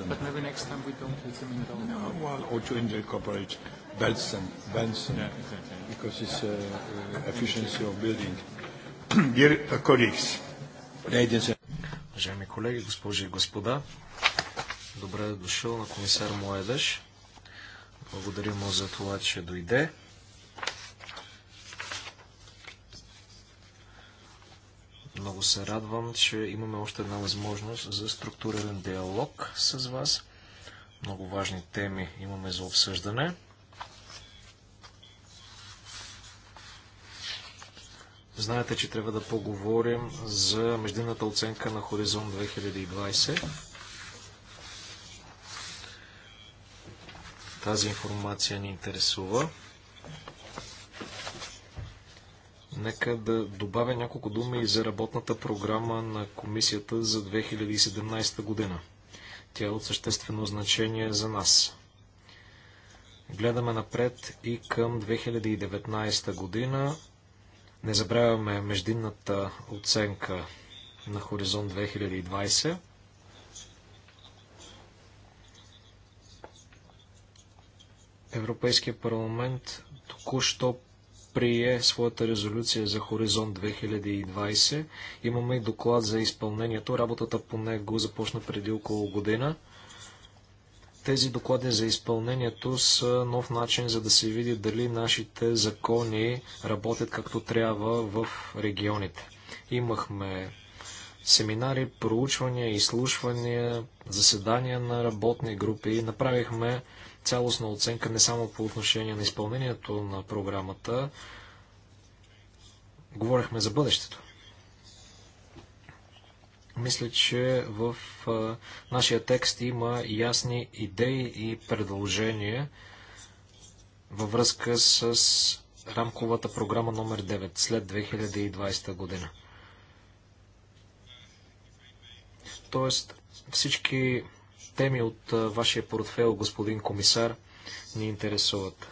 Belgium. But maybe next time we don't use them in Belgium. No, well, or to incorporate Belsen, Belsen, yeah, exactly. because it's uh, uh, efficiency of building. Dear colleagues, ladies and Уважаеми колеги, госпожи и господа, добре е дошъл на комисар Моедеш. Благодарим му за това, че дойде. Много се радвам, че имаме още една възможност за структуриран диалог с вас. Много важни теми имаме за обсъждане. Знаете, че трябва да поговорим за междинната оценка на Хоризонт 2020. Тази информация ни интересува. Нека да добавя няколко думи и за работната програма на комисията за 2017 година. Тя е от съществено значение за нас. Гледаме напред и към 2019 година. Не забравяме междинната оценка на Хоризонт 2020. Европейския парламент току-що прие своята резолюция за Хоризонт 2020. Имаме и доклад за изпълнението. Работата по него започна преди около година. Тези доклади за изпълнението са нов начин за да се види дали нашите закони работят както трябва в регионите. Имахме семинари, проучвания, изслушвания, заседания на работни групи. Направихме цялостна оценка не само по отношение на изпълнението на програмата. Говорихме за бъдещето. Мисля, че в а, нашия текст има ясни идеи и предложения във връзка с рамковата програма номер 9 след 2020 година. Тоест, всички теми от вашия портфел, господин комисар, ни интересуват.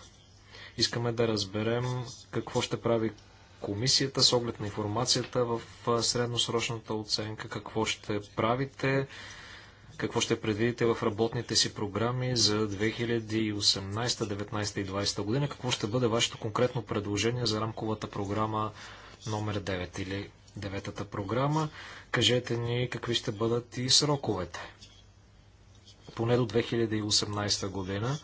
Искаме да разберем какво ще прави комисията с оглед на информацията в средносрочната оценка, какво ще правите, какво ще предвидите в работните си програми за 2018, 2019 и 2020 година, какво ще бъде вашето конкретно предложение за рамковата програма номер 9 или деветата програма. Кажете ни какви ще бъдат и сроковете поне до 2018 година,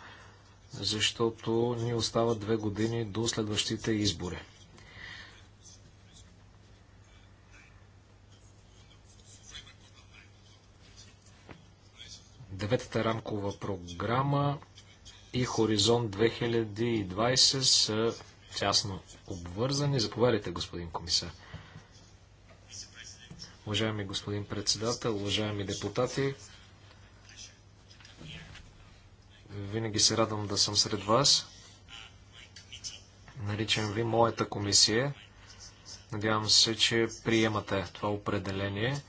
защото ни остават две години до следващите избори. Деветата рамкова програма и Хоризонт 2020 са тясно обвързани. Заповядайте, господин комисар. Уважаеми господин председател, уважаеми депутати, винаги се радвам да съм сред вас. Наричам ви моята комисия. Надявам се, че приемате това определение.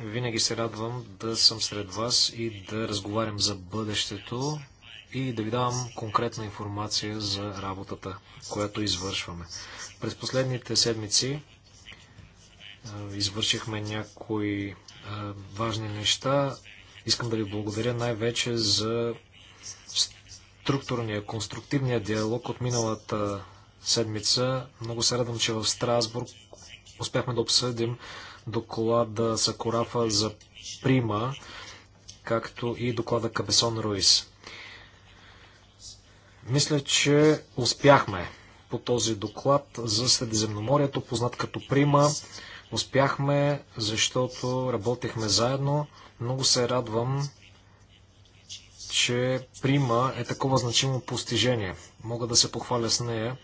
Винаги се радвам да съм сред вас и да разговарям за бъдещето и да ви давам конкретна информация за работата, която извършваме. През последните седмици извършихме някои важни неща. Искам да ви благодаря най-вече за структурния, конструктивния диалог от миналата седмица. Много се радвам, че в Страсбург успяхме да обсъдим доклада Сакорафа за Прима, както и доклада Кабесон Руис. Мисля, че успяхме по този доклад за Средиземноморието, познат като Прима. Успяхме, защото работехме заедно. Много се радвам, че прима е такова значимо постижение. Мога да се похваля с нея.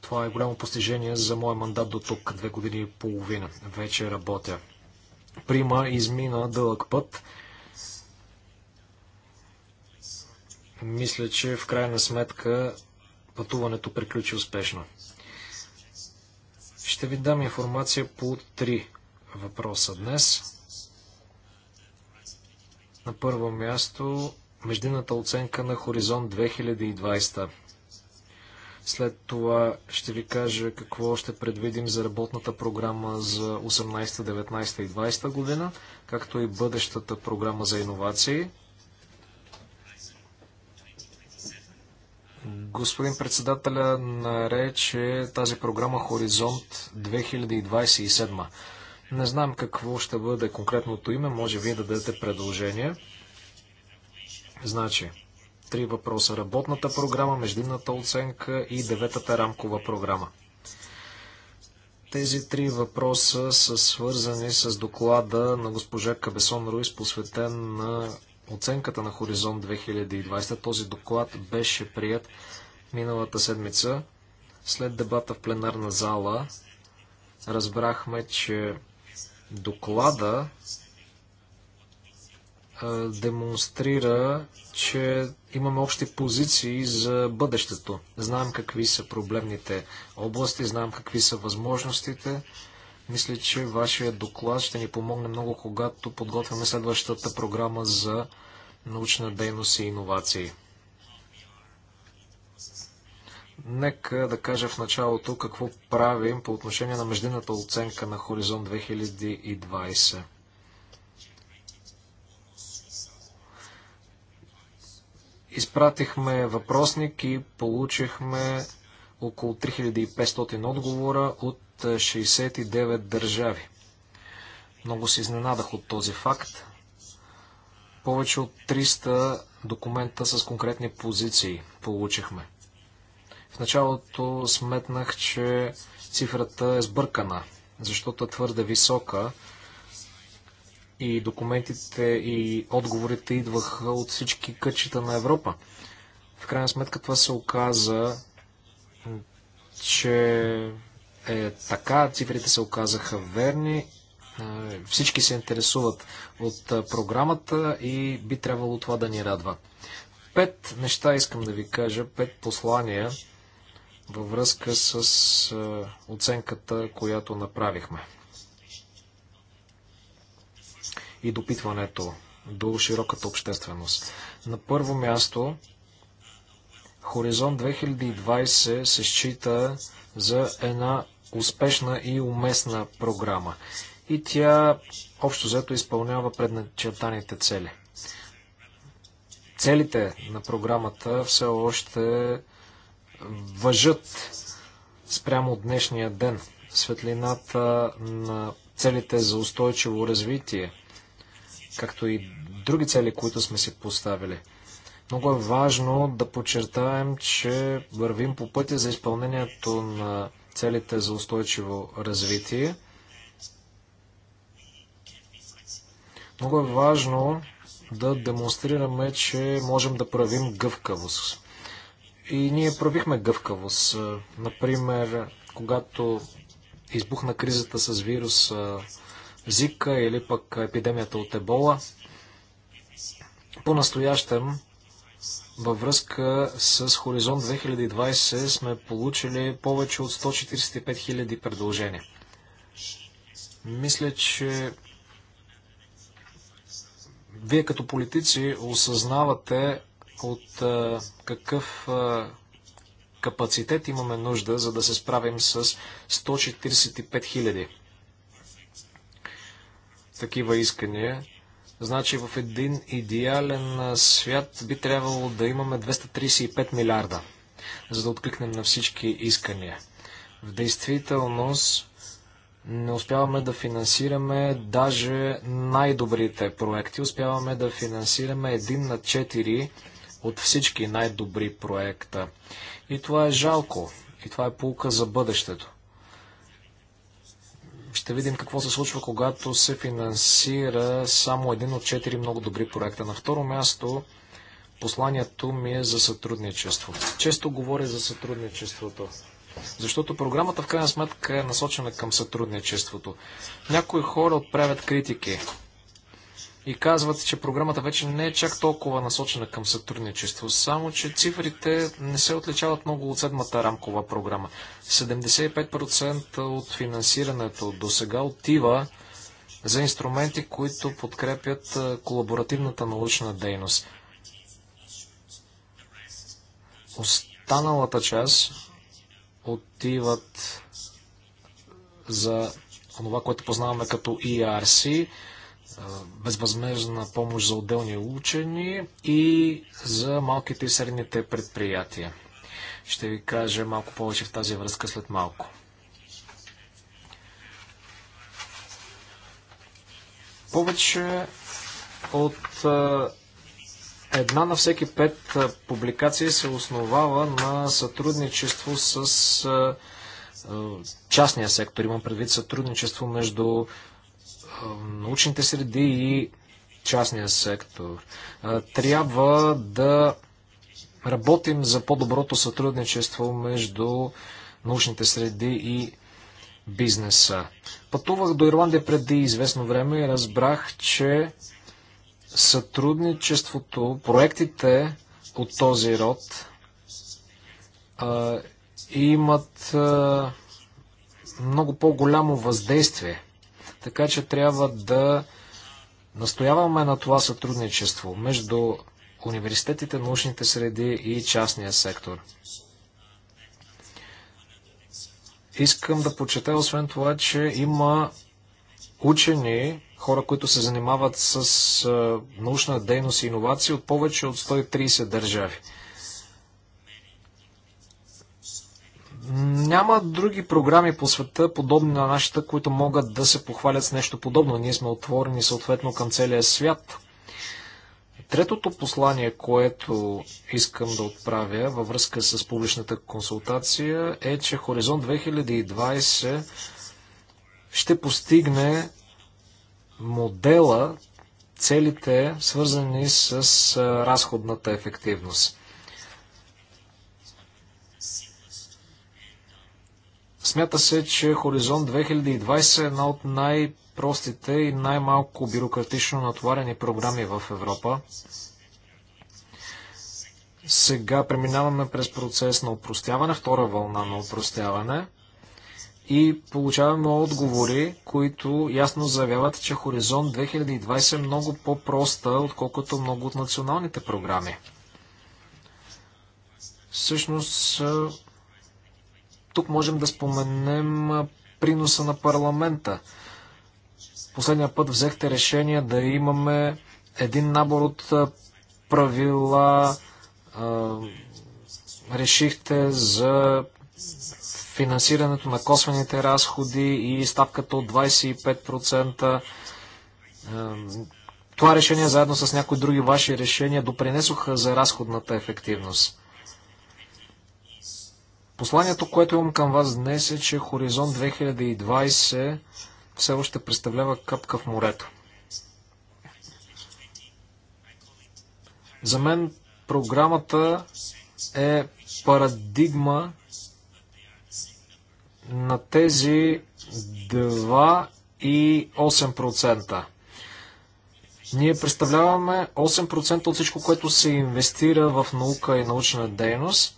Това е голямо постижение за моя мандат до тук, две години и половина. Вече работя. Прима измина дълъг път. Мисля, че в крайна сметка пътуването приключи успешно. Ще ви дам информация по три въпроса днес. На първо място междинната оценка на Хоризонт 2020. След това ще ви кажа какво ще предвидим за работната програма за 18, 19 и 20 година, както и бъдещата програма за иновации. Господин председателя нарече тази програма Хоризонт 2027. Не знам какво ще бъде конкретното име, може вие да дадете предложение. Значи, три въпроса. Работната програма, междинната оценка и деветата рамкова програма. Тези три въпроса са свързани с доклада на госпожа Кабесон Руис, посветен на оценката на Хоризонт 2020. Този доклад беше прият миналата седмица. След дебата в пленарна зала разбрахме, че Доклада демонстрира, че имаме общи позиции за бъдещето. Знаем какви са проблемните области, знаем какви са възможностите. Мисля, че вашия доклад ще ни помогне много, когато подготвяме следващата програма за научна дейност и иновации. Нека да кажа в началото какво правим по отношение на междинната оценка на Хоризонт 2020. Изпратихме въпросник и получихме около 3500 отговора от 69 държави. Много се изненадах от този факт. Повече от 300 документа с конкретни позиции получихме. В началото сметнах, че цифрата е сбъркана, защото е твърде висока и документите и отговорите идваха от всички кътчета на Европа. В крайна сметка това се оказа, че е така, цифрите се оказаха верни, е, всички се интересуват от е, програмата и би трябвало това да ни радва. Пет неща искам да ви кажа, пет послания, във връзка с оценката, която направихме и допитването до широката общественост. На първо място, Хоризонт 2020 се счита за една успешна и уместна програма. И тя общо взето изпълнява предначертаните цели. Целите на програмата все още въжат спрямо днешния ден, светлината на целите за устойчиво развитие, както и други цели, които сме си поставили. Много е важно да подчертаем, че вървим по пътя за изпълнението на целите за устойчиво развитие. Много е важно да демонстрираме, че можем да правим гъвкавост. И ние правихме гъвкавост. Е, например, когато избухна кризата с вирус е, Зика или пък епидемията от Ебола, по-настоящем във връзка с Хоризонт 2020 сме получили повече от 145 000 предложения. Мисля, че вие като политици осъзнавате от какъв капацитет имаме нужда, за да се справим с 145 000 такива искания. Значи в един идеален свят би трябвало да имаме 235 милиарда, за да откликнем на всички искания. В действителност не успяваме да финансираме даже най-добрите проекти. Успяваме да финансираме един на четири 4 от всички най-добри проекта. И това е жалко. И това е полука за бъдещето. Ще видим какво се случва, когато се финансира само един от четири много добри проекта. На второ място, посланието ми е за сътрудничество. Често говоря за сътрудничеството. Защото програмата в крайна сметка е насочена към сътрудничеството. Някои хора отправят критики и казват, че програмата вече не е чак толкова насочена към сътрудничество, само че цифрите не се отличават много от седмата рамкова програма. 75% от финансирането до сега отива за инструменти, които подкрепят колаборативната научна дейност. Останалата част отиват за това, което познаваме като ERC, безвъзмежна помощ за отделни учени и за малките и средните предприятия. Ще ви кажа малко повече в тази връзка след малко. Повече от една на всеки пет публикации се основава на сътрудничество с частния сектор. Имам предвид сътрудничество между научните среди и частния сектор. Трябва да работим за по-доброто сътрудничество между научните среди и бизнеса. Пътувах до Ирландия преди известно време и разбрах, че сътрудничеството, проектите от този род а, имат а, много по-голямо въздействие така че трябва да настояваме на това сътрудничество между университетите, научните среди и частния сектор. Искам да почета, освен това, че има учени, хора, които се занимават с научна дейност и иновации от повече от 130 държави. Няма други програми по света, подобни на нашата, които могат да се похвалят с нещо подобно. Ние сме отворени съответно към целия свят. Третото послание, което искам да отправя във връзка с публичната консултация е, че Хоризонт 2020 ще постигне модела, целите, свързани с разходната ефективност. Смята се, че Хоризонт 2020 е една от най-простите и най-малко бюрократично натоварени програми в Европа. Сега преминаваме през процес на упростяване, втора вълна на упростяване и получаваме отговори, които ясно заявяват, че Хоризонт 2020 е много по-проста, отколкото много от националните програми. Всъщност, тук можем да споменем приноса на парламента. Последния път взехте решение да имаме един набор от правила, решихте за финансирането на косвените разходи и ставката от 25%. Това решение, заедно с някои други ваши решения, допринесоха за разходната ефективност. Посланието, което имам към вас днес е, че Хоризонт 2020 все още представлява капка в морето. За мен програмата е парадигма на тези 2 и 8%. Ние представляваме 8% от всичко, което се инвестира в наука и научна дейност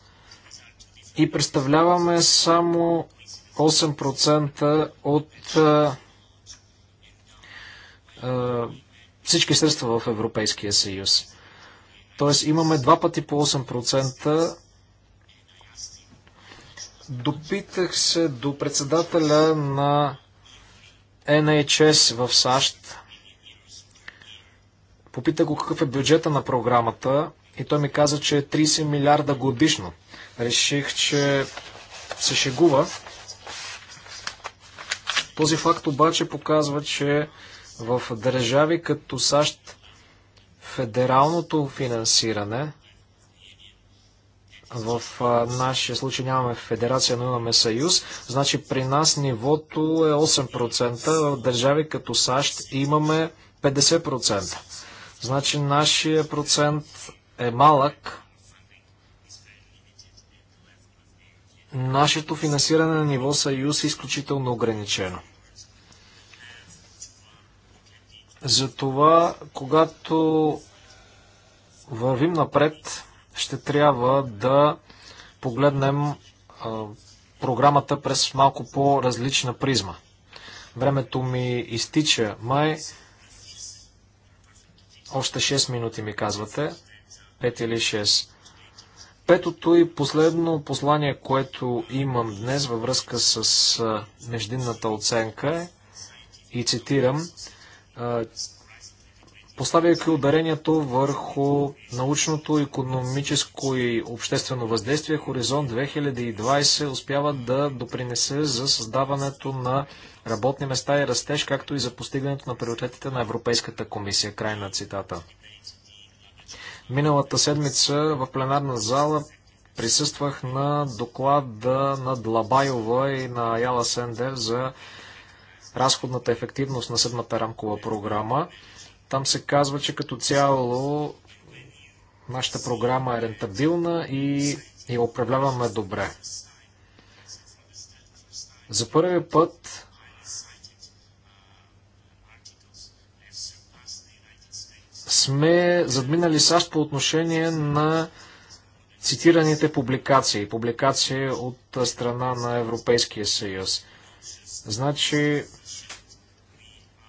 и представляваме само 8% от всички средства в Европейския съюз. Тоест имаме два пъти по 8%. Допитах се до председателя на NHS в САЩ. Попитах го какъв е бюджета на програмата и той ми каза, че е 30 милиарда годишно реших, че се шегува. Този факт обаче показва, че в държави като САЩ федералното финансиране, в нашия случай нямаме федерация, но имаме съюз, значи при нас нивото е 8%, в държави като САЩ имаме 50%. Значи нашия процент е малък, Нашето финансиране на ниво Съюз е изключително ограничено. Затова, когато вървим напред, ще трябва да погледнем а, програмата през малко по-различна призма. Времето ми изтича май. Още 6 минути ми казвате. 5 или 6. Петото и последно послание, което имам днес във връзка с междинната оценка е, и цитирам, поставяйки ударението върху научното, економическо и обществено въздействие, Хоризонт 2020 успява да допринесе за създаването на работни места и растеж, както и за постигането на приоритетите на Европейската комисия. Край на цитата. Миналата седмица в пленарна зала присъствах на доклада на Длабайова и на Яла Сендер за разходната ефективност на седмата рамкова програма. Там се казва, че като цяло нашата програма е рентабилна и я управляваме добре. За първи път сме задминали САЩ по отношение на цитираните публикации, публикации от страна на Европейския съюз. Значи,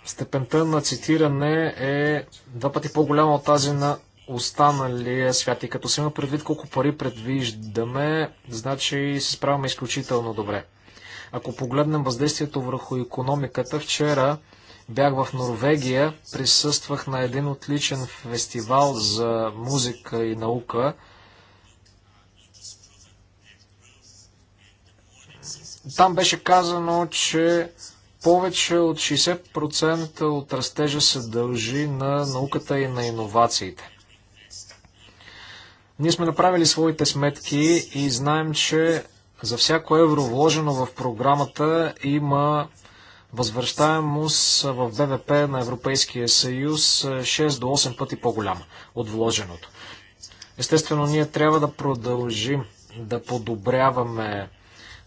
степента на цитиране е два пъти по-голяма от тази на останалия свят. И като се има предвид колко пари предвиждаме, значи се справяме изключително добре. Ако погледнем въздействието върху економиката, вчера бях в Норвегия, присъствах на един отличен фестивал за музика и наука. Там беше казано, че повече от 60% от растежа се дължи на науката и на иновациите. Ние сме направили своите сметки и знаем, че за всяко евро вложено в програмата има възвръщаемост в БВП на Европейския съюз 6 до 8 пъти по-голяма от вложеното. Естествено, ние трябва да продължим да подобряваме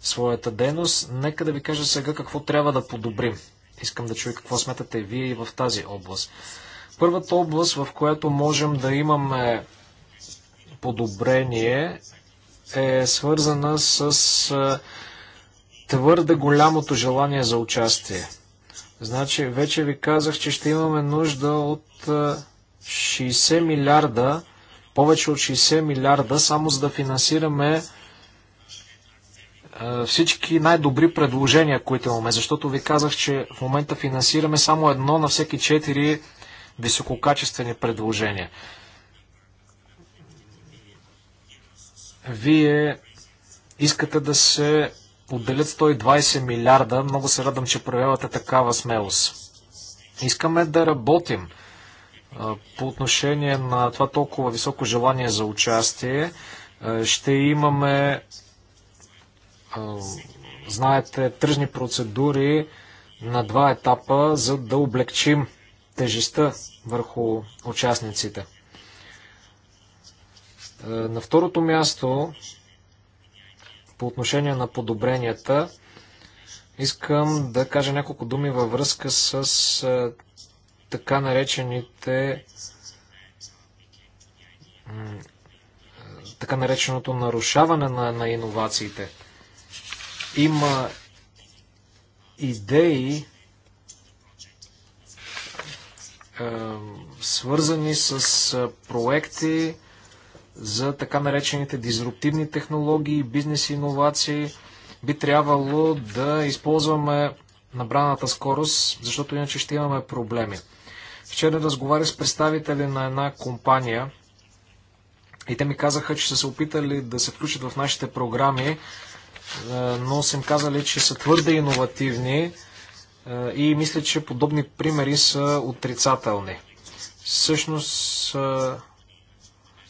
своята дейност. Нека да ви кажа сега какво трябва да подобрим. Искам да чуя какво сметате вие и в тази област. Първата област, в която можем да имаме подобрение, е свързана с твърде голямото желание за участие. Значи, вече ви казах, че ще имаме нужда от 60 е, милиарда, повече от 60 милиарда, само за да финансираме е, всички най-добри предложения, които имаме. Защото ви казах, че в момента финансираме само едно на всеки четири висококачествени предложения. Вие искате да се отделят 120 милиарда. Много се радвам, че проявявате такава смелост. Искаме да работим по отношение на това толкова високо желание за участие. Ще имаме, знаете, тръжни процедури на два етапа, за да облегчим тежестта върху участниците. На второто място по отношение на подобренията, искам да кажа няколко думи във връзка с така наречените така нареченото нарушаване на, на иновациите. Има идеи, свързани с проекти, за така наречените дизруптивни технологии, бизнес иновации. Би трябвало да използваме набраната скорост, защото иначе ще имаме проблеми. Вчера разговарях с представители на една компания и те ми казаха, че са се опитали да се включат в нашите програми, е, но са им казали, че са твърде иновативни е, и мисля, че подобни примери са отрицателни. Всъщност, е,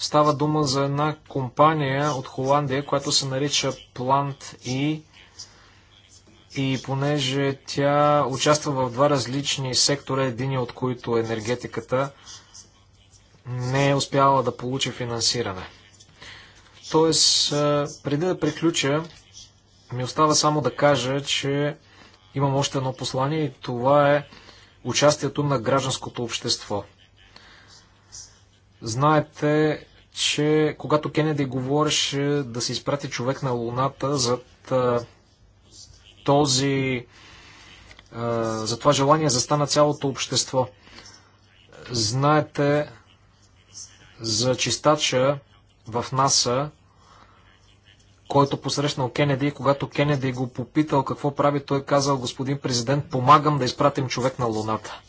Става дума за една компания от Холандия, която се нарича Plant E. И понеже тя участва в два различни сектора, един от които е енергетиката, не е успяла да получи финансиране. Тоест, преди да приключа, ми остава само да кажа, че имам още едно послание и това е участието на гражданското общество. Знаете че когато Кенеди говореше да се изпрати човек на Луната зад този за това желание застана цялото общество. Знаете за чистача в НАСА, който посрещнал Кенеди, когато Кенеди го попитал какво прави, той казал, господин президент, помагам да изпратим човек на Луната.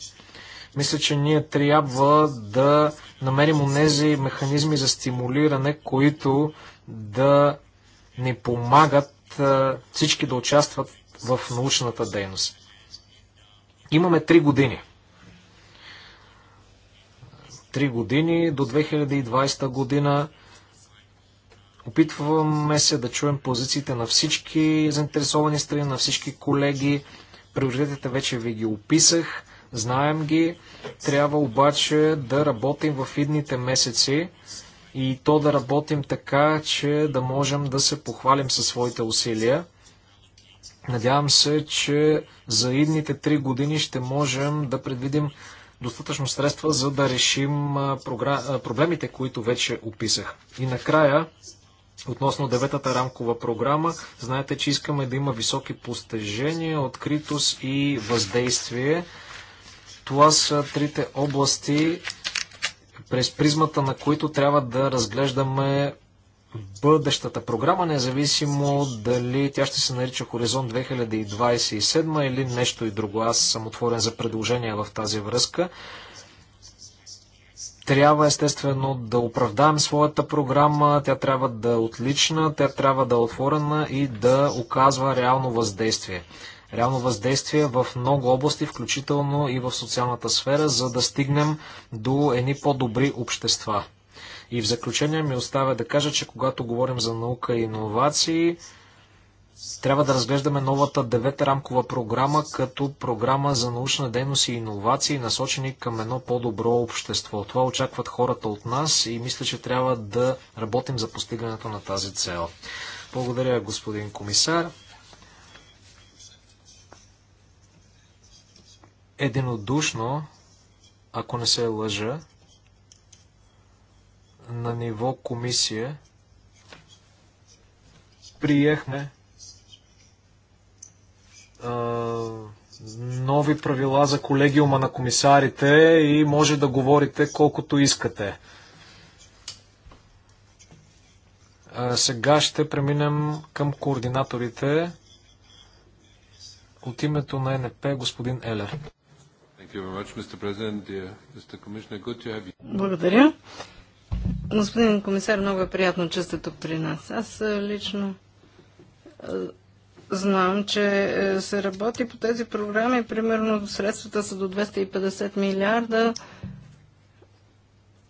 Мисля, че ние трябва да намерим онези механизми за стимулиране, които да ни помагат всички да участват в научната дейност. Имаме три години. Три години до 2020 година. Опитваме се да чуем позициите на всички заинтересовани страни, на всички колеги. Приоритетите вече ви ги описах. Знаем ги, трябва обаче да работим в идните месеци и то да работим така, че да можем да се похвалим със своите усилия. Надявам се, че за идните три години ще можем да предвидим достатъчно средства, за да решим проблемите, които вече описах. И накрая, относно деветата рамкова програма, знаете, че искаме да има високи постижения, откритост и въздействие. Това са трите области, през призмата на които трябва да разглеждаме бъдещата програма, независимо дали тя ще се нарича Хоризонт 2027 или нещо и друго. Аз съм отворен за предложения в тази връзка. Трябва естествено да оправдаем своята програма, тя трябва да е отлична, тя трябва да е отворена и да оказва реално въздействие реално въздействие в много области, включително и в социалната сфера, за да стигнем до едни по-добри общества. И в заключение ми оставя да кажа, че когато говорим за наука и иновации, трябва да разглеждаме новата девета рамкова програма като програма за научна дейност и иновации, насочени към едно по-добро общество. Това очакват хората от нас и мисля, че трябва да работим за постигането на тази цел. Благодаря, господин комисар. единодушно, ако не се лъжа, на ниво комисия приехме а, нови правила за колегиума на комисарите и може да говорите колкото искате. А, сега ще преминем към координаторите. От името на НП господин Елер. Благодаря. Господин комисар, много е приятно, че сте тук при нас. Аз е, лично е, знам, че е, се работи по тези програми. Примерно средствата са до 250 милиарда.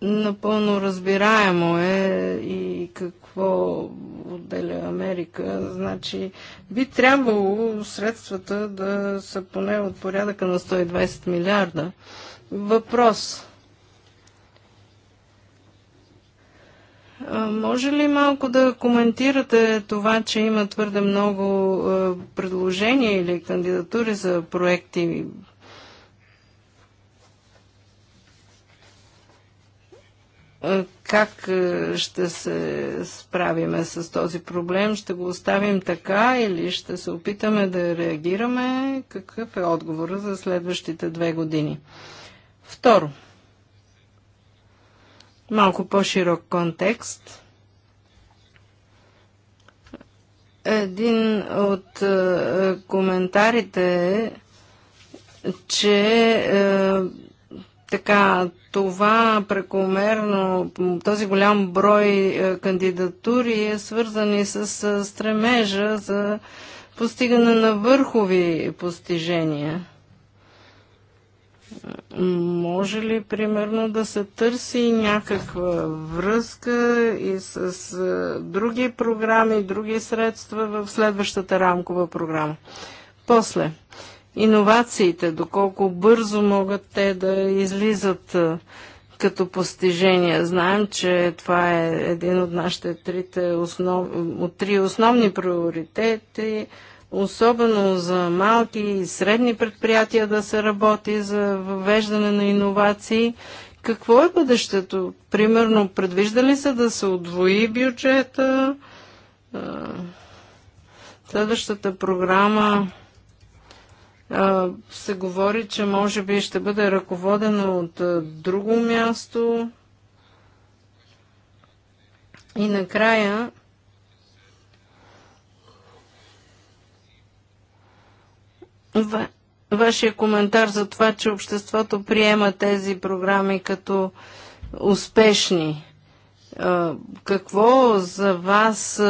Напълно разбираемо е и как, какво отделя Америка. Значи, би трябвало средствата да са поне от порядъка на 120 милиарда. Въпрос. Може ли малко да коментирате това, че има твърде много предложения или кандидатури за проекти? как е, ще се справиме с този проблем? Ще го оставим така или ще се опитаме да реагираме? Какъв е отговора за следващите две години? Второ, малко по-широк контекст – един от е, коментарите е, че е, така, това прекомерно, този голям брой е, кандидатури е свързани с е, стремежа за постигане на върхови постижения. Може ли, примерно, да се търси някаква връзка и с е, други програми, други средства в следващата рамкова програма? После, иновациите, доколко бързо могат те да излизат като постижения. Знаем, че това е един от нашите трите основ... от три основни приоритети, особено за малки и средни предприятия да се работи за въвеждане на иновации. Какво е бъдещето? Примерно, предвижда ли се да се отвои бюджета? Следващата програма се говори, че може би ще бъде ръководено от друго място. И накрая вашия коментар за това, че обществото приема тези програми като успешни. Какво за вас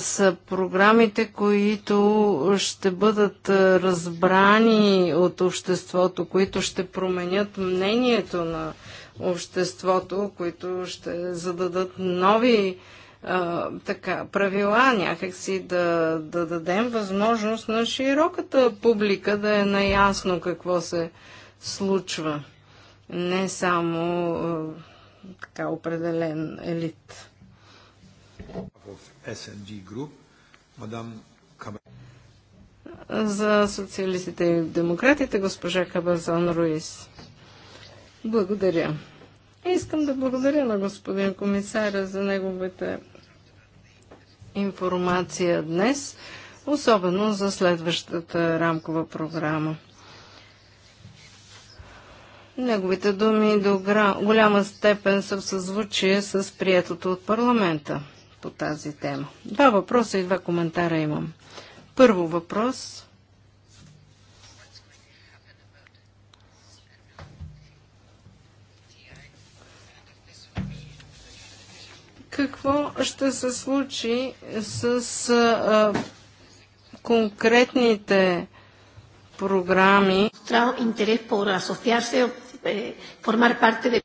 са програмите, които ще бъдат разбрани от обществото, които ще променят мнението на обществото, които ще зададат нови така, правила, някакси да, да дадем възможност на широката публика да е наясно какво се случва. Не само така определен елит. SND Group, мадам За социалистите и демократите, госпожа Кабазон Руис. Благодаря. Искам да благодаря на господин комисаря за неговата информация днес, особено за следващата рамкова програма. Неговите думи до голяма степен са в съзвучие с приетото от парламента по тази тема. Два въпроса и два коментара имам. Първо въпрос. Какво ще се случи с а, конкретните програми? Интерес по асоциация, е, формар парте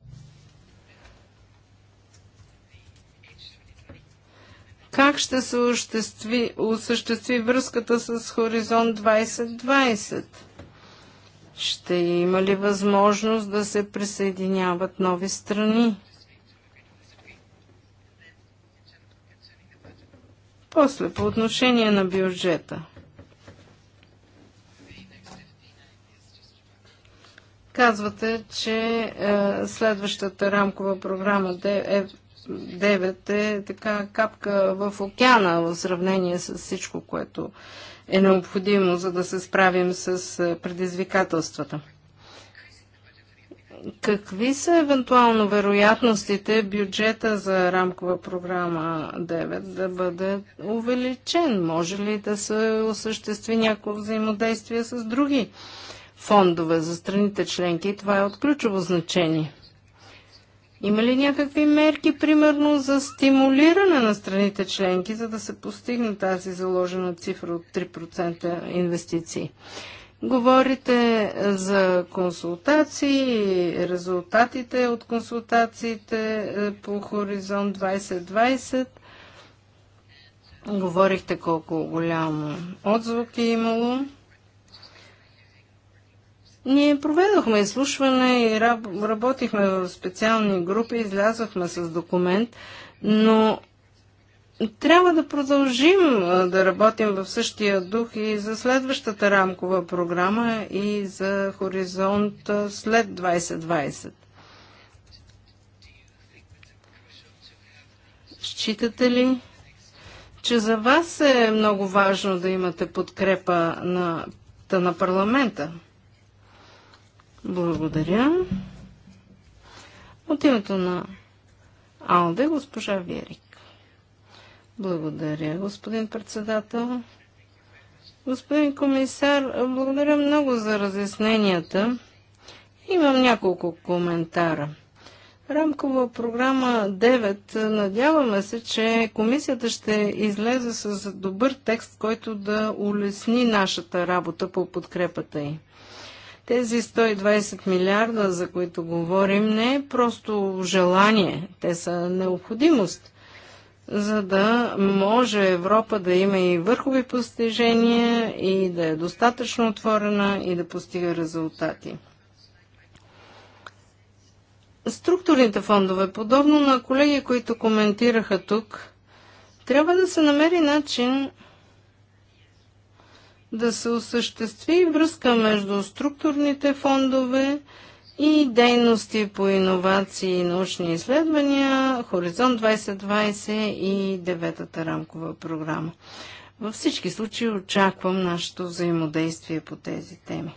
Как ще се осъществи, осъществи връзката с Хоризонт 2020? Ще има ли възможност да се присъединяват нови страни? После, по отношение на бюджета. Казвате, че е, следващата рамкова програма е. 9 е така капка в океана в сравнение с всичко, което е необходимо, за да се справим с е, предизвикателствата. Какви са евентуално вероятностите бюджета за рамкова програма 9 да бъде увеличен? Може ли да се осъществи някакво взаимодействие с други фондове за страните членки? Това е от ключово значение. Има ли някакви мерки, примерно, за стимулиране на страните членки, за да се постигне тази заложена цифра от 3% инвестиции? Говорите за консултации, резултатите от консултациите е, по Хоризонт 2020. Говорихте колко голям отзвук е имало. Ние проведохме изслушване и работихме в специални групи, излязохме с документ, но трябва да продължим да работим в същия дух и за следващата рамкова програма и за хоризонт след 2020. Считате ли, че за вас е много важно да имате подкрепа на, на парламента? Благодаря. От името на Алде, госпожа Верик. Благодаря, господин председател. Господин комисар, благодаря много за разясненията. Имам няколко коментара. Рамкова програма 9. Надяваме се, че комисията ще излезе с добър текст, който да улесни нашата работа по подкрепата й. Тези 120 милиарда, за които говорим, не е просто желание, те са необходимост за да може Европа да има и върхови постижения и да е достатъчно отворена и да постига резултати. Структурните фондове, подобно на колеги, които коментираха тук, трябва да се намери начин да се осъществи връзка между структурните фондове и дейности по иновации и научни изследвания, Хоризонт 2020 и деветата рамкова програма. Във всички случаи очаквам нашето взаимодействие по тези теми.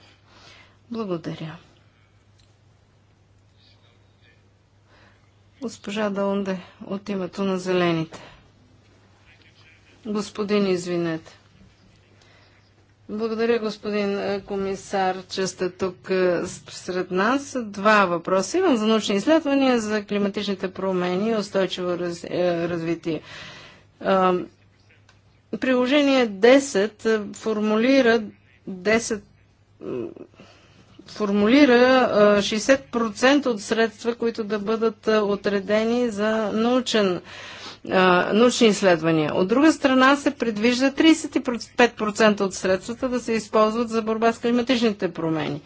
Благодаря. Госпожа Далунде, от името на Зелените. Господин, извинете. Благодаря, господин е, комисар, че сте тук е, сред нас. Два въпроса имам за научни изследвания за климатичните промени и устойчиво раз, е, развитие. приложение 10 формулира 10 формулира 60% от средства, които да бъдат отредени за научен научни изследвания. От друга страна се предвижда 35% от средствата да се използват за борба с климатичните промени.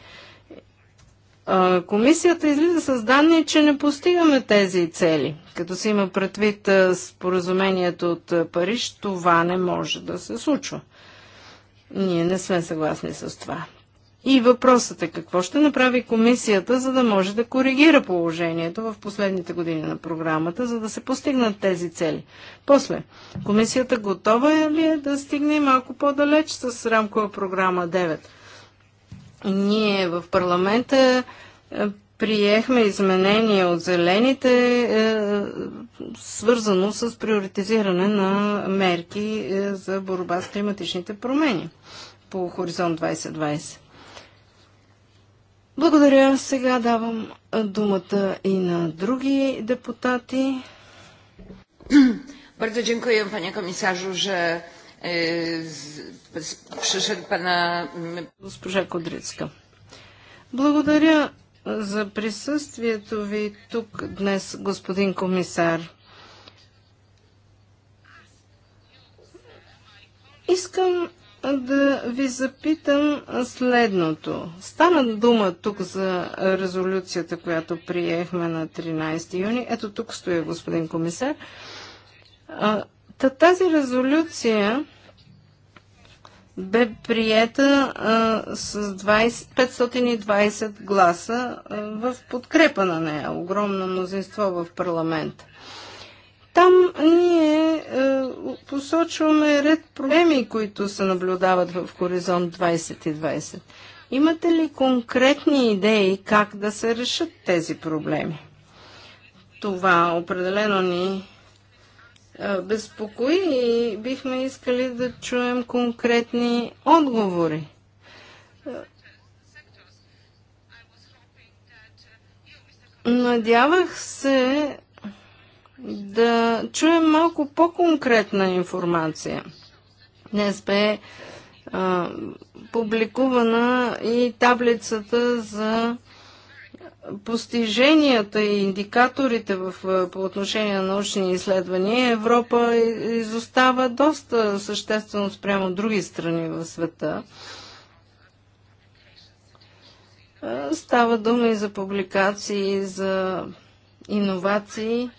комисията излиза с данни, че не постигаме тези цели. Като се има предвид споразумението от Париж, това не може да се случва. Ние не сме съгласни с това. И въпросът е какво ще направи комисията, за да може да коригира положението в последните години на програмата, за да се постигнат тези цели. После, комисията готова е ли е да стигне малко по-далеч с рамкова програма 9? Ние в парламента е, приехме изменения от зелените, е, свързано с приоритизиране на мерки е, за борба с климатичните промени по Хоризонт 2020. Благодаря. Сега давам думата и на други депутати. Bardzo dziękuję panie komisarzu, że e, przyszedł pana... Mm, Госпожа Кудрицка. Благодаря за присъствието ви тук днес, господин комисар. Искам да ви запитам следното. Стана дума тук за резолюцията, която приехме на 13 юни. Ето тук стои господин комисар. Та тази резолюция бе приета а, с 20, 520 гласа а, в подкрепа на нея. Огромно мнозинство в парламента. Там ние е, посочваме ред проблеми, които се наблюдават в Хоризонт 2020. Имате ли конкретни идеи как да се решат тези проблеми? Това определено ни е, безпокои и бихме искали да чуем конкретни отговори. Надявах се да чуем малко по-конкретна информация. Днес бе а, публикувана и таблицата за постиженията и индикаторите в, по отношение на научни изследвания. Европа изостава доста съществено спрямо други страни в света. Става дума и за публикации, и за иновации.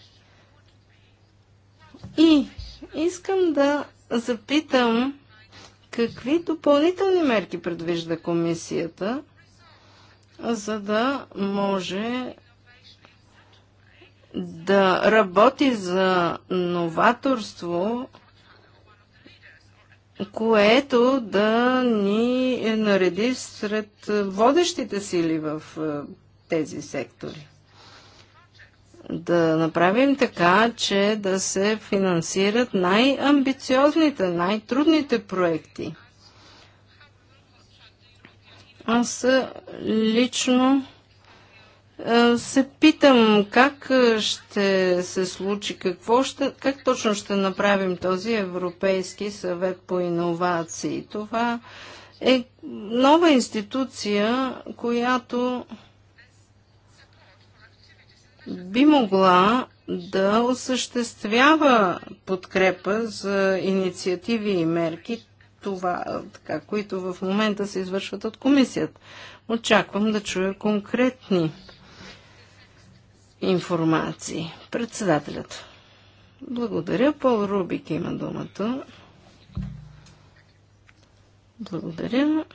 И искам да запитам какви допълнителни мерки предвижда комисията, за да може да работи за новаторство, което да ни нареди сред водещите сили в е, тези сектори да направим така, че да се финансират най-амбициозните, най-трудните проекти. Аз лично се питам как ще се случи, какво ще, как точно ще направим този Европейски съвет по иновации. Това е нова институция, която би могла да осъществява подкрепа за инициативи и мерки, това, така, които в момента се извършват от комисията. Очаквам да чуя конкретни информации. Председателят. Благодаря. Пол Рубик има думата. Благодаря.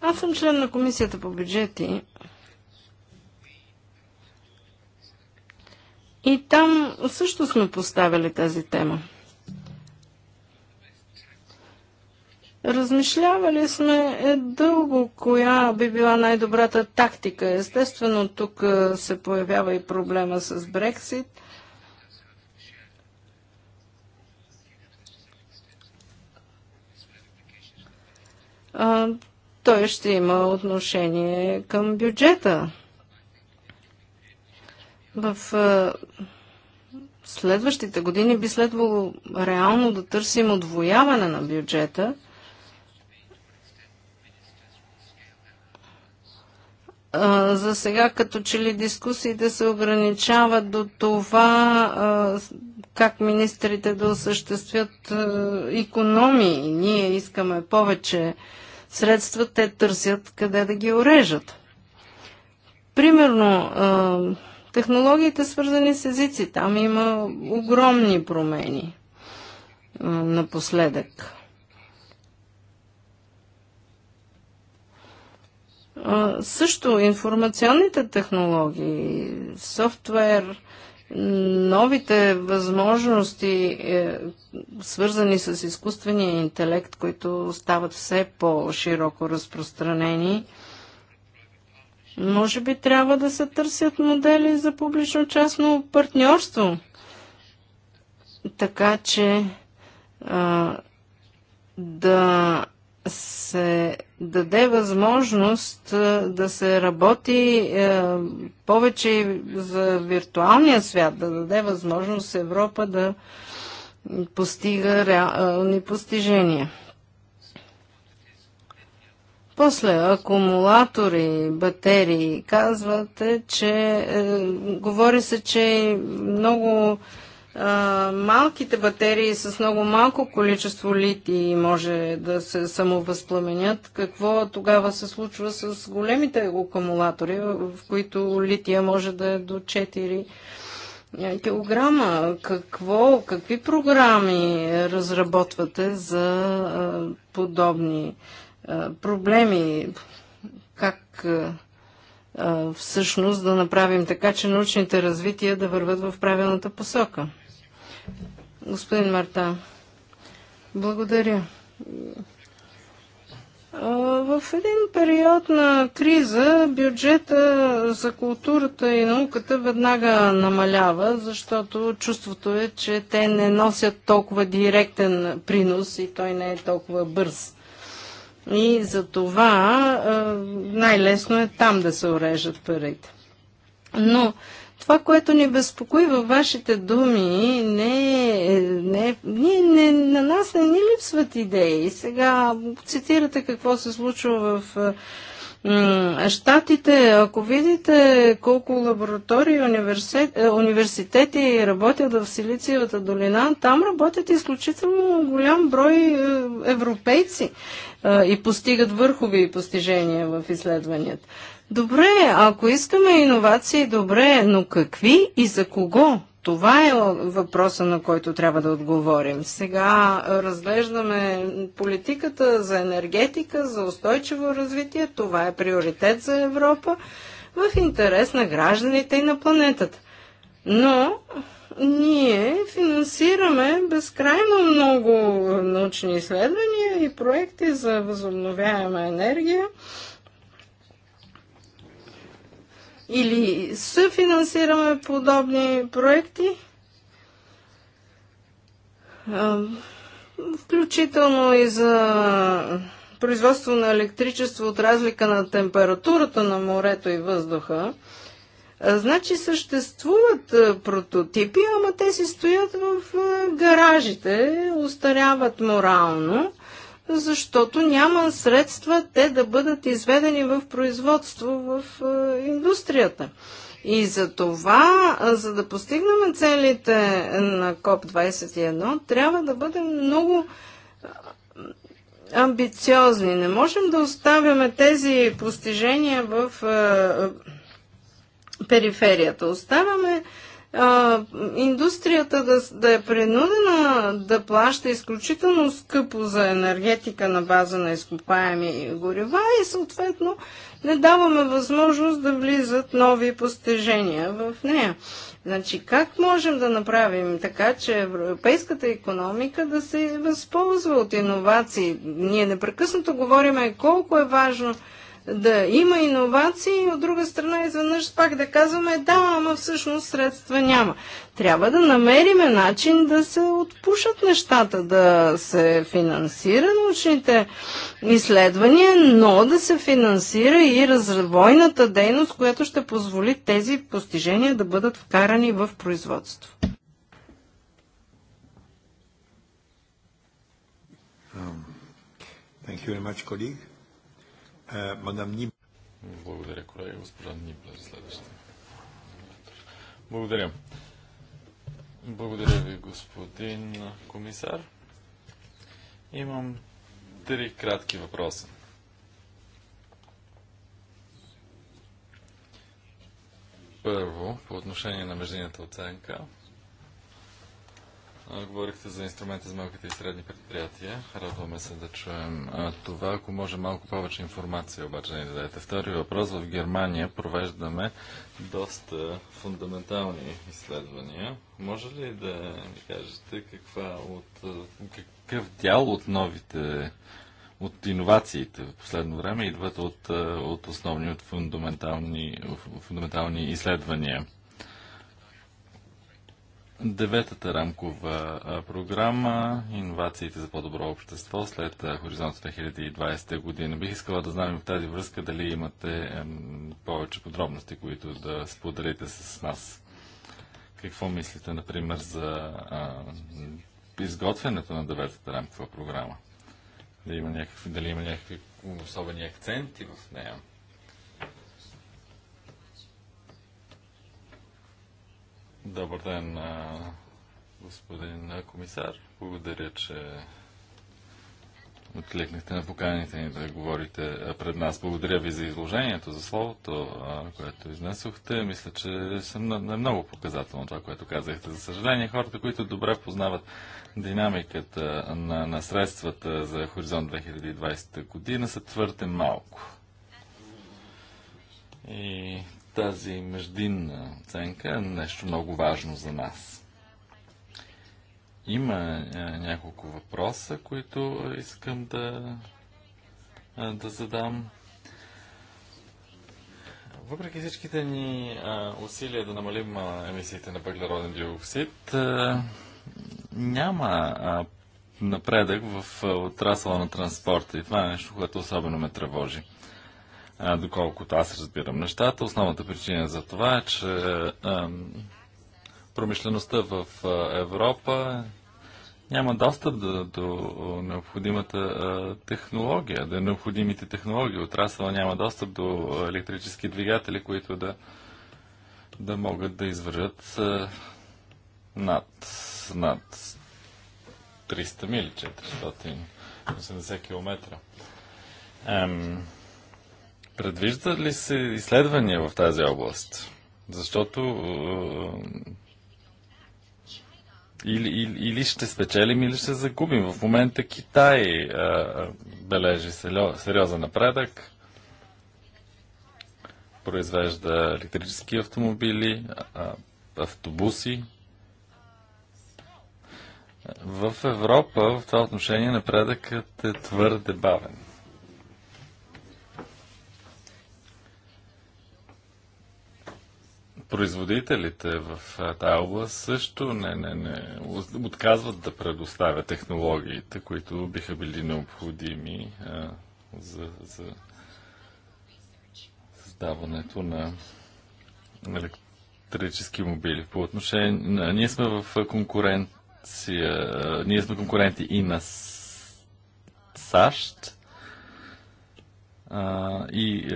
Аз съм член на комисията по бюджети И там също сме поставили тази тема. Размишлявали сме е дълго коя би била най-добрата тактика. Естествено, тук е, се появява и проблема с Брексит. той ще има отношение към бюджета в следващите години би следвало реално да търсим отвояване на бюджета, за сега като че ли дискусиите се ограничават до това как министрите да осъществят економии. Ние искаме повече средства, те търсят къде да ги орежат. Примерно, Технологиите, свързани с езици, там има огромни промени а, напоследък. А, също информационните технологии, софтуер, новите възможности, е, свързани с изкуствения интелект, които стават все по-широко разпространени, може би трябва да се търсят модели за публично-частно партньорство. Така че а, да се даде възможност да се работи е, повече за виртуалния свят, да даде възможност Европа да постига реални постижения. После акумулатори, батерии, казвате, че е, говори се, че много е, малките батерии с много малко количество литии може да се самовъзпламенят. Какво тогава се случва с големите акумулатори, в които лития може да е до 4 е, килограма. Какво, какви програми разработвате за подобни проблеми. Как всъщност да направим така, че научните развития да върват в правилната посока? Господин Марта, благодаря. В един период на криза бюджета за културата и науката веднага намалява, защото чувството е, че те не носят толкова директен принос и той не е толкова бърз. И за това най-лесно е там да се урежат парите. Но това, което ни безпокои във вашите думи, не, е, не, е, не, не, на нас не ни липсват идеи. Сега цитирате какво се случва в Штатите, ако видите колко лаборатории, и е, университети работят в Силициевата долина, там работят изключително голям брой европейци и постигат върхови постижения в изследванията. Добре, ако искаме иновации, добре, но какви и за кого? Това е въпроса, на който трябва да отговорим. Сега разглеждаме политиката за енергетика, за устойчиво развитие. Това е приоритет за Европа в интерес на гражданите и на планетата. Но ние финансираме безкрайно много научни изследвания и проекти за възобновяема енергия или съфинансираме подобни проекти, включително и за производство на електричество от разлика на температурата на морето и въздуха. Значи съществуват прототипи, ама те си стоят в гаражите, устаряват морално, защото няма средства те да бъдат изведени в производство в индустрията. И за това, за да постигнем целите на КОП-21, трябва да бъдем много амбициозни. Не можем да оставяме тези постижения в периферията. Оставаме а, индустрията да, да е принудена да плаща изключително скъпо за енергетика на база на изкопаеми горива и съответно не даваме възможност да влизат нови постижения в нея. Значи как можем да направим така, че европейската економика да се възползва от иновации? Ние непрекъснато говориме колко е важно да има иновации, от друга страна изведнъж пак да казваме да, ама всъщност средства няма. Трябва да намериме начин да се отпушат нещата, да се финансира научните изследвания, но да се финансира и развойната дейност, която ще позволи тези постижения да бъдат вкарани в производство. Um, thank you very much, colleague. Е, мадам Ним. Благодаря, колега. Госпожа Ниблер, следващия. Благодаря. Благодаря ви, господин комисар. Имам три кратки въпроса. Първо, по отношение на междинната оценка. Говорихте за инструмента за малките и средни предприятия. Радваме се да чуем това. Ако може малко повече информация обаче да ни дадете. Втори въпрос. В Германия провеждаме доста фундаментални изследвания. Може ли да ни кажете каква от, какъв дял от новите от иновациите в последно време идват от, от основни, от фундаментални, фундаментални изследвания? Деветата рамкова програма Инновациите за по-добро общество след Хоризонт 2020 година. Бих искала да знам в тази връзка дали имате повече подробности, които да споделите с нас. Какво мислите, например, за изготвянето на деветата рамкова програма? Дали има някакви, дали има някакви особени акценти в нея? Добър ден, господин комисар. Благодаря, че откликнахте на поканите ни да говорите пред нас. Благодаря ви за изложението, за словото, което изнесохте. Мисля, че съм е много показателно това, което казахте. За съжаление, хората, които добре познават динамиката на, на средствата за Хоризонт 2020 година, са твърде малко. И тази междинна оценка е нещо много важно за нас. Има е, няколко въпроса, които искам да, е, да задам. Въпреки всичките ни е, усилия да намалим емисиите на въглероден диоксид, няма напредък в отрасъла на транспорта и това е нещо, което особено ме тревожи доколкото аз разбирам нещата. Основната причина за това е, че промишлеността в Европа няма достъп до, до необходимата а, технология, до необходимите технологии. Отрасъл няма достъп до електрически двигатели, които да, да могат да извържат а, над, над 300 мили, 480 км. Ем, Предвижда ли се изследвания в тази област? Защото е, или, или, или ще спечелим, или ще загубим. В момента Китай а, е, е, бележи сериозен напредък, произвежда електрически автомобили, а, автобуси. В Европа в това отношение напредъкът е твърде бавен. производителите в тази област също не, не, не отказват да предоставят технологиите, които биха били необходими а, за, за създаването на електрически мобили. По отношение, ние сме в конкуренция, ние сме конкуренти и на САЩ, а, и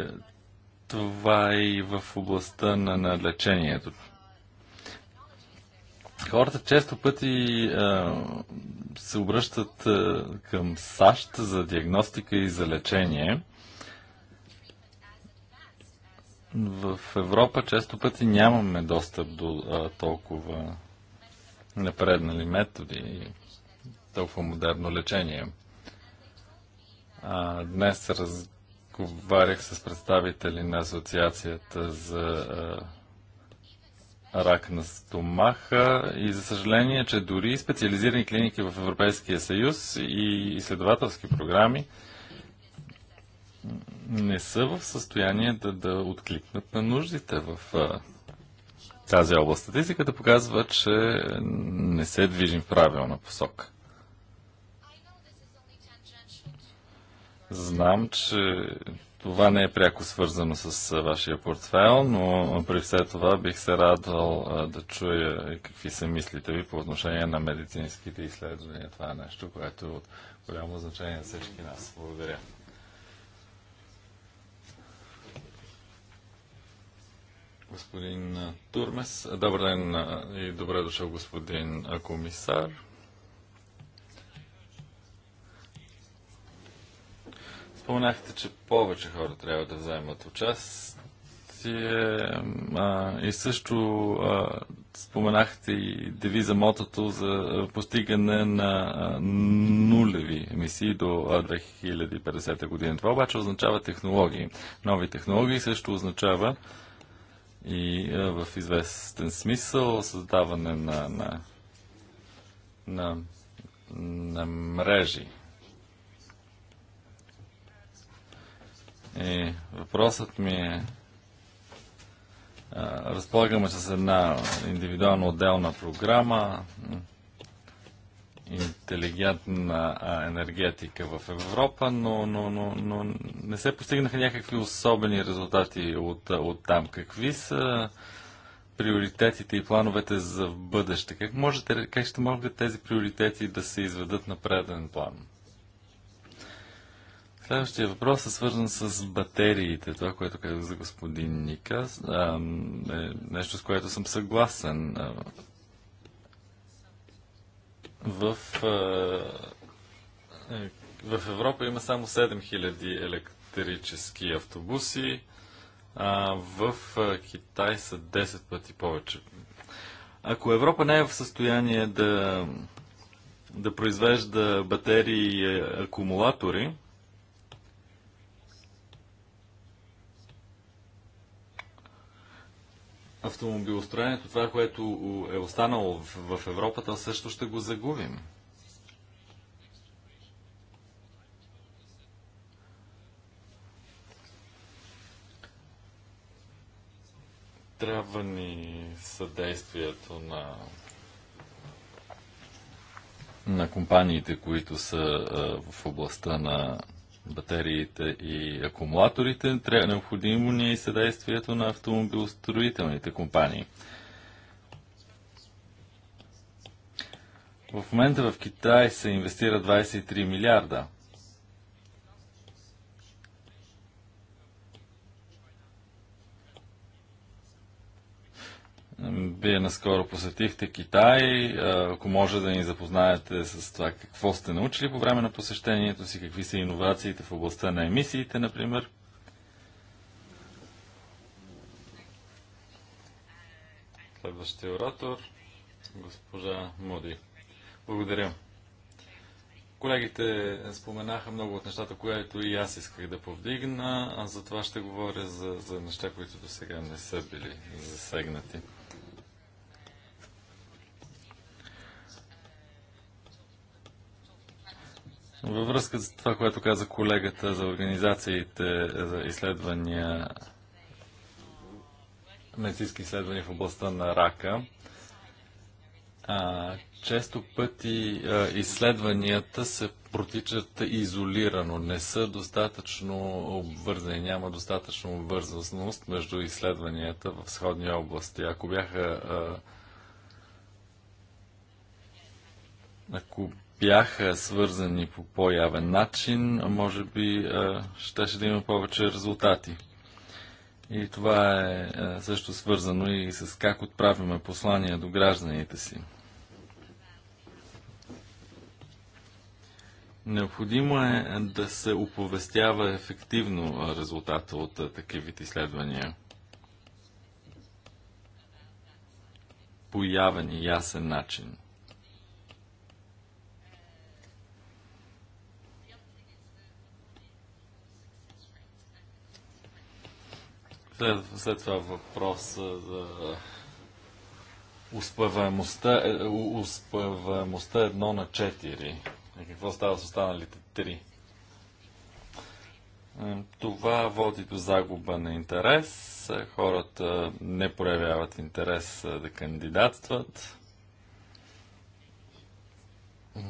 това е и в областта на, на лечението. Хората често пъти а, се обръщат а, към САЩ за диагностика и за лечение. В Европа често пъти нямаме достъп до а, толкова напреднали методи и толкова модерно лечение. А, днес раз, разговарях с представители на Асоциацията за рак на стомаха и за съжаление, че дори специализирани клиники в Европейския съюз и изследователски програми не са в състояние да, да откликнат на нуждите в тази област. Статистиката показва, че не се движим в правилна посока. Знам, че това не е пряко свързано с вашия портфел, но при все това бих се радвал да чуя какви са мислите ви по отношение на медицинските изследвания. Това е нещо, което е от голямо значение за всички нас. Благодаря. Господин Турмес, добър ден и добре дошъл господин комисар. Споменахте, че повече хора трябва да вземат участие а, и също а, споменахте и девиза мотото за постигане на нулеви емисии до 2050 година. Това обаче означава технологии. Нови технологии също означава и а, в известен смисъл създаване на, на, на, на мрежи И въпросът ми е, разполагаме с една индивидуална отделна програма, интелигентна енергетика в Европа, но, но, но, но не се постигнаха някакви особени резултати от, от там. Какви са приоритетите и плановете за бъдеще? Как, можете, как ще могат тези приоритети да се изведат на преден план? Следващия въпрос е свързан с батериите. Това, което казах за господин Ника, е нещо, с което съм съгласен. В, е, в Европа има само 7000 електрически автобуси, а в Китай са 10 пъти повече. Ако Европа не е в състояние да, да произвежда батерии и акумулатори, автомобилостроенето, това, което е останало в Европа, то също ще го загубим. Трябва ни съдействието на на компаниите, които са а, в областта на батериите и акумулаторите, трябва необходимо ни е и съдействието на автомобилостроителните компании. В момента в Китай се инвестира 23 милиарда – Вие наскоро посетихте Китай. Ако може да ни запознаете с това какво сте научили по време на посещението си, какви са иновациите в областта на емисиите, например. Следващия оратор, госпожа Моди. Благодаря. Колегите споменаха много от нещата, които и аз исках да повдигна, а затова ще говоря за, за неща, които до сега не са били засегнати. Във връзка с това, което каза колегата за организациите за изследвания, медицински изследвания в областта на рака, а, често пъти а, изследванията се протичат изолирано, не са достатъчно обвързани, няма достатъчно обвързаност между изследванията в сходни области. Ако бяха а, ако бяха свързани по по-явен начин, може би щеше да има повече резултати. И това е също свързано и с как отправяме послания до гражданите си. Необходимо е да се оповестява ефективно резултата от такива изследвания. По явен и ясен начин. След, след това въпрос за успеваемостта, е, успеваемостта 1 на 4. И какво става с останалите 3? Е, това води до загуба на интерес. Хората не проявяват интерес е, да кандидатстват.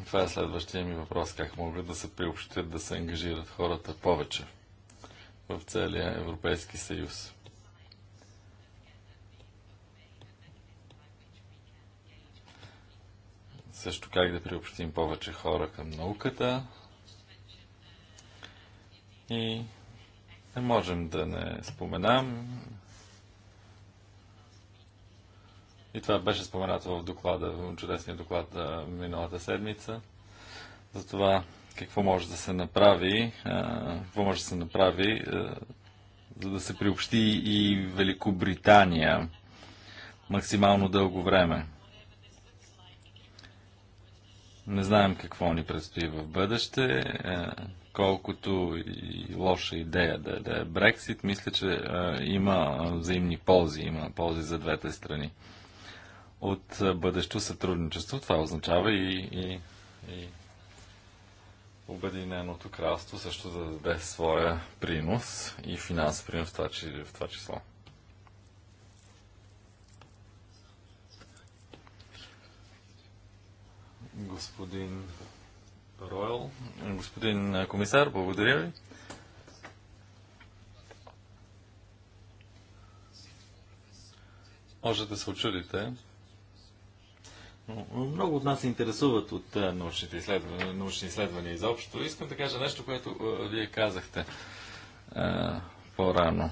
Това е следващия ми въпрос. Как могат да се приобщат, да се ангажират хората повече в целия Европейски съюз? също как да приобщим повече хора към науката и не можем да не споменам. И това беше споменато в доклада, в чудесния доклад миналата седмица. За това какво може да се направи, какво може да се направи, за да се приобщи и Великобритания максимално дълго време. Не знаем какво ни предстои в бъдеще. Е, колкото и лоша идея да, да е Брексит, мисля, че е, има взаимни ползи, има ползи за двете страни. От е, бъдещо сътрудничество това означава и, и, и Обединеното кралство също да даде своя принос и финансов принос в това число. Господин Ройл, господин комисар, благодаря ви. Може да се очудите. Много от нас се интересуват от научните изследвания, научни изследвания изобщо. Искам да кажа нещо, което вие казахте по-рано.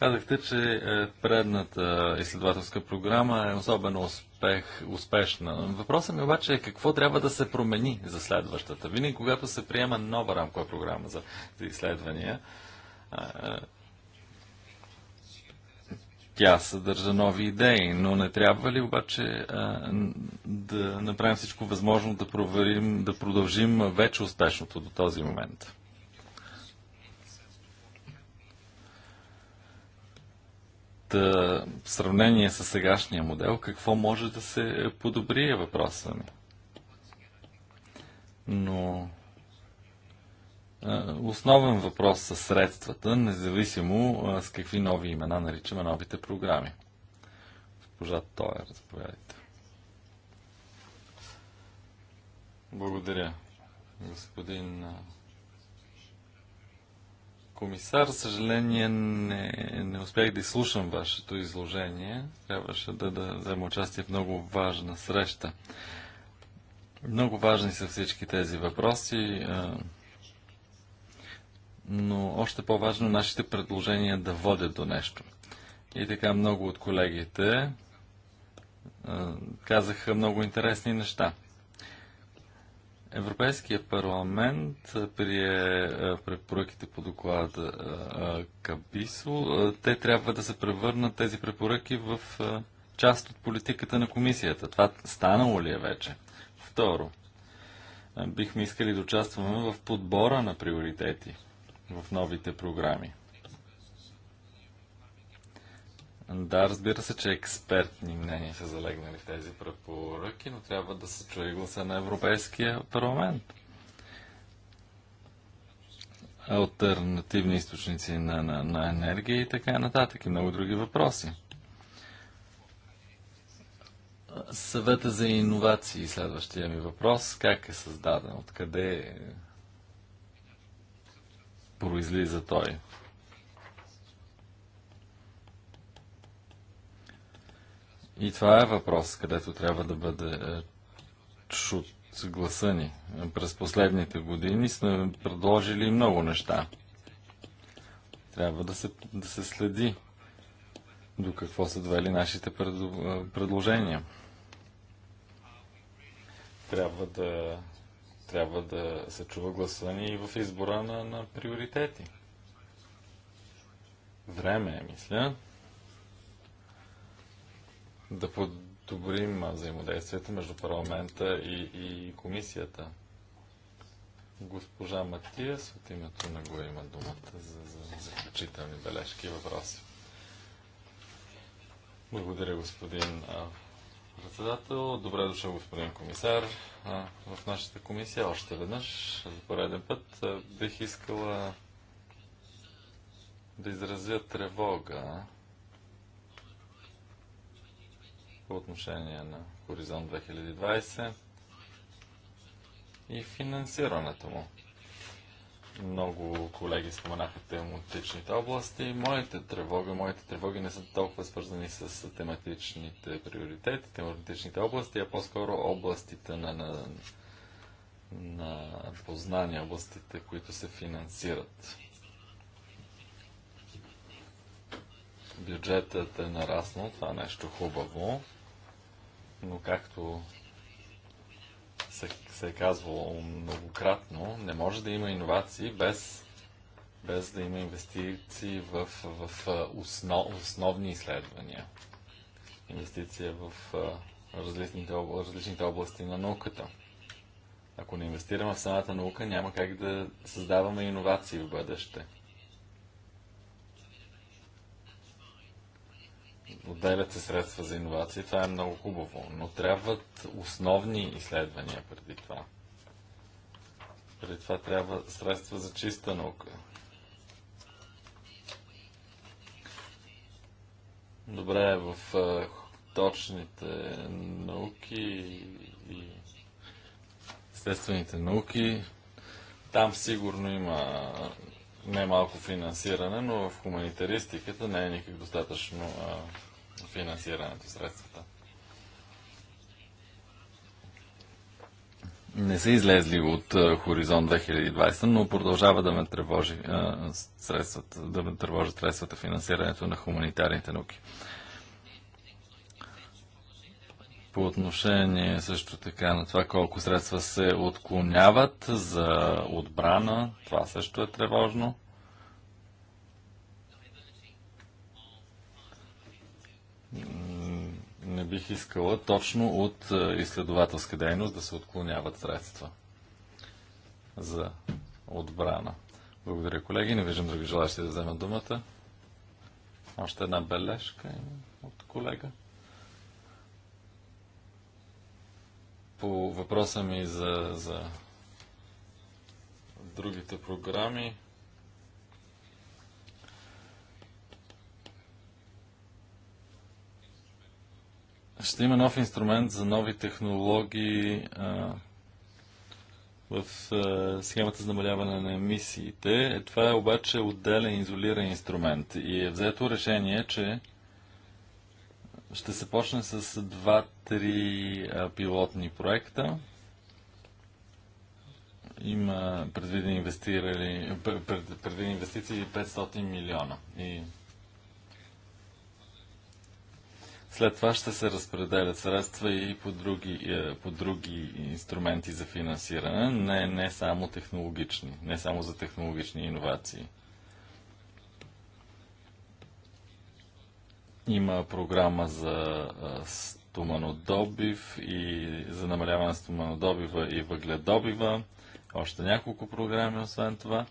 Казахте, че е, предната изследователска програма е особено успех, успешна. Въпросът ми обаче е какво трябва да се промени за следващата. Винаги, когато се приема нова рамкова програма за, за изследвания, е, е, тя съдържа нови идеи, но не трябва ли обаче а, да направим всичко възможно да проверим, да продължим вече успешното до този момент? Е, в сравнение с сегашния модел, какво може да се подобри е въпроса ми. Но е, основен въпрос са средствата, независимо е, с какви нови имена наричаме новите програми. Госпожа Тойер, заповядайте. Благодаря, господин комисар. Съжаление, не, не успях да изслушам вашето изложение. Трябваше да, да взема участие в много важна среща. Много важни са всички тези въпроси, но още по-важно е нашите предложения да водят до нещо. И така много от колегите казаха много интересни неща. Европейския парламент прие препоръките по доклада Кабисо. Те трябва да се превърнат тези препоръки в част от политиката на комисията. Това станало ли е вече? Второ, бихме искали да участваме в подбора на приоритети в новите програми. Да, разбира се, че експертни мнения са залегнали в тези препоръки, но трябва да се чуе гласа на Европейския парламент. Альтернативни източници на, на, на енергия и така нататък и много други въпроси. Съвета за иновации, следващия ми въпрос. Как е създаден? Откъде произлиза той? И това е въпрос, където трябва да бъде е, чут гласа ни. През последните години сме предложили много неща. Трябва да се, да се следи до какво са довели нашите е, предложения. Трябва да, трябва да се чува гласа ни и в избора на, на приоритети. Време е, мисля да подобрим взаимодействието между парламента и, и комисията. Госпожа Матиас от името на го има думата за, за заключителни бележки и въпроси. Благодаря, господин председател. Добре дошъл, господин комисар. В нашата комисия още веднъж, за пореден път, бих искала да изразя тревога по отношение на Хоризонт 2020 и финансирането му. Много колеги споменаха тематичните области. Моите тревоги, моите тревоги не са толкова свързани с тематичните приоритети, тематичните области, а по-скоро областите на, на, на познания, областите, които се финансират. Бюджетът е нараснал, това е нещо хубаво но както се, се е казвало многократно, не може да има иновации без, без да има инвестиции в, в, в основ, основни изследвания. Инвестиция в различните, различните области на науката. Ако не инвестираме в самата наука, няма как да създаваме иновации в бъдеще. Отделят се средства за иновации, това е много хубаво, но трябват основни изследвания преди това. Преди това трябва средства за чиста наука. Добре, е в точните науки и естествените науки, там сигурно има немалко финансиране, но в хуманитаристиката не е никак достатъчно а, финансирането, средствата. Не са излезли от Хоризонт 2020, но продължава да ме тревожи а, средствата, да ме тревожат средствата финансирането на хуманитарните науки. По отношение също така на това колко средства се отклоняват за отбрана, това също е тревожно. не бих искала точно от е, изследователска дейност да се отклоняват средства за отбрана. Благодаря, колеги. Не виждам други желащи да вземат думата. Още една бележка от колега. По въпроса ми за, за другите програми, ще има нов инструмент за нови технологии а, в а, схемата за намаляване на емисиите. Е, това е обаче отделен, изолиран инструмент и е взето решение, че ще се почне с 2-3 пилотни проекта. Има предвидени, инвестиции 500 милиона. И След това ще се разпределят средства и по други, е, по други инструменти за финансиране, не, не само технологични, не само за технологични иновации. Има програма за е, стоманодобив и за намаляване на стоманодобива и въгледобива. Още няколко програми, освен това.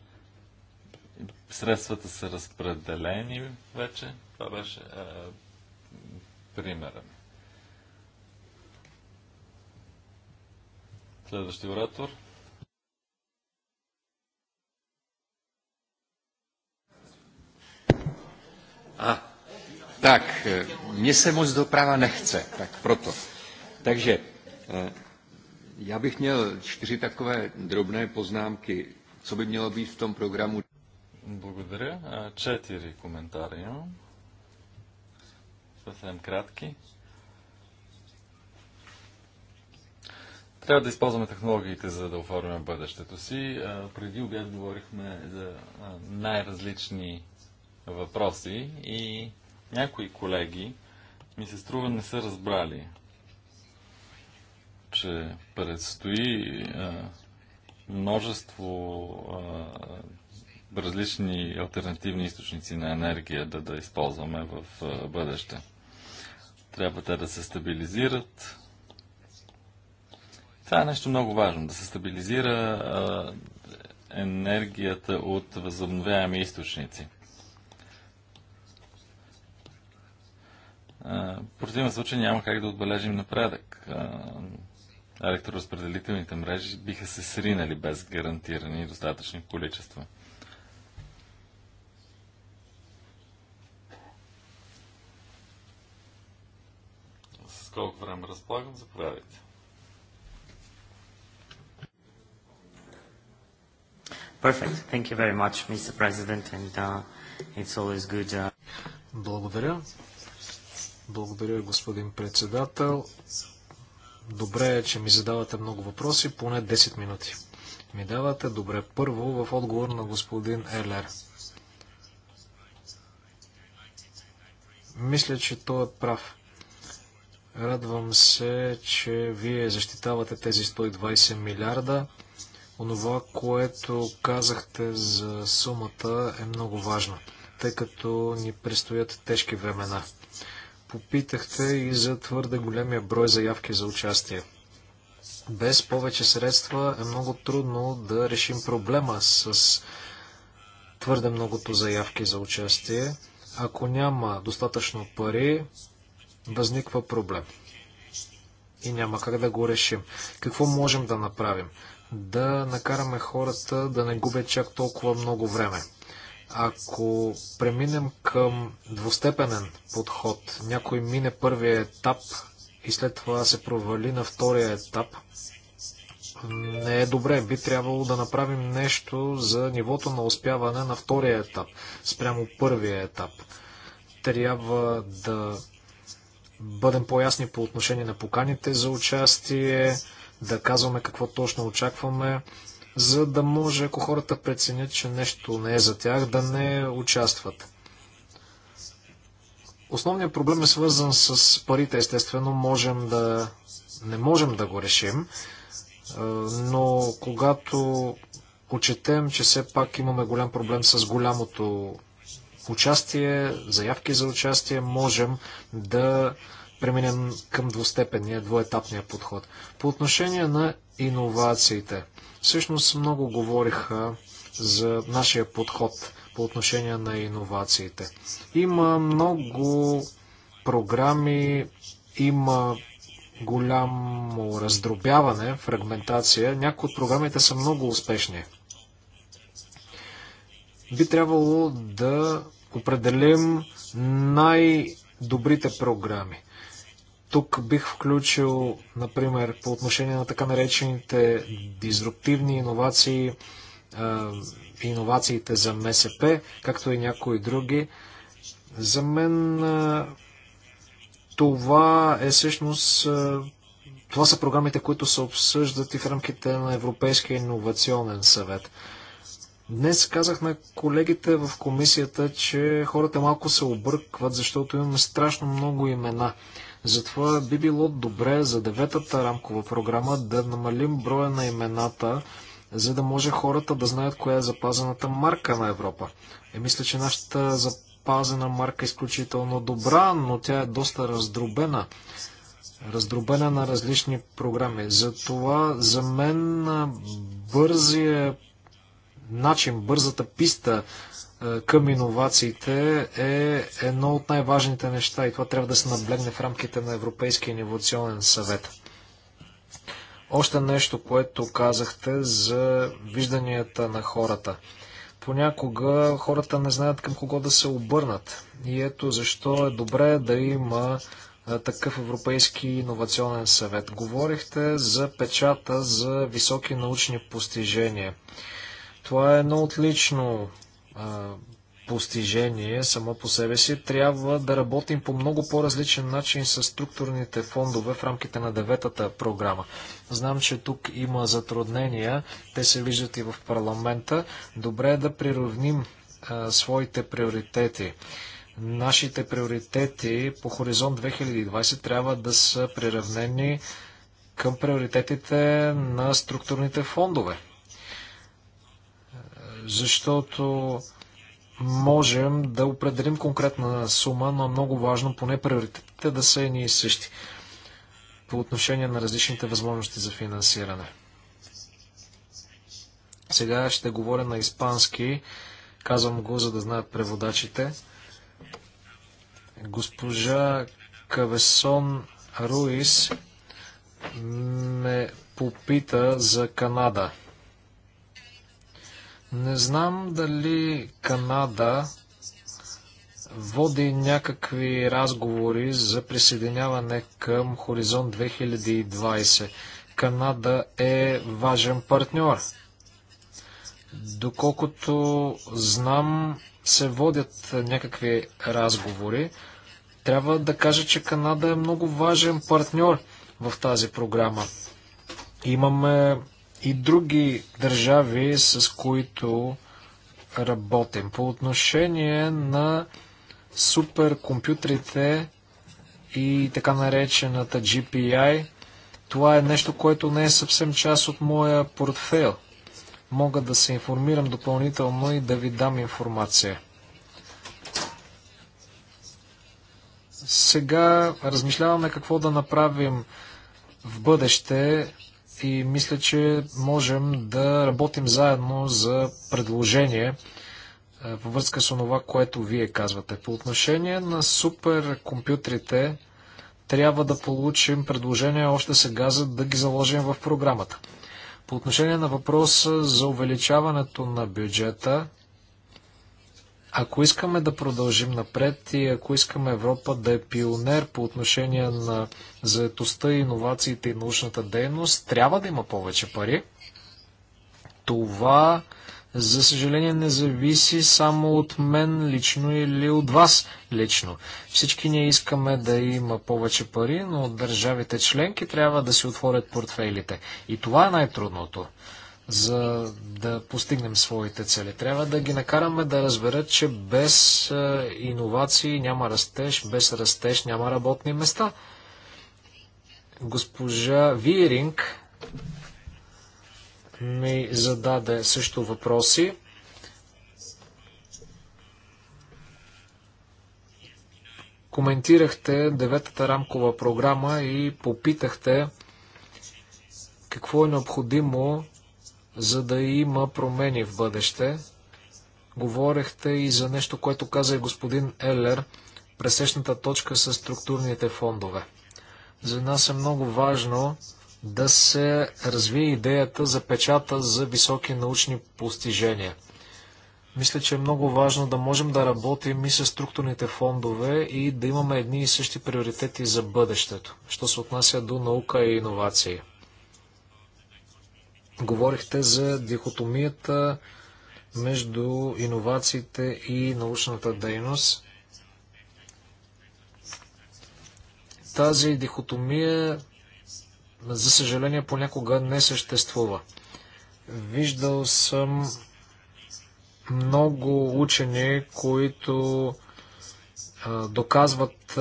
Средствата са разпределени вече. Това беше е, примерен. Следващия оратор. A, tak, mně se moc doprava nechce, tak proto. Takže já bych měl čtyři takové drobné poznámky, co by mělo být v tom programu. Благодаря. Четири коментария съвсем кратки. Трябва да използваме технологиите, за да оформим бъдещето си. А, преди обяд говорихме за най-различни въпроси и някои колеги ми се струва не са разбрали, че предстои а, множество а, различни альтернативни източници на енергия да, да използваме в бъдеще. Трябва те да се стабилизират. Това е нещо много важно, да се стабилизира енергията от възобновяеми източници. В противен случай няма как да отбележим напредък. Електроразпределителните мрежи биха се сринали без гарантирани достатъчни количества. колко време разполагам, заповядайте. Perfect. Thank you very much, Mr. President, and uh, it's always good. Uh... Благодаря. Благодаря, господин председател. Добре е, че ми задавате много въпроси, поне 10 минути. Ми давате добре. Първо, в отговор на господин Елер. Мисля, че той е прав. Радвам се, че вие защитавате тези 120 милиарда. Онова, което казахте за сумата е много важно, тъй като ни предстоят тежки времена. Попитахте и за твърде големия брой заявки за участие. Без повече средства е много трудно да решим проблема с твърде многото заявки за участие. Ако няма достатъчно пари, възниква проблем. И няма как да го решим. Какво можем да направим? Да накараме хората да не губят чак толкова много време. Ако преминем към двустепенен подход, някой мине първия етап и след това се провали на втория етап, не е добре. Би трябвало да направим нещо за нивото на успяване на втория етап, спрямо първия етап. Трябва да бъдем по-ясни по отношение на поканите за участие, да казваме какво точно очакваме, за да може, ако хората преценят, че нещо не е за тях, да не участват. Основният проблем е свързан с парите, естествено, можем да не можем да го решим, но когато почетем, че все пак имаме голям проблем с голямото участие, заявки за участие, можем да преминем към двустепенния, двоетапния подход. По отношение на иновациите, всъщност много говориха за нашия подход по отношение на иновациите. Има много програми, има голямо раздробяване, фрагментация. Някои от програмите са много успешни. Би трябвало да определим най-добрите програми. Тук бих включил, например, по отношение на така наречените дизруптивни иновации, иновациите за МСП, както и някои други. За мен това е всъщност това са програмите, които се обсъждат и в рамките на Европейския инновационен съвет. Днес казахме колегите в комисията, че хората малко се объркват, защото имаме страшно много имена. Затова би било добре за деветата рамкова програма да намалим броя на имената, за да може хората да знаят коя е запазената марка на Европа. И е, мисля, че нашата запазена марка е изключително добра, но тя е доста раздробена. Раздробена на различни програми. Затова за мен бързия начин. Бързата писта е, към иновациите е едно от най-важните неща и това трябва да се наблегне в рамките на Европейския инновационен съвет. Още нещо, което казахте за вижданията на хората. Понякога хората не знаят към кого да се обърнат. И ето защо е добре да има е, такъв Европейски инновационен съвет. Говорихте за печата за високи научни постижения. Това е едно отлично а, постижение само по себе си. Трябва да работим по много по-различен начин с структурните фондове в рамките на деветата програма. Знам, че тук има затруднения. Те се виждат и в парламента. Добре е да приравним а, своите приоритети нашите приоритети по Хоризонт 2020 трябва да са приравнени към приоритетите на структурните фондове защото можем да определим конкретна сума, но е много важно поне приоритетите да са и ние същи по отношение на различните възможности за финансиране. Сега ще говоря на испански. Казвам го, за да знаят преводачите. Госпожа Кавесон Руис ме попита за Канада. Не знам дали Канада води някакви разговори за присъединяване към Хоризонт 2020. Канада е важен партньор. Доколкото знам, се водят някакви разговори. Трябва да кажа, че Канада е много важен партньор в тази програма. Имаме и други държави, с които работим. По отношение на суперкомпютрите и така наречената GPI, това е нещо, което не е съвсем част от моя портфел. Мога да се информирам допълнително и да ви дам информация. Сега размишляваме какво да направим в бъдеще и мисля, че можем да работим заедно за предложение е, във връзка с това, което вие казвате. По отношение на суперкомпютрите, трябва да получим предложение още сега, за да ги заложим в програмата. По отношение на въпроса за увеличаването на бюджета, ако искаме да продължим напред и ако искаме Европа да е пионер по отношение на заетостта, иновациите и научната дейност, трябва да има повече пари. Това, за съжаление, не зависи само от мен лично или от вас лично. Всички ние искаме да има повече пари, но от държавите членки трябва да си отворят портфейлите. И това е най-трудното за да постигнем своите цели. Трябва да ги накараме да разберат, че без е, иновации няма растеж, без растеж няма работни места. Госпожа Виринг ми зададе също въпроси. коментирахте деветата рамкова програма и попитахте какво е необходимо за да има промени в бъдеще. Говорехте и за нещо, което каза и господин Елер, пресечната точка с структурните фондове. За нас е много важно да се развие идеята за печата за високи научни постижения. Мисля, че е много важно да можем да работим и с структурните фондове и да имаме едни и същи приоритети за бъдещето, що се отнася до наука и иновации. Говорихте за дихотомията между иновациите и научната дейност. Тази дихотомия, за съжаление, понякога не съществува. Виждал съм много учени, които доказват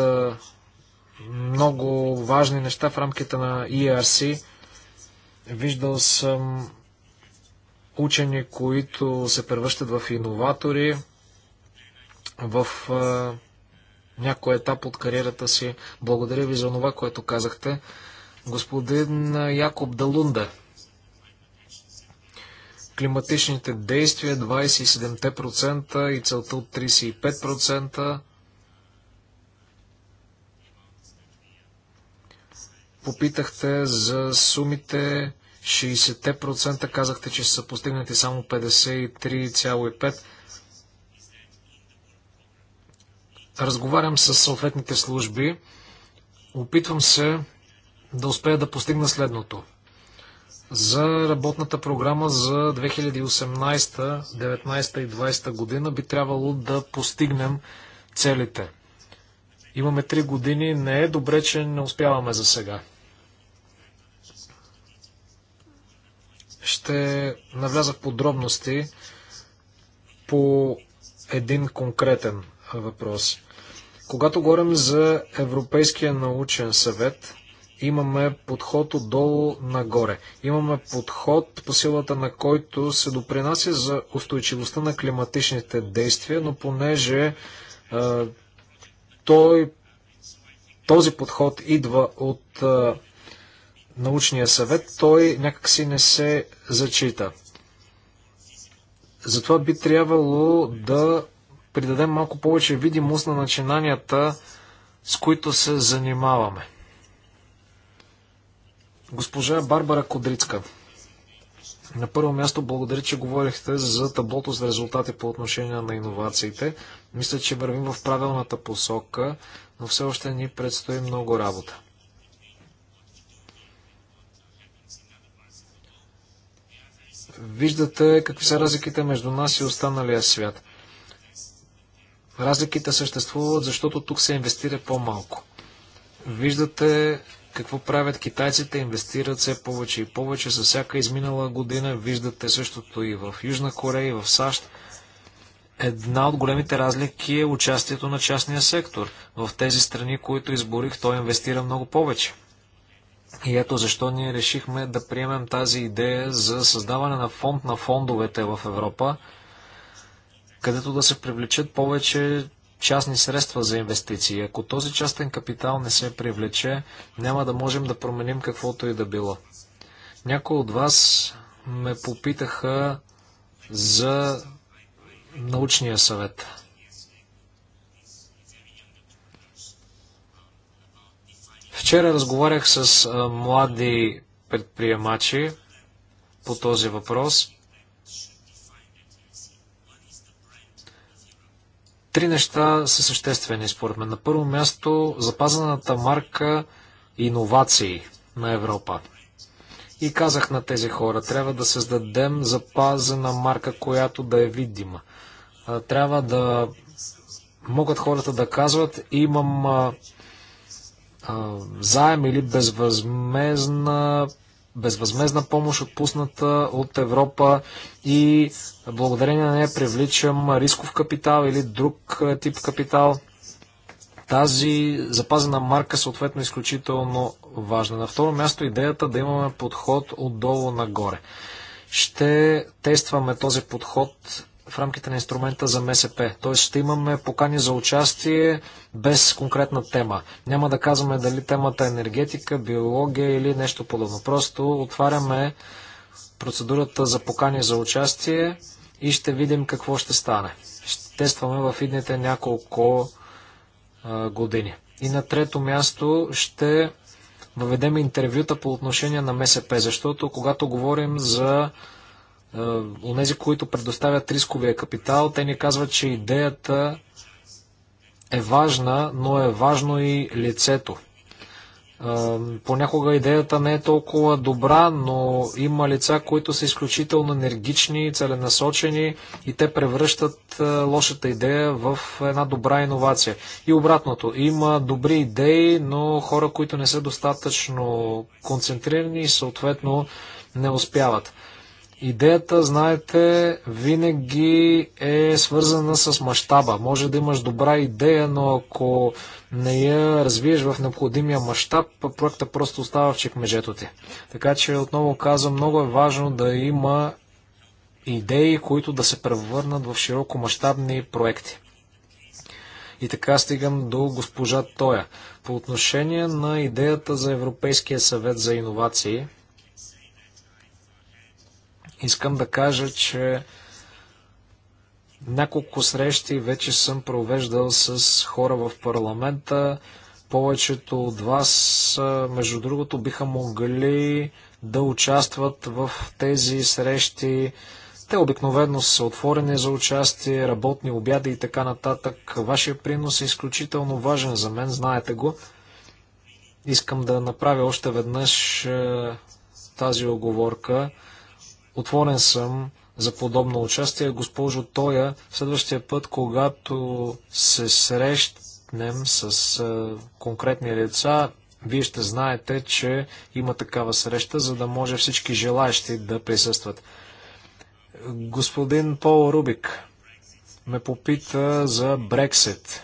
много важни неща в рамките на ERC. Виждал съм учени, които се превръщат в иноватори в някой етап от кариерата си. Благодаря ви за това, което казахте. Господин Якоб Далунда, климатичните действия 27% и целта от 35%. Попитахте за сумите, 60% казахте, че са постигнати само 53,5%. Разговарям с съответните служби. Опитвам се да успея да постигна следното. За работната програма за 2018, 2019 и 2020 година би трябвало да постигнем целите. Имаме 3 години. Не е добре, че не успяваме за сега. Ще навляза в подробности по един конкретен въпрос. Когато говорим за Европейския научен съвет, имаме подход отдолу нагоре. Имаме подход по силата на който се допринася за устойчивостта на климатичните действия, но понеже е, той, този подход идва от е, научния съвет, той някакси не се зачита. Затова би трябвало да придадем малко повече видимост на начинанията, с които се занимаваме. Госпожа Барбара Кодрицка. На първо място благодаря, че говорихте за таблото с резултати по отношение на иновациите. Мисля, че вървим в правилната посока, но все още ни предстои много работа. Виждате какви са разликите между нас и останалия свят. Разликите съществуват, защото тук се инвестира по-малко. Виждате какво правят китайците, инвестират все повече и повече. За всяка изминала година виждате същото и в Южна Корея, и в САЩ. Една от големите разлики е участието на частния сектор. В тези страни, които изборих, той инвестира много повече. И ето защо ние решихме да приемем тази идея за създаване на фонд на фондовете в Европа, където да се привлечат повече частни средства за инвестиции. Ако този частен капитал не се привлече, няма да можем да променим каквото и да било. Някои от вас ме попитаха за научния съвет. Вчера разговарях с млади предприемачи по този въпрос. Три неща са съществени според мен. На първо място запазената марка иновации на Европа. И казах на тези хора, трябва да създадем запазена марка, която да е видима. Трябва да могат хората да казват, имам заем или безвъзмезна, безвъзмезна помощ отпусната от Европа и благодарение на нея привличам рисков капитал или друг тип капитал. Тази запазена марка е съответно е изключително важна. На второ място идеята да имаме подход отдолу нагоре. Ще тестваме този подход в рамките на инструмента за МСП. Т.е. ще имаме покани за участие без конкретна тема. Няма да казваме дали темата е енергетика, биология или нещо подобно. Просто отваряме процедурата за покани за участие и ще видим какво ще стане. Ще тестваме в идните няколко а, години. И на трето място ще въведем интервюта по отношение на МСП, защото когато говорим за е, онези, които предоставят рисковия капитал, те ни казват, че идеята е важна, но е важно и лицето. Е, понякога идеята не е толкова добра, но има лица, които са изключително енергични, целенасочени и те превръщат е, лошата идея в една добра иновация. И обратното, има добри идеи, но хора, които не са достатъчно концентрирани и съответно не успяват. Идеята, знаете, винаги е свързана с мащаба. Може да имаш добра идея, но ако не я развиеш в необходимия мащаб, проекта просто остава в чекмежето ти. Така че, отново казвам, много е важно да има идеи, които да се превърнат в широко мащабни проекти. И така стигам до госпожа Тоя. По отношение на идеята за Европейския съвет за иновации, Искам да кажа, че няколко срещи вече съм провеждал с хора в парламента. Повечето от вас, между другото, биха могли да участват в тези срещи. Те обикновено са отворени за участие, работни обяди и така нататък. Вашия принос е изключително важен за мен, знаете го. Искам да направя още веднъж тази оговорка. Отворен съм за подобно участие. Госпожо Тоя, следващия път, когато се срещнем с е, конкретни лица, вие ще знаете, че има такава среща, за да може всички желаящи да присъстват. Господин Пол Рубик ме попита за Брексит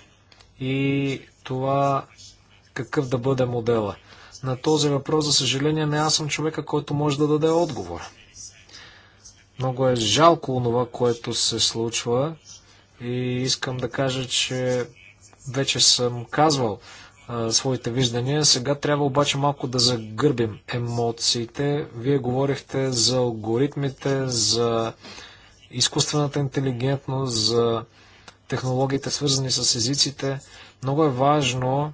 и това какъв да бъде модела. На този въпрос, за съжаление, не аз съм човека, който може да даде отговор. Много е жалко това, което се случва и искам да кажа, че вече съм казвал а, своите виждания. Сега трябва обаче малко да загърбим емоциите. Вие говорихте за алгоритмите, за изкуствената интелигентност, за технологиите свързани с езиците. Много е важно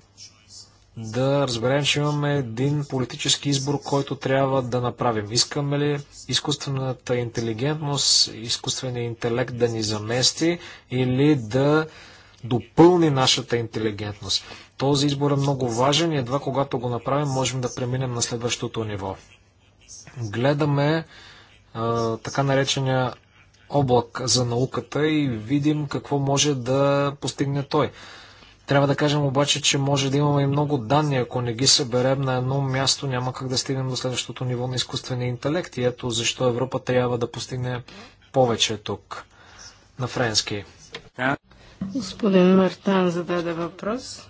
да разберем, че имаме един политически избор, който трябва да направим. Искаме ли изкуствената интелигентност, изкуственият интелект да ни замести или да допълни нашата интелигентност? Този избор е много важен и едва когато го направим, можем да преминем на следващото ниво. Гледаме а, така наречения облак за науката и видим какво може да постигне той. Трябва да кажем обаче, че може да имаме и много данни. Ако не ги съберем на едно място, няма как да стигнем до следващото ниво на изкуствения интелект. И ето защо Европа трябва да постигне повече тук на френски. Господин Мартан зададе въпрос.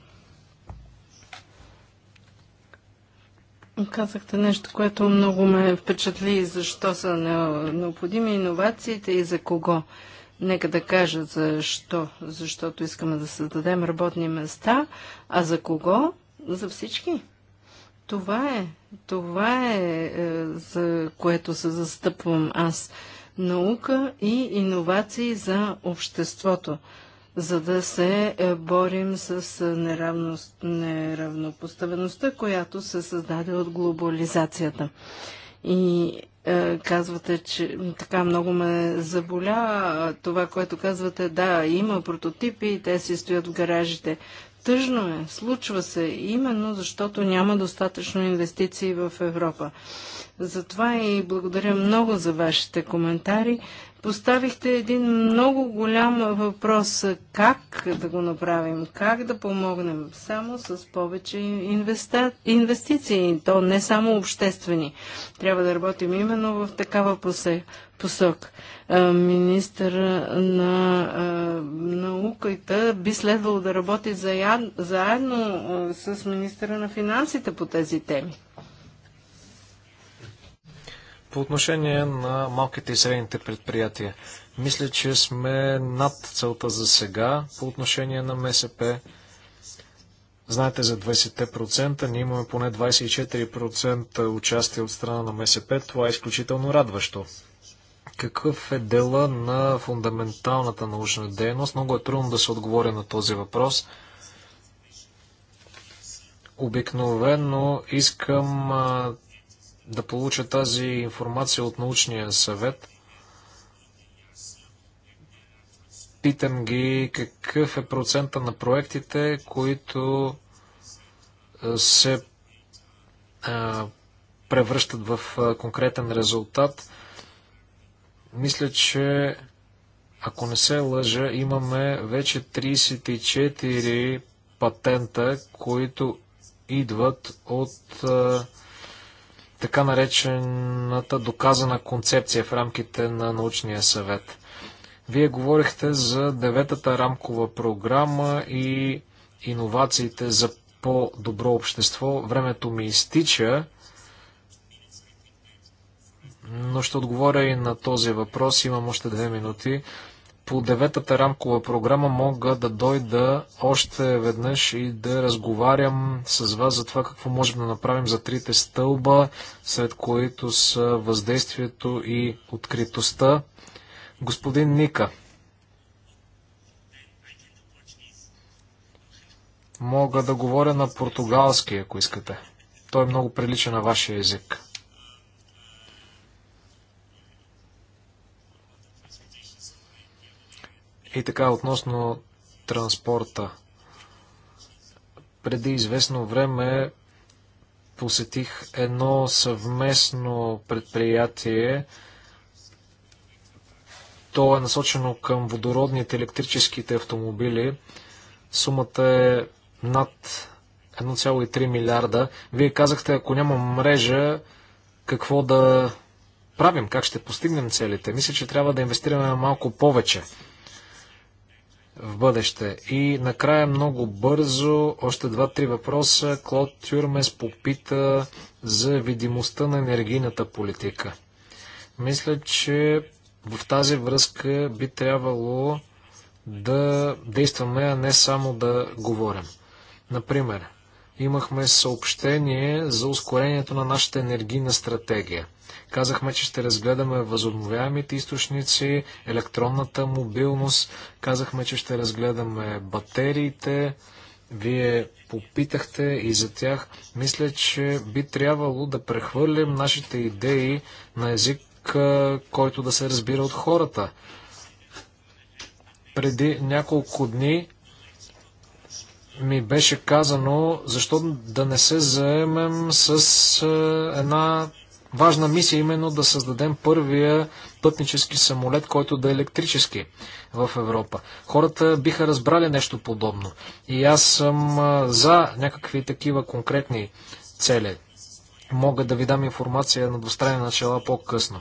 Казахте нещо, което много ме впечатли, защо са необходими иновациите и за кого. Нека да кажа защо. Защото искаме да създадем работни места. А за кого? За всички. Това е. Това е, е за което се застъпвам аз. Наука и иновации за обществото за да се е, борим с е, неравност, неравнопоставеността, която се създаде от глобализацията. И е, казвате, че така много ме заболя. Това, което казвате, да, има прототипи, те си стоят в гаражите. Тъжно е, случва се, именно защото няма достатъчно инвестиции в Европа. Затова и благодаря много за вашите коментари. Поставихте един много голям въпрос как да го направим, как да помогнем само с повече инвеста... инвестиции, то не само обществени. Трябва да работим именно в такава посока. Е, министър на е, науката би следвало да работи заедно е, с министъра на финансите по тези теми. По отношение на малките и средните предприятия, мисля, че сме над целта за сега по отношение на МСП. Знаете за 20%, ние имаме поне 24% участие от страна на МСП. Това е изключително радващо какъв е дела на фундаменталната научна дейност? Много е трудно да се отговори на този въпрос. Обикновено искам а, да получа тази информация от научния съвет. Питам ги какъв е процента на проектите, които се а, превръщат в конкретен резултат. Мисля, че ако не се лъжа, имаме вече 34 патента, които идват от а, така наречената доказана концепция в рамките на научния съвет. Вие говорихте за деветата рамкова програма и иновациите за по-добро общество. Времето ми изтича но ще отговоря и на този въпрос. Имам още две минути. По деветата рамкова програма мога да дойда още веднъж и да разговарям с вас за това какво можем да направим за трите стълба, след които са въздействието и откритостта. Господин Ника, мога да говоря на португалски, ако искате. Той е много прилича на вашия език. И така, относно транспорта. Преди известно време посетих едно съвместно предприятие. То е насочено към водородните електрическите автомобили. Сумата е над 1,3 милиарда. Вие казахте, ако няма мрежа, какво да правим, как ще постигнем целите. Мисля, че трябва да инвестираме малко повече в бъдеще. И накрая много бързо, още два-три въпроса. Клод Тюрмес попита за видимостта на енергийната политика. Мисля, че в тази връзка би трябвало да действаме, а не само да говорим. Например, имахме съобщение за ускорението на нашата енергийна стратегия. Казахме, че ще разгледаме възобновяемите източници, електронната мобилност, казахме, че ще разгледаме батериите. Вие попитахте и за тях. Мисля, че би трябвало да прехвърлим нашите идеи на език, който да се разбира от хората. Преди няколко дни ми беше казано, защо да не се заемем с е, една важна мисия, именно да създадем първия пътнически самолет, който да е електрически в Европа. Хората биха разбрали нещо подобно. И аз съм е, за някакви такива конкретни цели. Мога да ви дам информация на двустранни начала по-късно.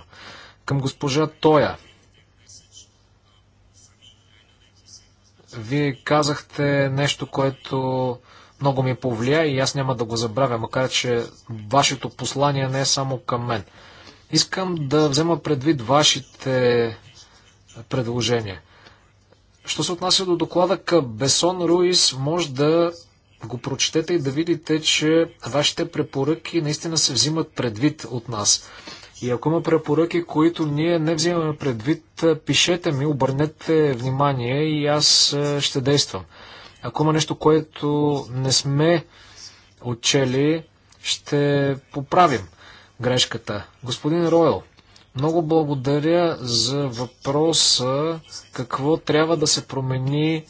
Към госпожа Тоя – Вие казахте нещо, което много ми повлия и аз няма да го забравя, макар че вашето послание не е само към мен. Искам да взема предвид вашите предложения. Що се отнася до доклада към Бесон Руис, може да го прочетете и да видите, че вашите препоръки наистина се взимат предвид от нас. И ако има препоръки, които ние не взимаме предвид, пишете ми, обърнете внимание и аз е, ще действам. Ако има нещо, което не сме отчели, ще поправим грешката. Господин Ройл, много благодаря за въпроса какво трябва да се промени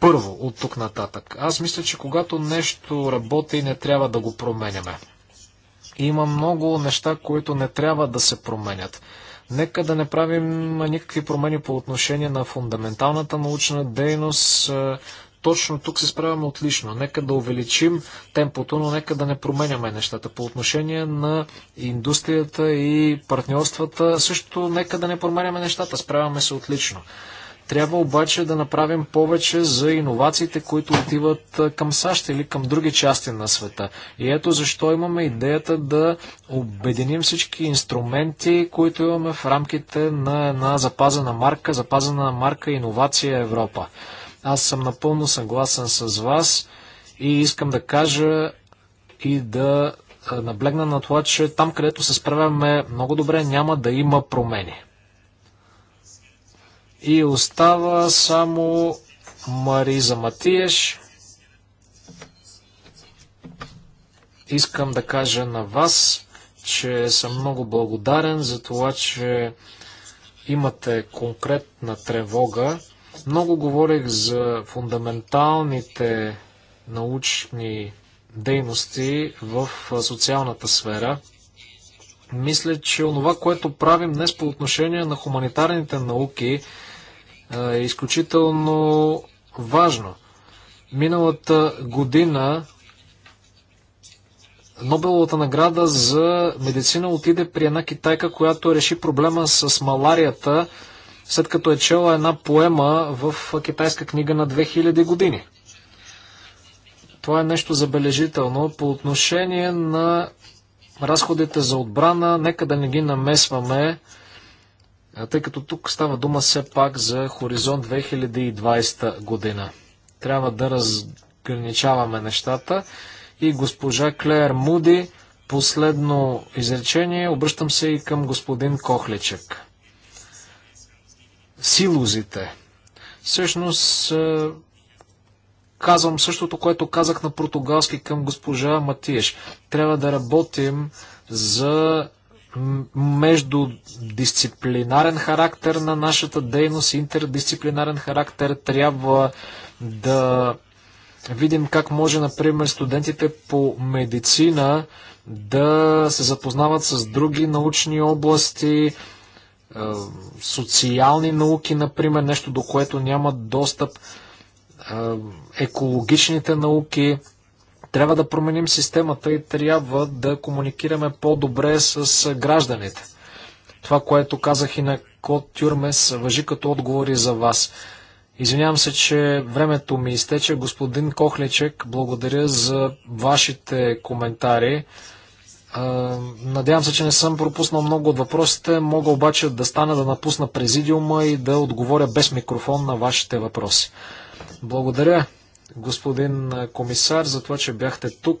първо от тук нататък. Аз мисля, че когато нещо работи, не трябва да го променяме. Има много неща, които не трябва да се променят. Нека да не правим никакви промени по отношение на фундаменталната научна дейност. Е, точно тук се справяме отлично. Нека да увеличим темпото, но нека да не променяме нещата. По отношение на индустрията и партньорствата, също нека да не променяме нещата. Справяме се отлично. Трябва обаче да направим повече за иновациите, които отиват към САЩ или към други части на света. И ето защо имаме идеята да обединим всички инструменти, които имаме в рамките на една запазена марка, запазена марка иновация Европа. Аз съм напълно съгласен с вас и искам да кажа и да наблегна на това, че там, където се справяме много добре, няма да има промени. И остава само Мариза Матиеш. Искам да кажа на вас, че съм много благодарен за това, че имате конкретна тревога. Много говорих за фундаменталните научни дейности в социалната сфера. Мисля, че онова, което правим днес по отношение на хуманитарните науки, е изключително важно. Миналата година Нобеловата награда за медицина отиде при една китайка, която реши проблема с маларията, след като е чела една поема в китайска книга на 2000 години. Това е нещо забележително. По отношение на разходите за отбрана, нека да не ги намесваме тъй като тук става дума все пак за хоризонт 2020 година. Трябва да разграничаваме нещата. И госпожа Клеер Муди, последно изречение, обръщам се и към господин Кохлечек. Силузите. Всъщност, е, казвам същото, което казах на португалски към госпожа Матиеш. Трябва да работим за между дисциплинарен характер на нашата дейност, интердисциплинарен характер, трябва да видим как може, например, студентите по медицина да се запознават с други научни области, е, социални науки, например, нещо до което нямат достъп, е, екологичните науки, трябва да променим системата и трябва да комуникираме по-добре с гражданите. Това, което казах и на Код Тюрмес, въжи като отговори за вас. Извинявам се, че времето ми изтече. Господин Кохличек, благодаря за вашите коментари. Надявам се, че не съм пропуснал много от въпросите. Мога обаче да стана да напусна президиума и да отговоря без микрофон на вашите въпроси. Благодаря господин комисар, за това, че бяхте тук.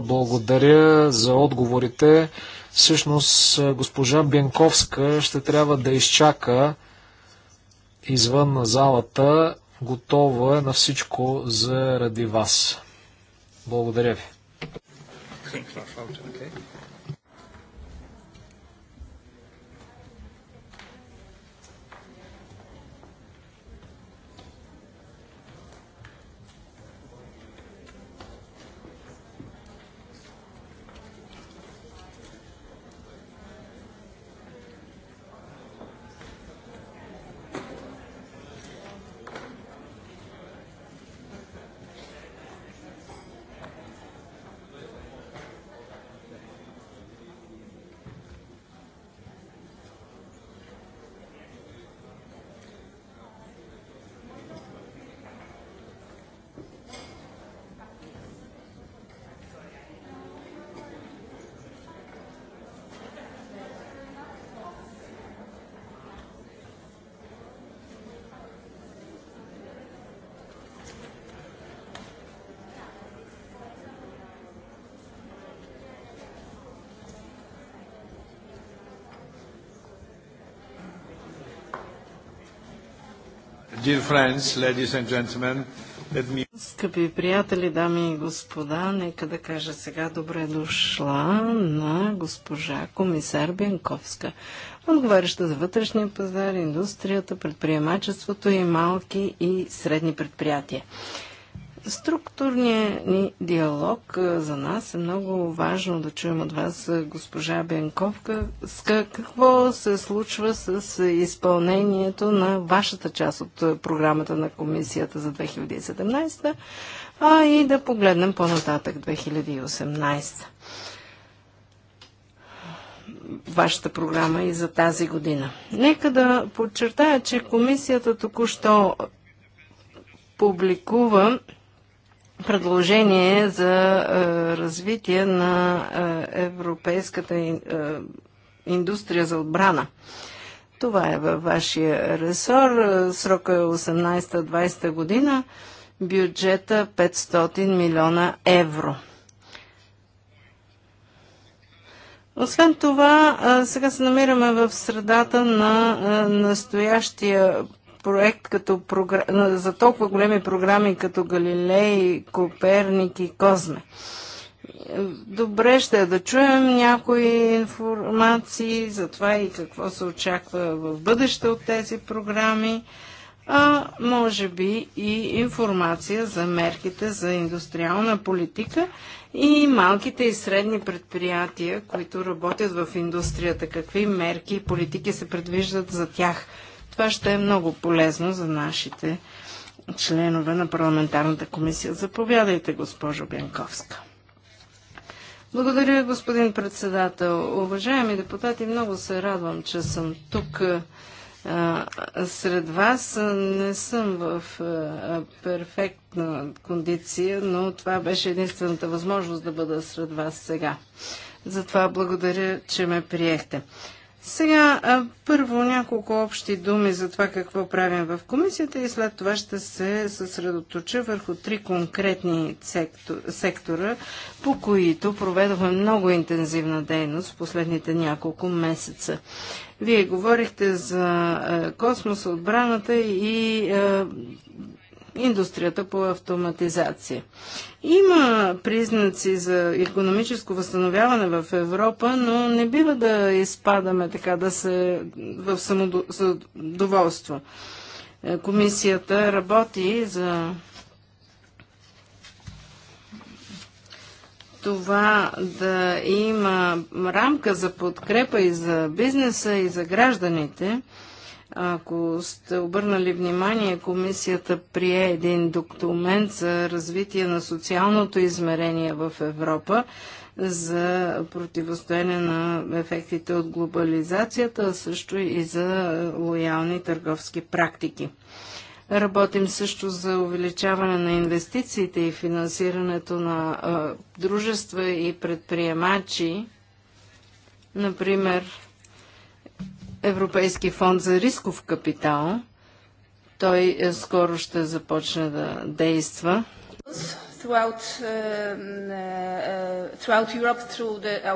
Благодаря за отговорите. Всъщност, госпожа Бенковска ще трябва да изчака извън залата. Готова е на всичко заради вас. Благодаря ви. Dear friends, ladies and gentlemen, let me... Скъпи приятели, дами и господа, нека да кажа сега добре дошла на госпожа комисар Бенковска, отговаряща за вътрешния пазар, индустрията, предприемачеството и малки и средни предприятия. Структурният ни диалог за нас е много важно да чуем от вас, госпожа Бенковка, какво се случва с изпълнението на вашата част от програмата на комисията за 2017, а и да погледнем по-нататък 2018. Вашата програма и за тази година. Нека да подчертая, че комисията току-що публикува предложение за е, развитие на е, европейската е, индустрия за отбрана. Това е във вашия ресор. Срока е 18-20 година. Бюджета 500 милиона евро. Освен това, сега се намираме в средата на настоящия проект като програ... за толкова големи програми като Галилей, Коперник и Козме. Добре ще е да чуем някои информации за това и какво се очаква в бъдеще от тези програми, а може би и информация за мерките за индустриална политика и малките и средни предприятия, които работят в индустрията. Какви мерки и политики се предвиждат за тях? Това ще е много полезно за нашите членове на парламентарната комисия. Заповядайте, госпожо Бянковска. Благодаря, господин председател. Уважаеми депутати, много се радвам, че съм тук а, сред вас. Не съм в а, перфектна кондиция, но това беше единствената възможност да бъда сред вас сега. Затова благодаря, че ме приехте. Сега първо няколко общи думи за това какво правим в комисията и след това ще се съсредоточа върху три конкретни сектора, по които проведохме много интензивна дейност в последните няколко месеца. Вие говорихте за космос, отбраната и индустрията по автоматизация. Има признаци за економическо възстановяване в Европа, но не бива да изпадаме така да се в самодоволство. Е, комисията работи за това да има рамка за подкрепа и за бизнеса, и за гражданите – ако сте обърнали внимание, комисията прие един документ за развитие на социалното измерение в Европа за противостояние на ефектите от глобализацията, а също и за лоялни търговски практики. Работим също за увеличаване на инвестициите и финансирането на а, дружества и предприемачи. Например, Европейски фонд за рисков капитал. Той е, скоро ще започне да действа. Um, uh,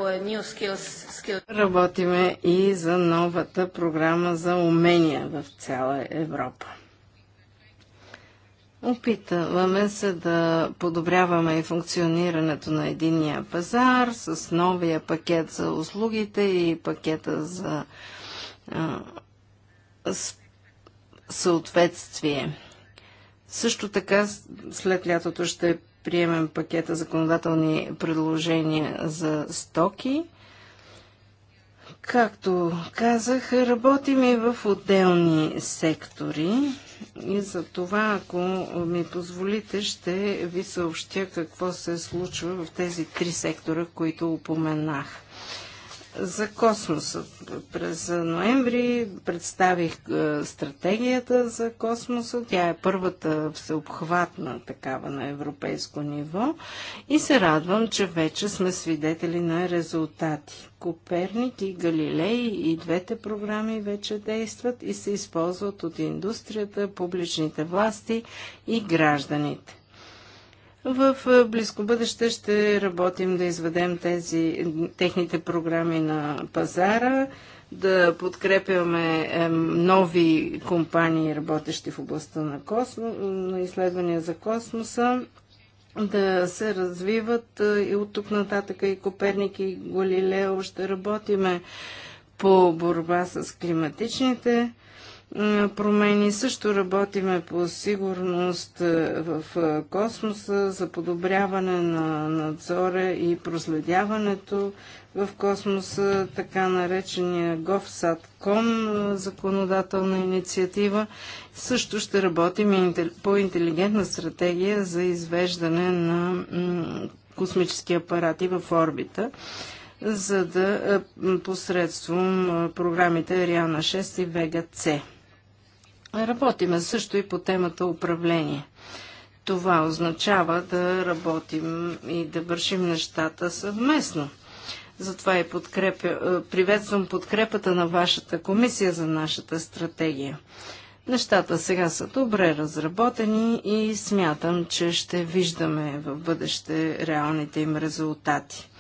uh, Работиме и за новата програма за умения в цяла Европа. Опитаваме се да подобряваме и функционирането на единния пазар с новия пакет за услугите и пакета за съответствие. Също така след лятото ще приемем пакета законодателни предложения за стоки. Както казах, работим и в отделни сектори и за това, ако ми позволите, ще ви съобщя какво се случва в тези три сектора, които упоменах за космоса. През ноември представих е, стратегията за космоса. Тя е първата всеобхватна такава на европейско ниво и се радвам, че вече сме свидетели на резултати. Коперник и Галилей и двете програми вече действат и се използват от индустрията, публичните власти и гражданите. В близко бъдеще ще работим да изведем тези, техните програми на пазара, да подкрепяме е, нови компании, работещи в областта на, космо, на изследвания за космоса, да се развиват е, и от тук нататък и Коперник и Галилео ще работиме по борба с климатичните промени. Също работиме по сигурност в космоса, за подобряване на надзора и проследяването в космоса, така наречения GovSatcom законодателна инициатива. Също ще работим по интелигентна стратегия за извеждане на космически апарати в орбита за да посредством програмите Ариана 6 и Вега С. Работиме също и по темата управление. Това означава да работим и да вършим нещата съвместно. Затова и подкрепя, е, приветствам подкрепата на вашата комисия за нашата стратегия. Нещата сега са добре разработени и смятам, че ще виждаме в бъдеще реалните им резултати.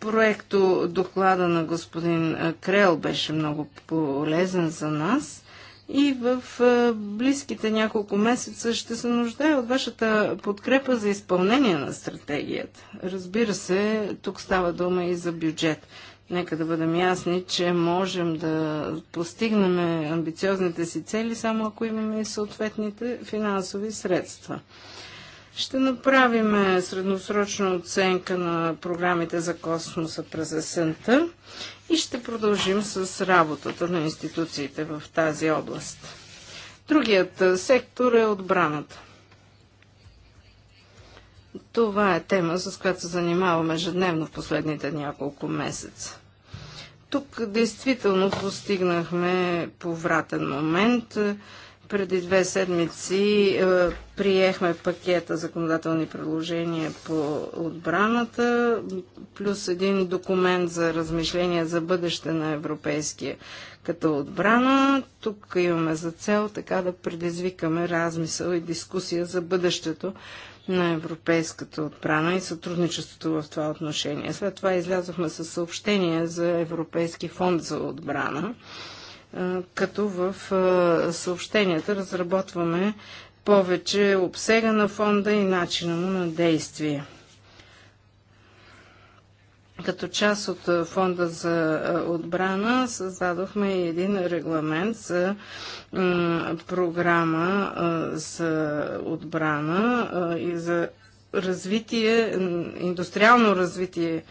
Проекто доклада на господин Крел беше много полезен за нас – и в близките няколко месеца ще се нуждае от вашата подкрепа за изпълнение на стратегията. Разбира се, тук става дума и за бюджет. Нека да бъдем ясни, че можем да постигнем амбициозните си цели, само ако имаме и съответните финансови средства. Ще направим средносрочна оценка на програмите за космоса през есента и ще продължим с работата на институциите в тази област. Другият сектор е отбраната. Това е тема, с която се занимаваме ежедневно в последните няколко месеца. Тук действително постигнахме повратен момент. Преди две седмици е, приехме пакета законодателни предложения по отбраната, плюс един документ за размишление за бъдеще на европейския като отбрана. Тук имаме за цел така да предизвикаме размисъл и дискусия за бъдещето на европейската отбрана и сътрудничеството в това отношение. След това излязохме със съобщение за Европейски фонд за отбрана като в съобщенията разработваме повече обсега на фонда и начина му на действие. Като част от фонда за отбрана създадохме и един регламент за програма за отбрана и за развитие, индустриално развитие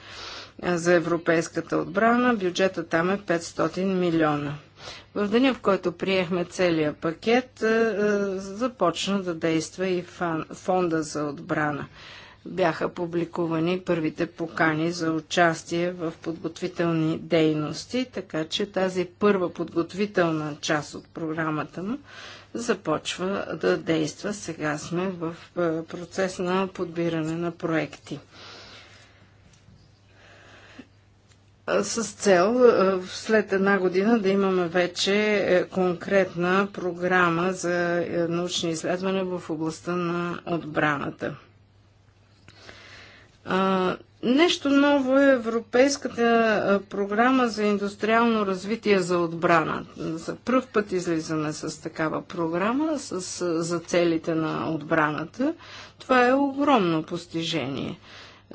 за европейската отбрана. Бюджета там е 500 милиона. В деня, в който приехме целия пакет, е, е, започна да действа и фонда за отбрана. Бяха публикувани първите покани за участие в подготвителни дейности, така че тази първа подготвителна част от програмата му започва да действа. Сега сме в е, процес на подбиране на проекти. с цел след една година да имаме вече е, конкретна програма за е, научни изследвания в областта на отбраната. Нещо ново е Европейската програма за индустриално развитие за отбрана. За първ път излизаме с такава програма с, за целите на отбраната. Това е огромно постижение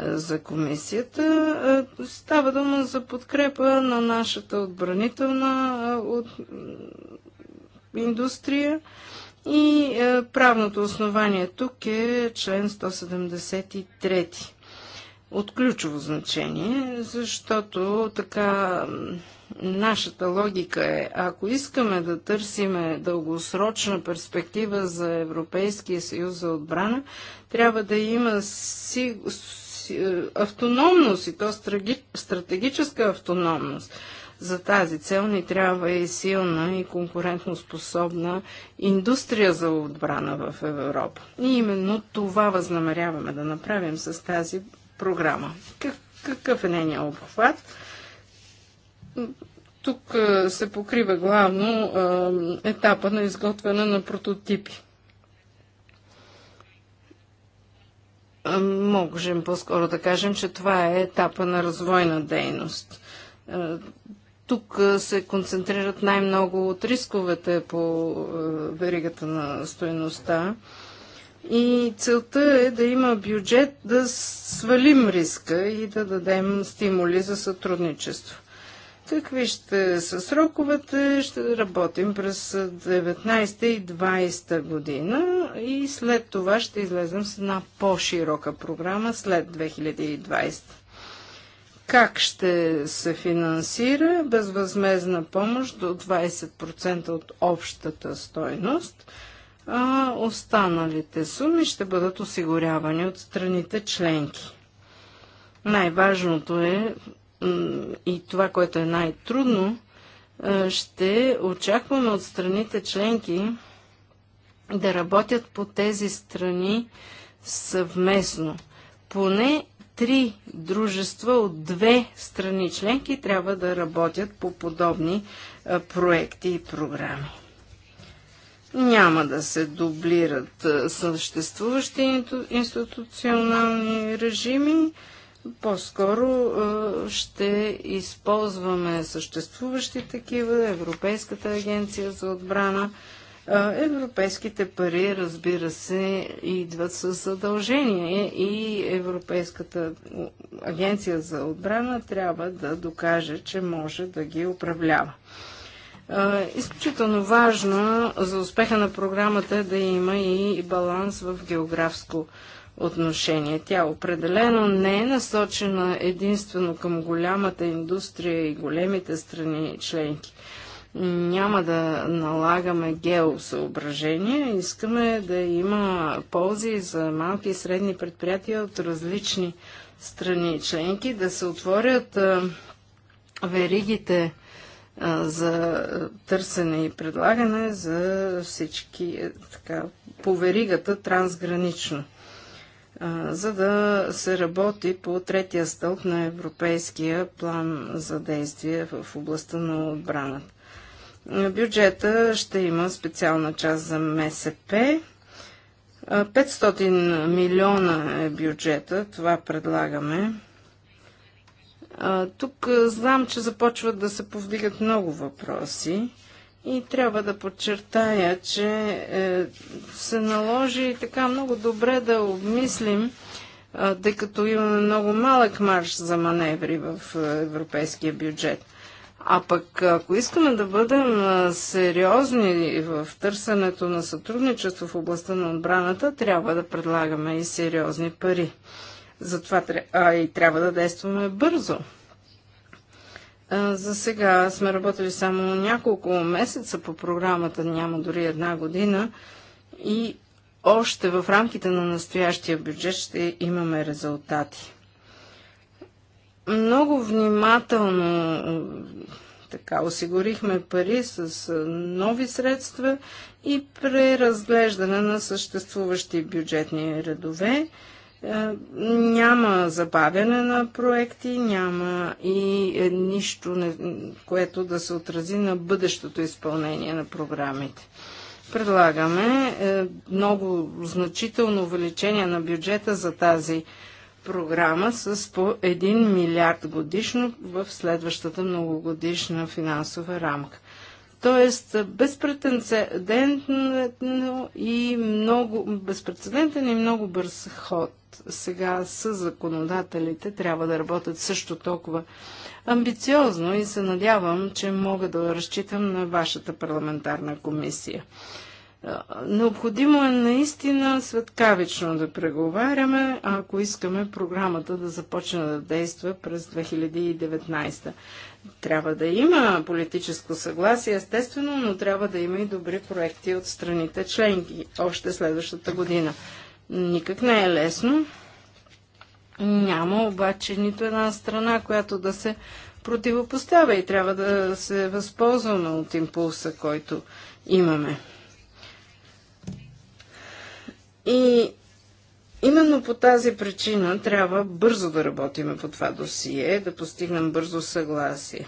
за комисията. Е, става дума за подкрепа на нашата отбранителна е, от... индустрия и е, правното основание тук е член 173 от ключово значение, защото така нашата логика е, ако искаме да търсиме дългосрочна перспектива за Европейския съюз за отбрана, трябва да има сигурност е, автономност и то стратегическа автономност. За тази цел ни трябва и силна и конкурентоспособна индустрия за отбрана в Европа. И именно това възнамеряваме да направим с тази програма. Какъв е нейният обхват? Тук е, се покрива главно е, етапа на изготвяне на прототипи. можем по-скоро да кажем, че това е етапа на развойна дейност. Тук се концентрират най-много от рисковете по веригата на стоеността. И целта е да има бюджет да свалим риска и да дадем стимули за сътрудничество. Какви ще са сроковете? Ще работим през 19 и 20 година и след това ще излезем с една по-широка програма след 2020. Как ще се финансира безвъзмезна помощ до 20% от общата стойност, а останалите суми ще бъдат осигурявани от страните членки. Най-важното е и това, което е най-трудно, е, ще очакваме от страните членки да работят по тези страни съвместно. Поне три дружества от две страни членки трябва да работят по подобни проекти и програми. Няма да се дублират съществуващи институционални режими. По-скоро е, ще използваме съществуващи такива, Европейската агенция за отбрана. Е, европейските пари, разбира се, идват с задължение и Европейската агенция за отбрана трябва да докаже, че може да ги управлява. Е, изключително важно за успеха на програмата е да има и баланс в географско отношение. Тя определено не е насочена единствено към голямата индустрия и големите страни членки. Няма да налагаме геосъображения, искаме да има ползи за малки и средни предприятия от различни страни членки, да се отворят веригите за търсене и предлагане за всички е, така, по веригата трансгранично за да се работи по третия стълб на Европейския план за действие в областта на отбраната. Бюджета ще има специална част за МСП. 500 милиона е бюджета, това предлагаме. Тук знам, че започват да се повдигат много въпроси. И трябва да подчертая, че е, се наложи така много добре да обмислим, е, тъй като имаме много малък марш за маневри в е, европейския бюджет. А пък, ако искаме да бъдем е, сериозни в търсенето на сътрудничество в областта на отбраната, трябва да предлагаме и сериозни пари. Затова а, и трябва да действаме бързо. За сега сме работили само няколко месеца по програмата, няма дори една година и още в рамките на настоящия бюджет ще имаме резултати. Много внимателно така осигурихме пари с нови средства и преразглеждане на съществуващи бюджетни редове. Е, няма забавяне на проекти, няма и е, нищо, което да се отрази на бъдещото изпълнение на програмите. Предлагаме е, много значително увеличение на бюджета за тази програма с по 1 милиард годишно в следващата многогодишна финансова рамка. Тоест, безпредседентно и много, безпредседентен и много бърз ход сега с законодателите трябва да работят също толкова амбициозно и се надявам, че мога да разчитам на вашата парламентарна комисия. Необходимо е наистина светкавично да преговаряме, ако искаме програмата да започне да действа през 2019. Трябва да има политическо съгласие, естествено, но трябва да има и добри проекти от страните членки още следващата година. Никак не е лесно. Няма обаче нито една страна, която да се противопоставя и трябва да се възползваме от импулса, който имаме. И именно по тази причина трябва бързо да работиме по това досие, да постигнем бързо съгласие.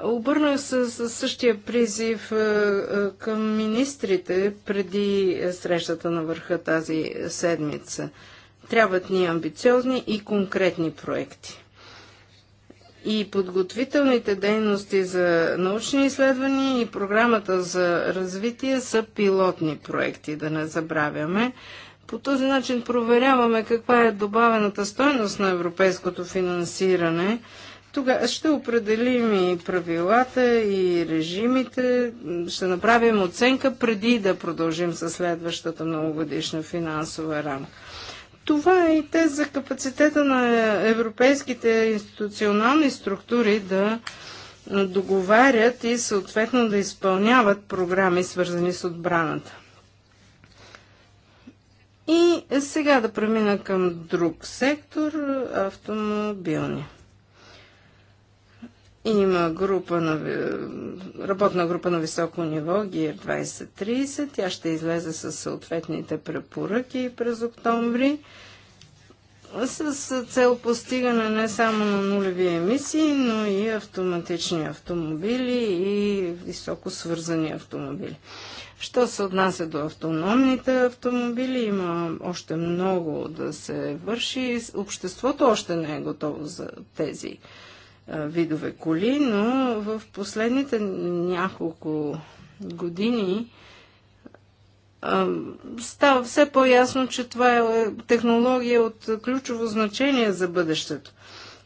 Обърнах се със същия призив е, е, към министрите преди срещата на върха тази седмица. Трябват ни амбициозни и конкретни проекти. И подготвителните дейности за научни изследвания и програмата за развитие са пилотни проекти, да не забравяме. По този начин проверяваме каква е добавената стойност на европейското финансиране – тогава ще определим и правилата, и режимите, ще направим оценка преди да продължим със следващата многогодишна финансова рамка. Това е и те за капацитета на европейските институционални структури да договарят и съответно да изпълняват програми, свързани с отбраната. И сега да премина към друг сектор автомобилния. Има група на, е, работна група на високо ниво, ГИР 2030. Тя ще излезе с съответните препоръки през октомври с цел постигане не само на нулеви емисии, но и автоматични автомобили и високо свързани автомобили. Що се отнася до автономните автомобили, има още много да се върши. Обществото още не е готово за тези видове коли, но в последните няколко години става все по-ясно, че това е, е технология от ключово значение за бъдещето.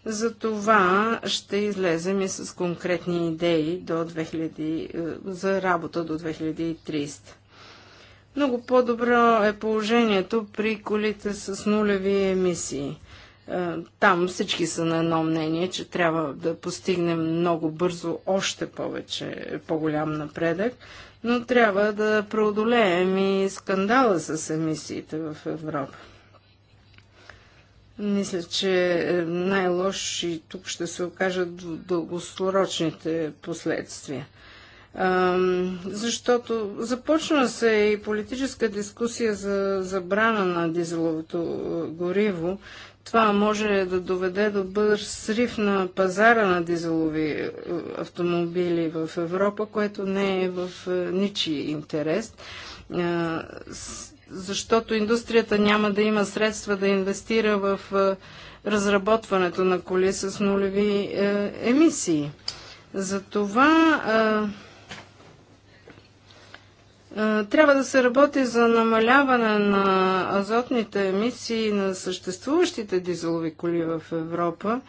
За това ще излезем и с конкретни идеи до 2000, е, за работа до 2030. Много по-добро е положението при колите с нулеви емисии. Е, там всички са на едно мнение, че трябва да постигнем много бързо още повече по-голям напредък, но трябва да преодолеем и скандала с емисиите в Европа. Мисля, че е, най-лоши тук ще се окажат дългосрочните последствия. защото започна се и политическа дискусия за забрана на дизеловото е, гориво. Това може да доведе до бърз срив на пазара на дизелови е, автомобили в Европа, което не е в е, ничи интерес, е, защото индустрията няма да има средства да инвестира в разработването на коли с нулеви емисии. Затова трябва да се работи за намаляване на азотните емисии на съществуващите дизелови коли в Европа.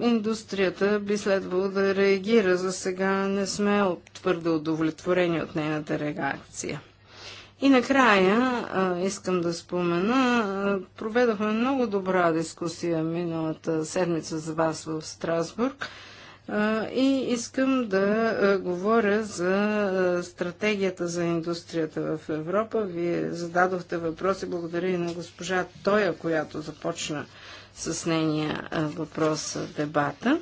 Индустрията би следвало да реагира. За сега не сме твърде удовлетворени от нейната реакция. И накрая искам да спомена, проведохме много добра дискусия миналата седмица за вас в Страсбург. И искам да говоря за стратегията за индустрията в Европа. Вие зададохте въпроси. Благодаря и на госпожа Тоя, която започна с нейния въпрос дебата.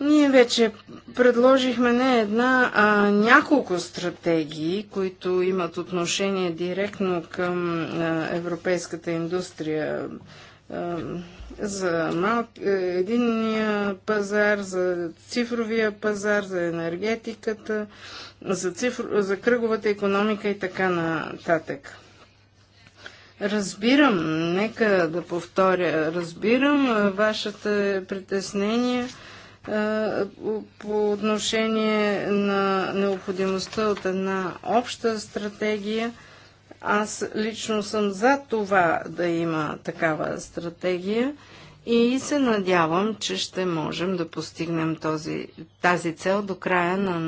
Ние вече предложихме не една, а няколко стратегии, които имат отношение директно към европейската индустрия за мал... Е, единния пазар, за цифровия пазар, за енергетиката, за, цифр... за кръговата економика и така нататък. Разбирам, нека да повторя, разбирам вашите притеснения по отношение на необходимостта от една обща стратегия – аз лично съм за това да има такава стратегия и се надявам, че ще можем да постигнем този, тази цел до края на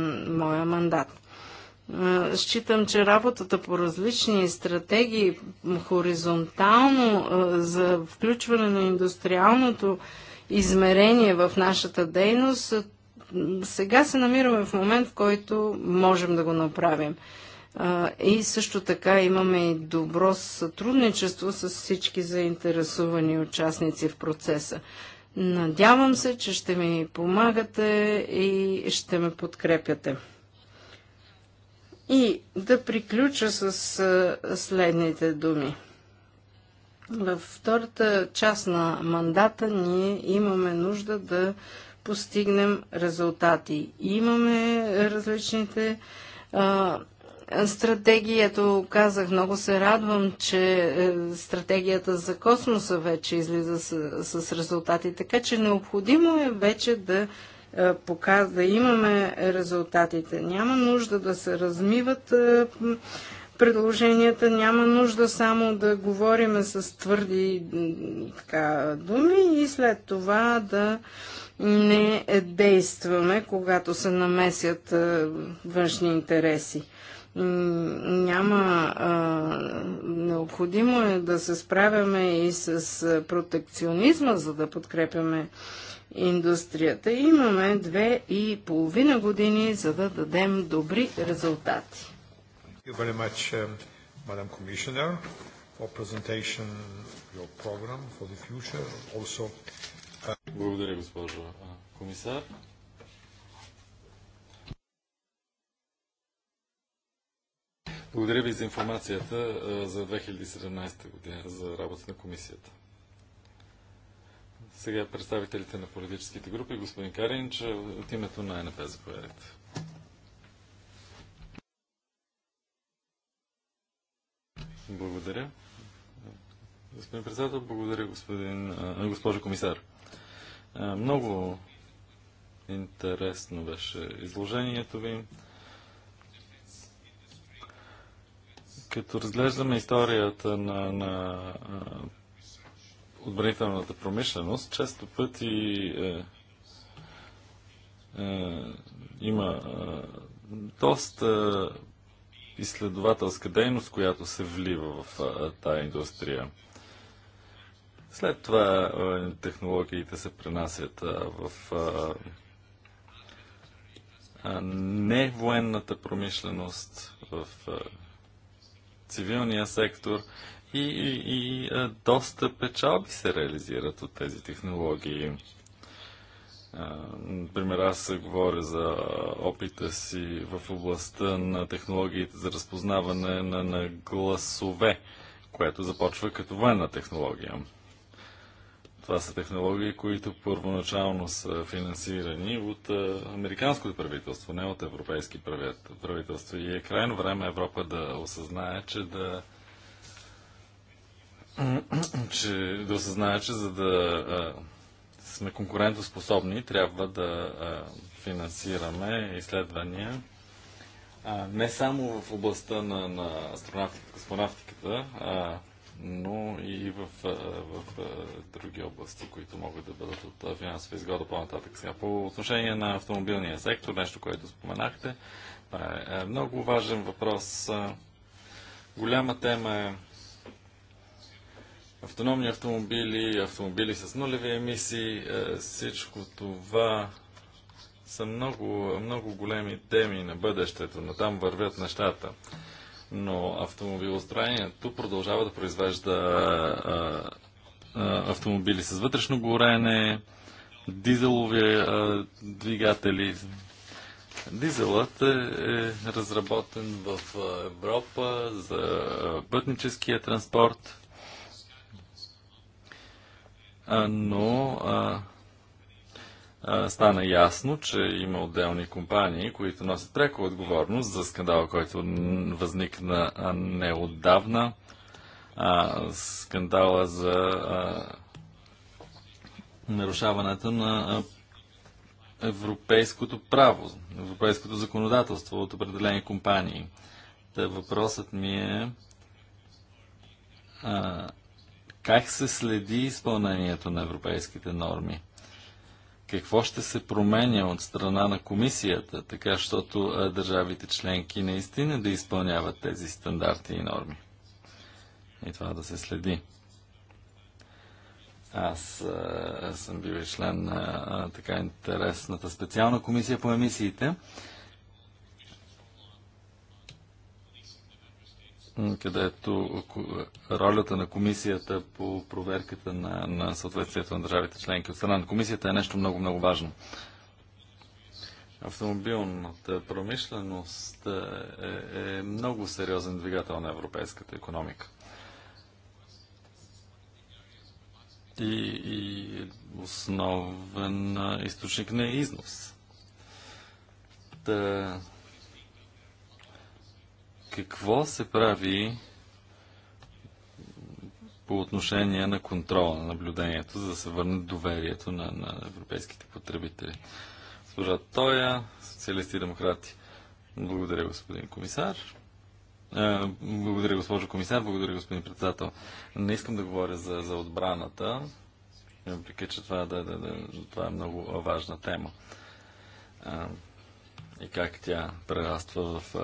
моя мандат. Считам, че работата по различни стратегии, хоризонтално за включване на индустриалното измерение в нашата дейност, сега се намираме в момент, в който можем да го направим. И също така имаме и добро сътрудничество с всички заинтересувани участници в процеса. Надявам се, че ще ми помагате и ще ме подкрепяте. И да приключа с следните думи. Във втората част на мандата ние имаме нужда да постигнем резултати. Имаме различните а, стратегията, казах, много се радвам, че е, стратегията за космоса вече излиза с, с резултати, така че необходимо е вече да е, показва, да имаме резултатите. Няма нужда да се размиват е, предложенията, няма нужда само да говорим с твърди така, думи и след това да не действаме, когато се намесят външни интереси няма а, необходимо е да се справяме и с протекционизма, за да подкрепяме индустрията. Имаме две и половина години, за да дадем добри резултати. Um, uh, Благодаря, госпожо комисар. Благодаря ви за информацията за 2017 година, за работа на комисията. Сега представителите на политическите групи. Господин Каринч, от името на НП заповядайте. Благодаря. Господин председател, благодаря, господин, госпожо комисар. Много интересно беше изложението ви. Като разглеждаме историята на, на отбранителната промишленост, често пъти е, е, има е, доста изследователска дейност, която се влива в тази индустрия. След това е, технологиите се пренасят е, в е, невоенната промишленост, в цивилния сектор и, и, и доста печалби се реализират от тези технологии. Например, аз говоря за опита си в областта на технологиите за разпознаване на, на гласове, което започва като военна технология. Това са технологии, които първоначално са финансирани от американското правителство, не от европейски правителство. И е крайно време Европа да осъзнае, че да че да осъзнае, че за да а, сме конкурентоспособни, трябва да а, финансираме изследвания а, не само в областта на, на астронавтиката, а, но и в, в, в други области, които могат да бъдат от финансова изгода по-нататък. Сега, по отношение на автомобилния сектор, нещо, което споменахте, това е, е много важен въпрос. Голяма тема е автономни автомобили, автомобили с нулеви емисии, е, всичко това са много, много големи теми на бъдещето, но там вървят нещата но автомобилостроението продължава да произвежда а, а, автомобили с вътрешно горене, дизелови а, двигатели. Дизелът е, е разработен в Европа за пътническия транспорт, но стана ясно, че има отделни компании, които носят пряко отговорност за скандала, който възникна неодавна. скандала за нарушаването на европейското право, европейското законодателство от определени компании. Та въпросът ми е а, как се следи изпълнението на европейските норми? какво ще се променя от страна на комисията, така защото държавите членки наистина да изпълняват тези стандарти и норми. И това да се следи. Аз, аз съм бил член на така интересната специална комисия по емисиите където ролята на комисията по проверката на, на съответствието на държавите членки от страна на комисията е нещо много-много важно. Автомобилната промишленост е, е, е много сериозен двигател на европейската економика. И, и основен източник на износ какво се прави по отношение на контрола, на наблюдението, за да се върне доверието на, на европейските потребители. Служа Тоя, социалисти и демократи. Благодаря, господин комисар. Е, благодаря, госпожо комисар. Благодаря, господин председател. Не искам да говоря за, за отбраната, въпреки че това, да, да, да, това е много важна тема. Е, и как тя прераства в е,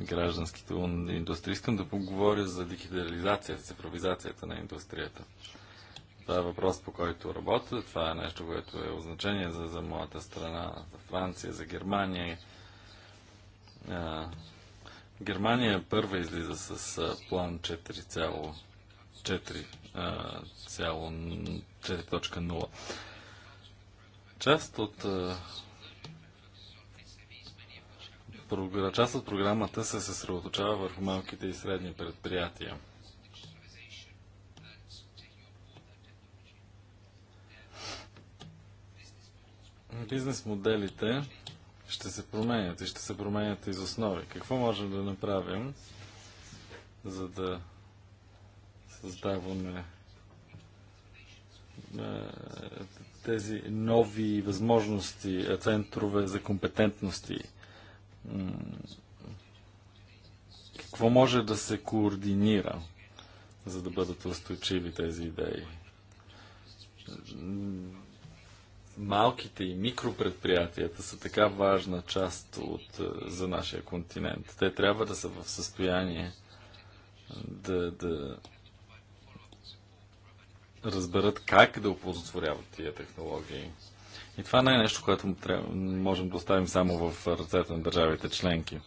гражданските индустрии. Искам да поговоря за дигитализацията, цифровизацията на индустрията. Това е въпрос, по който работя. Това е нещо, което е означение за, за моята страна, за Франция, за Германия. А, Германия първа излиза с а, план 4.4.0. Част от а, част от програмата се съсредоточава върху малките и средни предприятия. Бизнес моделите ще се променят и ще се променят из основи. Какво можем да направим, за да създаваме е, тези нови възможности, центрове за компетентности? какво може да се координира, за да бъдат устойчиви тези идеи? малките и микропредприятията са така важна част от, е, за нашия континент. Те трябва да са в състояние е, да, да разберат как да оползотворяват тия технологии. И това не е нещо, което можем да оставим само в ръцете на държавите членки.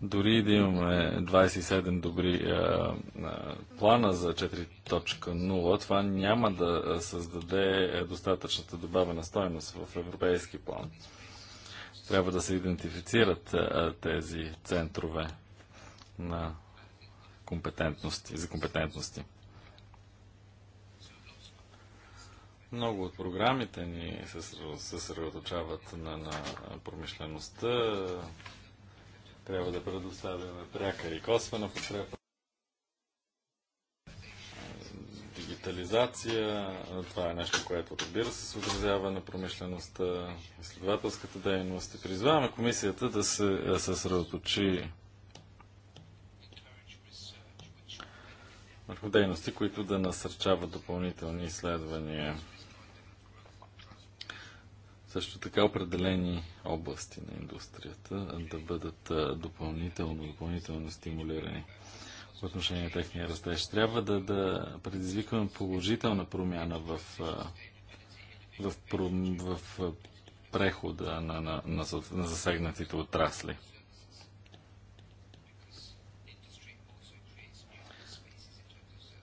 Дори да имаме 27 добри а, е, а, е, плана за 4.0, това няма да създаде е, достатъчната добавена стоеност в европейски план. Трябва да се идентифицират а, тези центрове на компетентности, за компетентности. Много от програмите ни се съсредоточават на, на промишлеността. Трябва да предоставяме пряка и косвена подкрепа. Дигитализация, това е нещо, което разбира се с отразява на промишлеността, изследователската дейност. И призваваме комисията да се съсредоточи върху дейности, които да насърчават допълнителни изследвания също така определени области на индустрията да бъдат допълнително, допълнително стимулирани по отношение на техния растеж. Трябва да, да предизвикваме положителна промяна в, в, в, в прехода на, на, на, на засегнатите отрасли.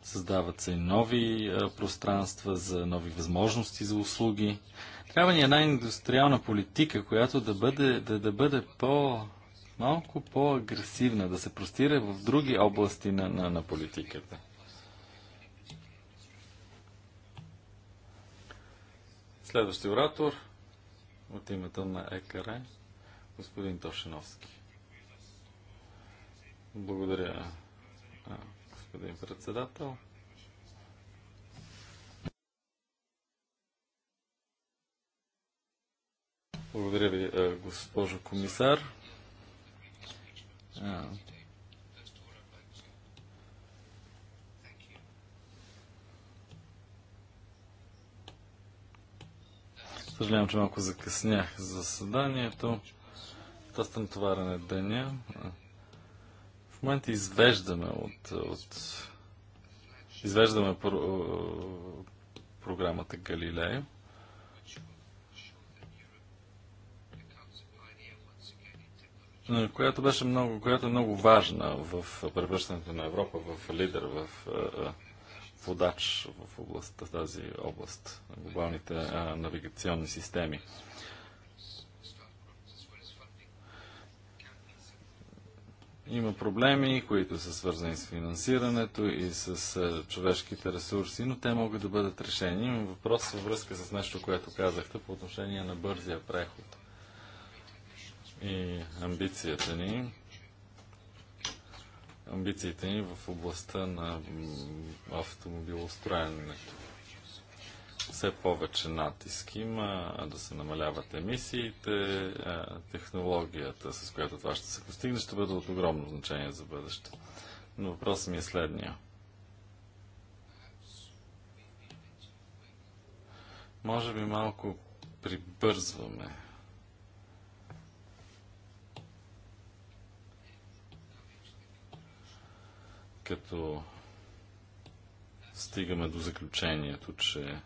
Създават се нови пространства за нови възможности за услуги. Трябва ни една индустриална политика, която да бъде, да, да бъде по, малко по-агресивна, да се простира в други области на, на, на политиката. Следващи оратор от името на ЕКР, господин Тошиновски. Благодаря, господин председател. Благодаря ви, госпожо комисар. Съжалявам, че малко закъснях за заседанието. това натоварен е деня. В момента извеждаме от, от извеждаме про, програмата Галилея. която беше много, която е много важна в превръщането на Европа в лидер, в е, е, водач в областта, в тази област на глобалните е, навигационни системи. Има проблеми, които са свързани с финансирането и с а, човешките ресурси, но те могат да бъдат решени. Има въпрос във връзка с нещо, което казахте по отношение на бързия преход и амбицията ни амбициите ни в областта на автомобилостроенето. Все повече натиск има да се намаляват емисиите, технологията, с която това ще се постигне, ще бъде от огромно значение за бъдеще. Но въпросът ми е следния. Може би малко прибързваме като стигаме до заключението, че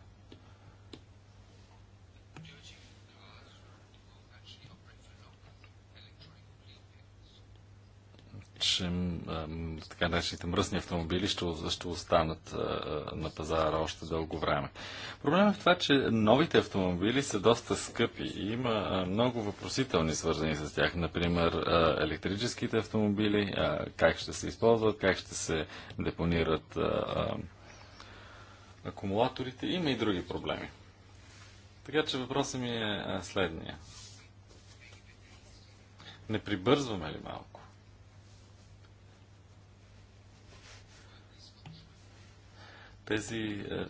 че така наречените мръсни автомобили ще, ще останат на пазара още дълго време. Проблемът е в това, че новите автомобили са доста скъпи и има много въпросителни свързани с тях. Например, електрическите автомобили, как ще се използват, как ще се депонират акумулаторите. Има и други проблеми. Така че въпросът ми е следния. Не прибързваме ли малко? Тези е,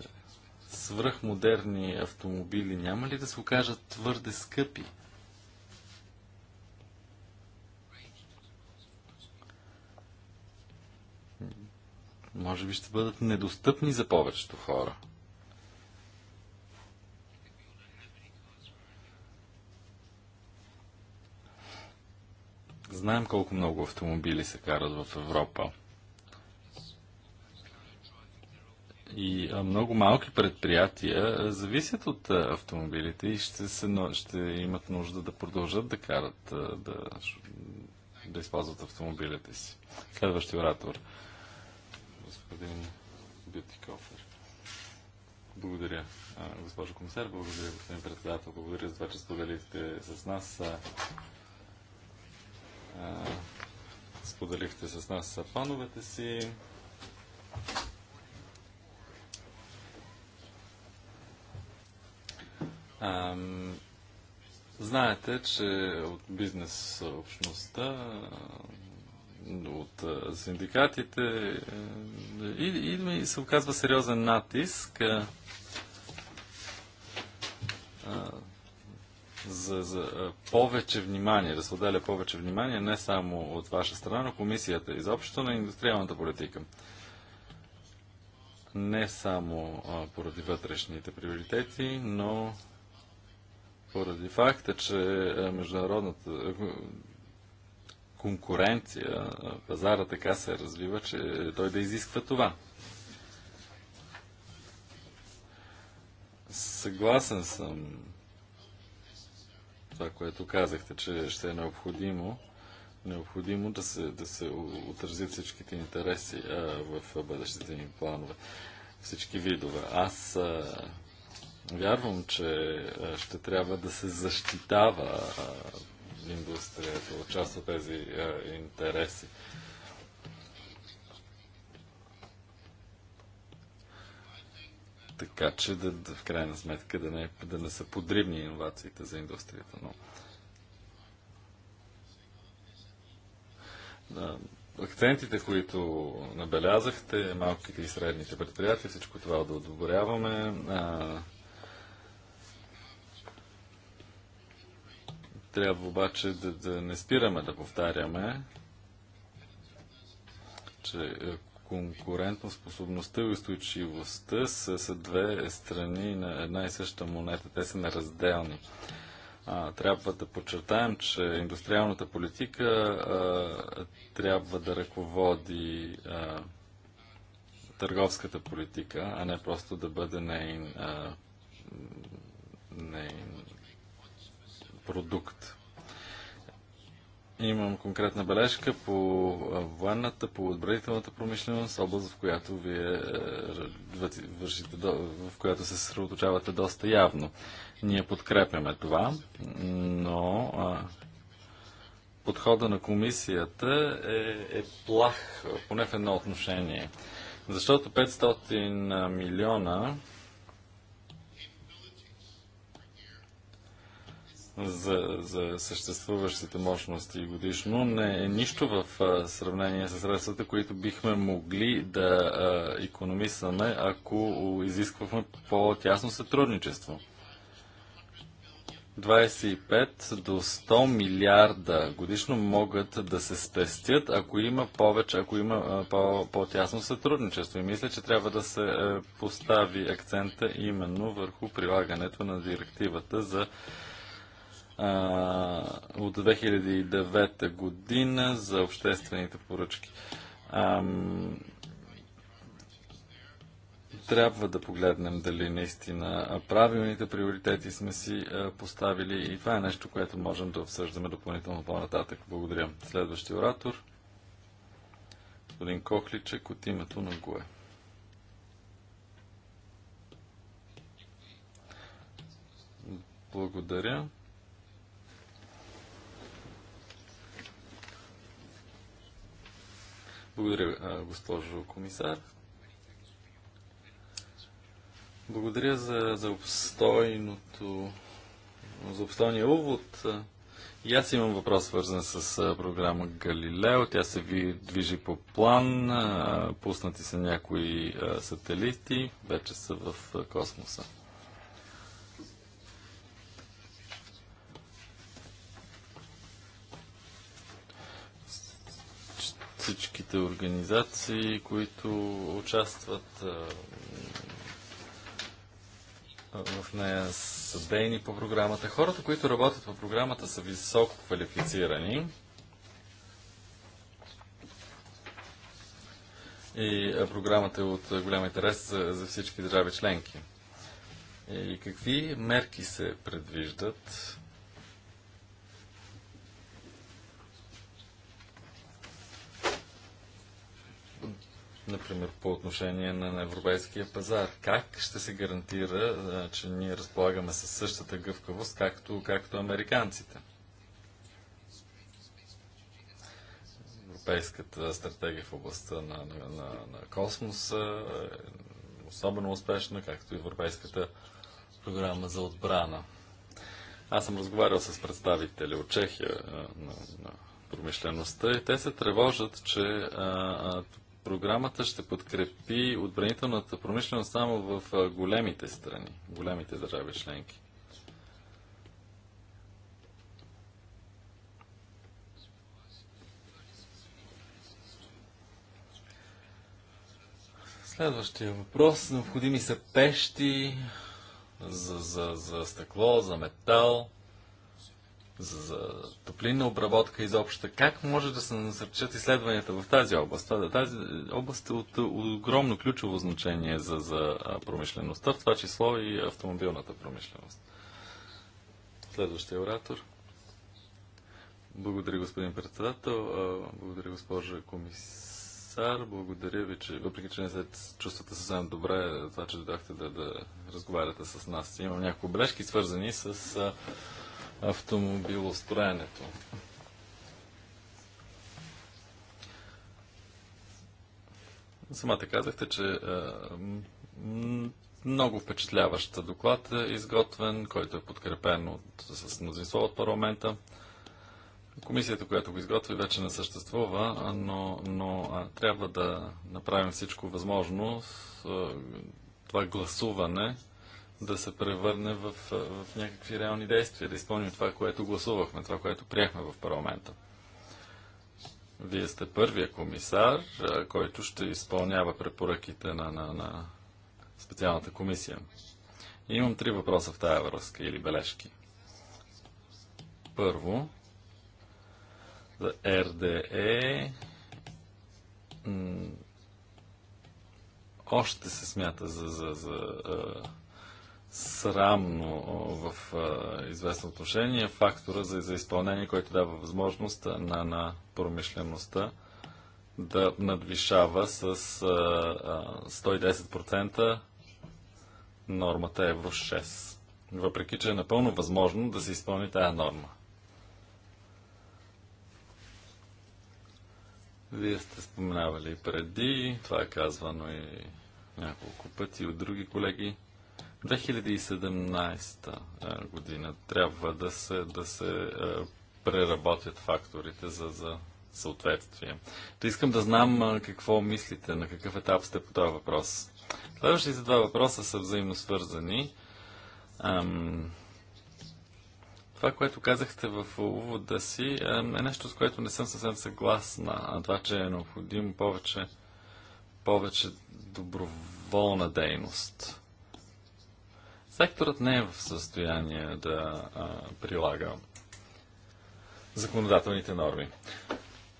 свръхмодерни автомобили няма ли да се окажат твърде скъпи? Може би ще бъдат недостъпни за повечето хора. Знаем колко много автомобили се карат в Европа. и много малки предприятия зависят от автомобилите и ще, се, ще имат нужда да продължат да карат, да, да използват автомобилите си. Следващия оратор. Господин Бютикофер. Благодаря, госпожо комисар, благодаря, господин председател, благодаря за това, че споделихте с нас. А, споделихте с нас плановете си. Ам, знаете, че от бизнес общността, от синдикатите идва е, и се оказва сериозен натиск а, а, за, за повече внимание, да се отделя повече внимание не само от ваша страна, но комисията изобщо на индустриалната политика не само а, поради вътрешните приоритети, но поради факта, че е, международната е, конкуренция, е, пазара така се развива, че той да изисква това. Съгласен съм това, което казахте, че ще е необходимо, необходимо да се, да се отразят всичките интереси а, в бъдещите ни планове, всички видове. Аз а, Вярвам, че ще трябва да се защитава индустрията от част от тези интереси. така че да, да, в крайна сметка да не, да не са подривни иновациите за индустрията. Но... акцентите, които набелязахте, малките и средните предприятия, всичко това да одобряваме. А, Трябва обаче да, да не спираме да повтаряме, че е, конкурентоспособността и устойчивостта са, са две страни на една и съща монета. Те са неразделни. А, трябва да подчертаем, че индустриалната политика а, трябва да ръководи а, търговската политика, а не просто да бъде нейн, а, нейн продукт. Имам конкретна бележка по военната, по отбранителната промишленост, област, в която вие е, вършите, в която се съсредоточавате доста явно. Ние подкрепяме това, но подхода на комисията е, е плах, поне в едно отношение. Защото 500 милиона за, за съществуващите мощности годишно не е нищо в сравнение с средствата, които бихме могли да економисаме, ако изисквахме по-тясно сътрудничество. 25 до 100 милиарда годишно могат да се спестят, ако има повече, ако има по-тясно по сътрудничество. И мисля, че трябва да се е, постави акцента именно върху прилагането на директивата за от 2009 година за обществените поръчки. Ам, трябва да погледнем дали наистина правилните приоритети сме си поставили и това е нещо, което можем да обсъждаме допълнително по-нататък. Благодаря. Следващия оратор. Господин Кохличек от името на ГУЕ. Благодаря. Благодаря, госпожо комисар. Благодаря за, за обстойното, за обстойния увод. И аз имам въпрос, свързан с програма Галилео. Тя се ви движи по план. Пуснати са някои сателити. Вече са в космоса. всичките организации, които участват в нея са дейни по програмата. Хората, които работят по програмата, са високо квалифицирани. И програмата е от голям интерес за, за всички държави членки. И какви мерки се предвиждат например по отношение на европейския пазар. Как ще се гарантира, че ние разполагаме със същата гъвкавост, както, както американците? Европейската стратегия в областта на, на, на, на космоса е особено успешна, както и Европейската програма за отбрана. Аз съм разговарял с представители от Чехия на, на промишлеността и те се тревожат, че а, а, програмата ще подкрепи отбранителната промишленост само в големите страни, големите държави членки. Следващия въпрос. Необходими са пещи за, за, за стъкло, за метал за топлинна обработка изобщо. Как може да се насърчат изследванията в тази област? Това, да, е- тази област е от огромно ключово значение за, за промишлеността, в това число и автомобилната промишленост. Следващия оратор. Благодаря, господин председател. Благодаря, госпожа комисар. Благодаря ви, че въпреки, че не се чувствате съвсем добре, това, че дойдохте да, да разговаряте с нас. Имам някои бележки, свързани с автомобилостроенето. Самата казахте, че е, много впечатляващ доклад е изготвен, който е подкрепен от, с мнозинство от парламента. Комисията, която го изготви, вече не съществува, но, но а, трябва да направим всичко възможно с, а, е, това гласуване да се превърне в, в някакви реални действия, да изпълним това, което гласувахме, това, което приехме в парламента. Вие сте първия комисар, който ще изпълнява препоръките на, на, на специалната комисия. И имам три въпроса в тая връзка или бележки. Първо, за РДЕ още се смята за, за, за срамно в известно отношение фактора за, за изпълнение, който дава възможност на, на промишлеността да надвишава с а, 110% нормата Евро 6. Въпреки, че е напълно възможно да се изпълни тая норма. Вие сте споменавали преди, това е казвано и няколко пъти от други колеги. 2017 е, година трябва да се, да се е, преработят факторите за, за съответствие. Та искам да знам е, какво мислите, на какъв етап сте по този въпрос. Следващите два въпроса са взаимно свързани. Ам... Това, което казахте в увода си, е нещо, с което не съм съвсем съгласна. А това, че е необходимо повече, повече доброволна дейност. Секторът не е в състояние да а, прилага законодателните норми.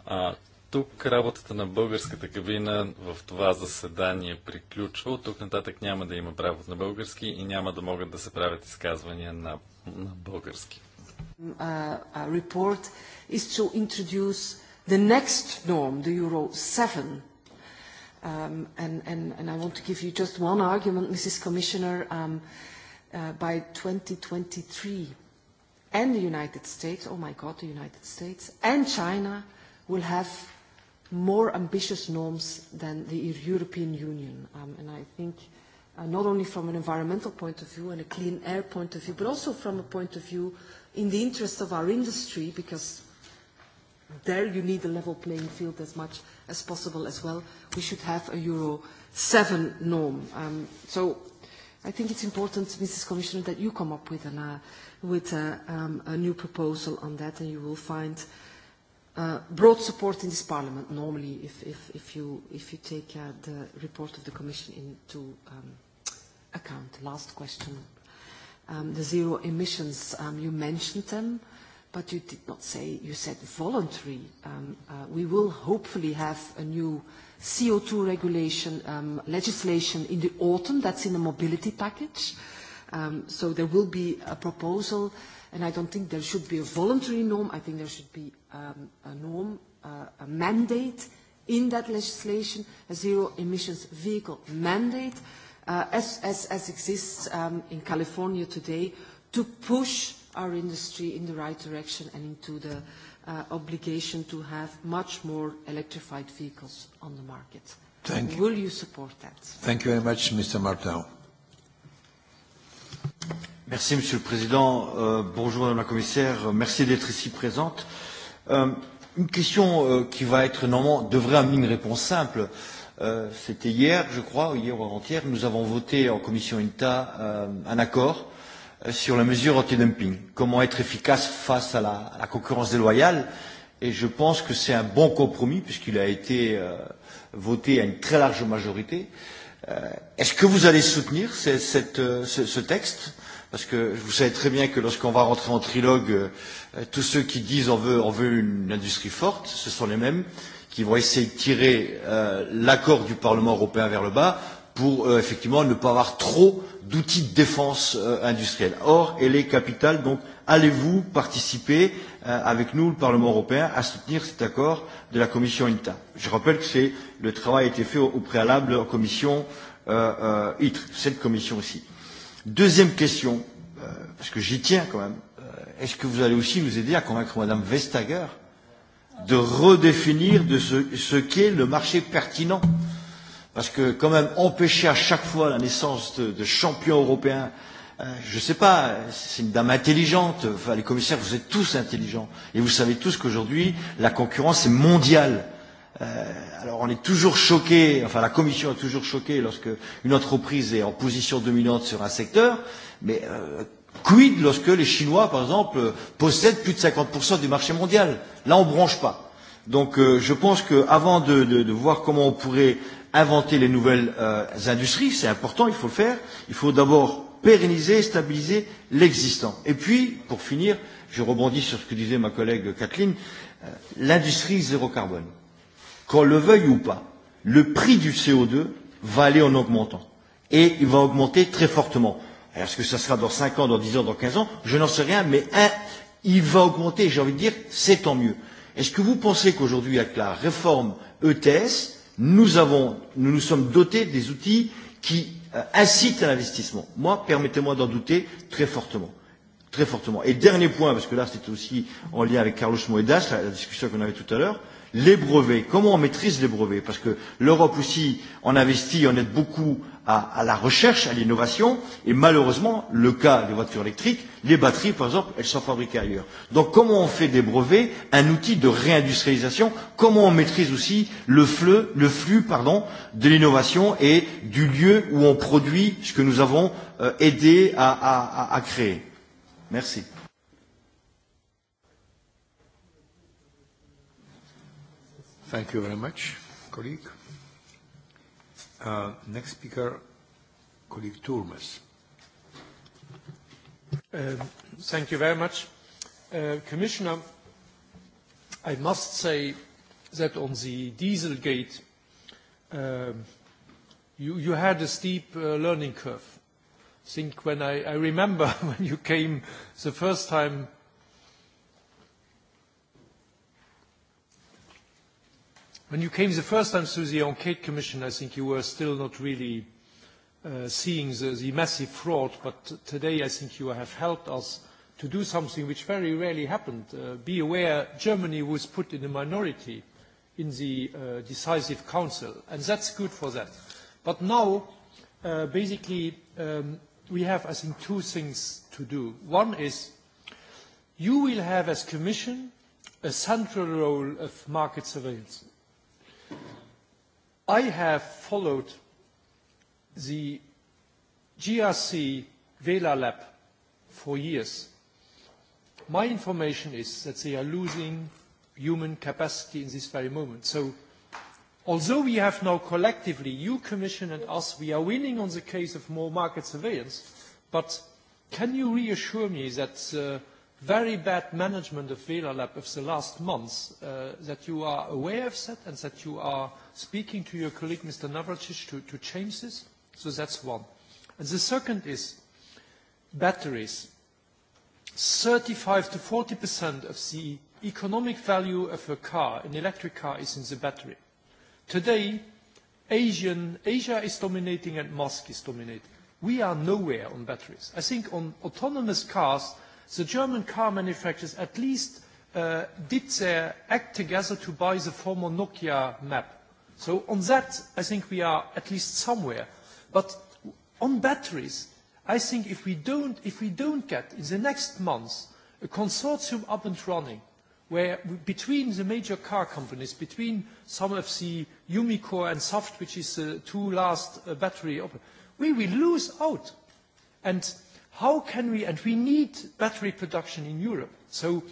А, тук работата на българската кабина в това заседание приключва. От Тук нататък няма да има право на български и няма да могат да се правят изказвания на, на български. Uh, report is to introduce the next norm, the Euro 7. Um, and, and, and I want to give you just one argument, Mrs. Commissioner. Um, uh, uh, by 2023. And the United States, oh my God, the United States, and China will have more ambitious norms than the European Union. Um, and I think uh, not only from an environmental point of view and a clean air point of view, but also from a point of view in the interest of our industry, because there you need a level playing field as much as possible as well. We should have a Euro 7 norm. Um, so I think it's important, Mrs. Commissioner, that you come up with, an, uh, with a, um, a new proposal on that, and you will find uh, broad support in this Parliament normally if, if, if, you, if you take uh, the report of the Commission into um, account. Last question. Um, the zero emissions, um, you mentioned them, but you did not say, you said voluntary. Um, uh, we will hopefully have a new CO2 regulation um, legislation in the autumn. That's in the mobility package. Um, so there will be a proposal, and I don't think there should be a voluntary norm. I think there should be um, a norm, uh, a mandate in that legislation, a zero emissions vehicle mandate, uh, as, as, as exists um, in California today, to push our industry in the right direction and into the obligation to have much more electrified vehicles on the market. Thank you. Will you support that? Thank you very much, Mr. Martin. Merci, Monsieur le Président. Euh, bonjour, Madame la Commissaire. Merci d'être ici présente. Euh, une question euh, qui va être normalement devrait amener une réponse simple. Euh, C'était hier, je crois, ou hier ou avant-hier, nous avons voté en commission INTA euh, un accord sur la mesure antidumping, comment être efficace face à la, à la concurrence déloyale. Et je pense que c'est un bon compromis puisqu'il a été euh, voté à une très large majorité. Euh, Est-ce que vous allez soutenir cette, cette, euh, ce, ce texte Parce que vous savez très bien que lorsqu'on va rentrer en trilogue, euh, tous ceux qui disent on veut, on veut une industrie forte, ce sont les mêmes qui vont essayer de tirer euh, l'accord du Parlement européen vers le bas pour euh, effectivement ne pas avoir trop d'outils de défense euh, industrielle. Or, elle est capitale, donc allez-vous participer euh, avec nous, le Parlement européen, à soutenir cet accord de la Commission INTA Je rappelle que c'est le travail a été fait au, au préalable en Commission euh, euh, ITRE, cette commission aussi. Deuxième question, euh, parce que j'y tiens quand même, euh, est-ce que vous allez aussi nous aider à convaincre Madame Vestager de redéfinir de ce, ce qu'est le marché pertinent euh, Parce que quand même, empêcher à chaque fois la naissance de, de champions européens, euh, je ne sais pas, c'est une dame intelligente. Enfin, les commissaires, vous êtes tous intelligents. Et vous savez tous qu'aujourd'hui, la concurrence est mondiale. Euh, alors on est toujours choqué, enfin la Commission est toujours choquée lorsque une entreprise est en position dominante sur un secteur, mais euh, quid lorsque les Chinois, par exemple, possèdent plus de 50% du marché mondial Là, on ne bronche pas. Donc euh, je pense qu'avant de, de, de voir comment on pourrait inventer les nouvelles euh, industries, c'est important, il faut le faire. Il faut d'abord pérenniser et stabiliser l'existant. Et puis, pour finir, je rebondis sur ce que disait ma collègue Kathleen, euh, l'industrie zéro carbone. Qu'on le veuille ou pas, le prix du CO2 va aller en augmentant. Et il va augmenter très fortement. Est-ce que ça sera dans 5 ans, dans 10 ans, dans 15 ans Je n'en sais rien, mais un, il va augmenter, j'ai envie de dire, c'est tant mieux. Est-ce que vous pensez qu'aujourd'hui, avec la réforme ETS, nous, avons, nous nous sommes dotés des outils qui euh, incitent à l'investissement. Moi, permettez-moi d'en douter très fortement. Très fortement. Et dernier point, parce que là c'était aussi en lien avec Carlos Moedas, la, la discussion qu'on avait tout à l'heure, les brevets. Comment on maîtrise les brevets Parce que l'Europe aussi en investit, en aide beaucoup à, à la recherche, à l'innovation, et malheureusement, le cas des voitures électriques, les batteries, par exemple, elles sont fabriquées ailleurs. Donc comment on fait des brevets un outil de réindustrialisation, comment on maîtrise aussi le flux, le flux pardon, de l'innovation et du lieu où on produit ce que nous avons euh, aidé à, à, à créer. Merci. Thank you very much, colleague next speaker, colleague Turmes. thank you very much. Commissioner, I must say that on the Dieselgate, you, had a steep learning curve. I think when I remember when you came the first time When you came the first time through the Enquete Commission, I think you were still not really uh, seeing the, the massive fraud, but today I think you have helped us to do something which very rarely happened. Uh, be aware, Germany was put in a minority in the uh, decisive council, and that's good for that. But now, uh, basically, um, we have, I think, two things to do. One is you will have, as Commission, a central role of market surveillance I have followed the GRC Vela lab for years. My information is that they are losing human capacity in this very moment. So although we have now collectively, you Commission and us, we are winning on the case of more market surveillance, but can you reassure me that uh, very bad management of Vela Lab of the last months uh, that you are aware of that and that you are speaking to your colleague Mr. Navracic to, to change this? So that's one. And the second is batteries. 35 to 40% of the economic value of a car, an electric car, is in the battery. Today, Asian, Asia is dominating and Musk is dominating. We are nowhere on batteries. I think on autonomous cars, the German car manufacturers at least uh, did their act together to buy the former Nokia map. So on that, I think we are at least somewhere. But on batteries, I think if we don't, if we don't get in the next months a consortium up and running, where between the major car companies, between some of the Umicore and Soft, which is the two last battery, we will lose out. And How can we, and we need battery production in Europe. So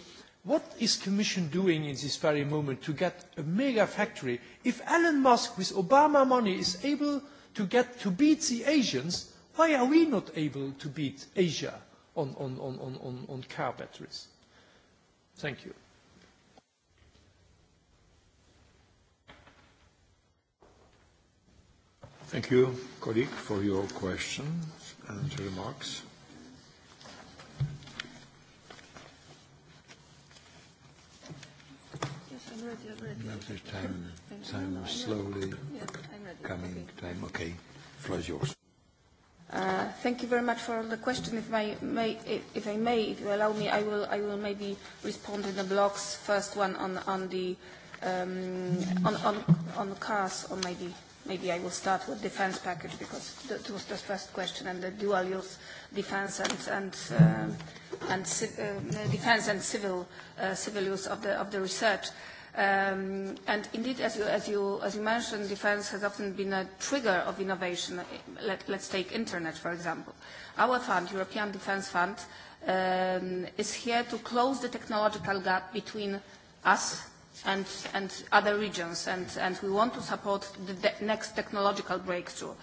what is Commission doing in this very moment to get a mega factory? If Elon Musk with Obama money is able to get to beat the Asians, why are we not able to beat Asia on, on, on, on, on, on car batteries? Thank you. Thank you, colleague, for your questions and remarks. I'm ready, I'm there's time, time slowly coming, time, okay, floor is yours. Uh, thank you very much for the question. If, my, may, if I may, if you allow me, I will, I will maybe respond in the blocks. First one on, on the um, on, on, on cars, or maybe maybe I will start with defense package because that was the first question, and the dual use defense and and um, and uh, defense and civil uh, civil use of the of the research. Uh, Um, and indeed, as you, as, you, as you mentioned, defense has often been a trigger of innovation. Let, let's take internet, for example. Our fund, European Defense Fund, um, is here to close the technological gap between us and, and other regions, and, and we want to support the de- next technological breakthrough.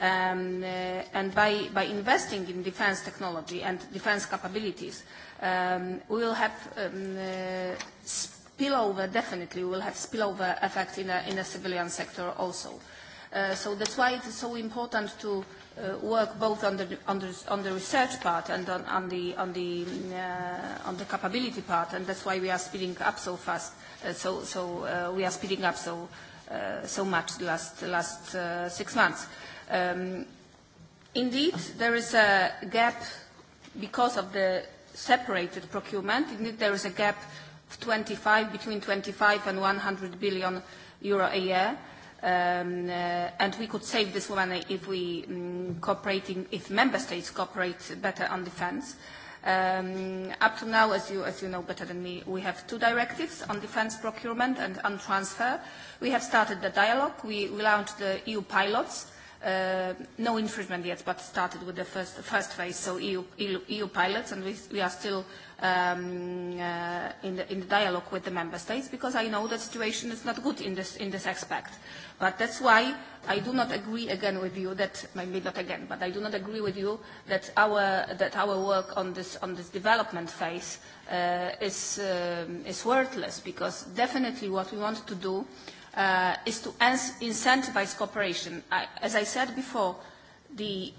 Um, uh, and by, by investing in defense technology and defense capabilities, um, we will have um, uh, spillover, definitely will have spillover effect in a, in a civilian sector also. Uh, so that's why it is so important to uh, work both on the, on, the, on the research part and on, on, the, on, the, uh, on the capability part, and that's why we are speeding up so fast. Uh, so so uh, we are speeding up so, uh, so much the last, last uh, six months. Um, indeed, there is a gap because of the separated procurement. Indeed, there is a gap 25, between 25 and 100 billion euro a year. and we could save this money if we cooperating, if member states cooperate better on defense. up to now, as you, as you know better than me, we have two directives on defense procurement and on transfer. We have started the dialogue. We, we launched the EU pilots uh, no infringement yet, but started with the first, first phase, so EU, EU, EU pilots, and we, we are still um, uh, in, the, in the dialogue with the member states because I know the situation is not good in this, in this aspect. But that's why I do not agree again with you that maybe not again, but I do not agree with you that our that our work on this on this development phase uh, is um, is worthless because definitely what we want to do uh, is to incentivize cooperation. I, as I said before, the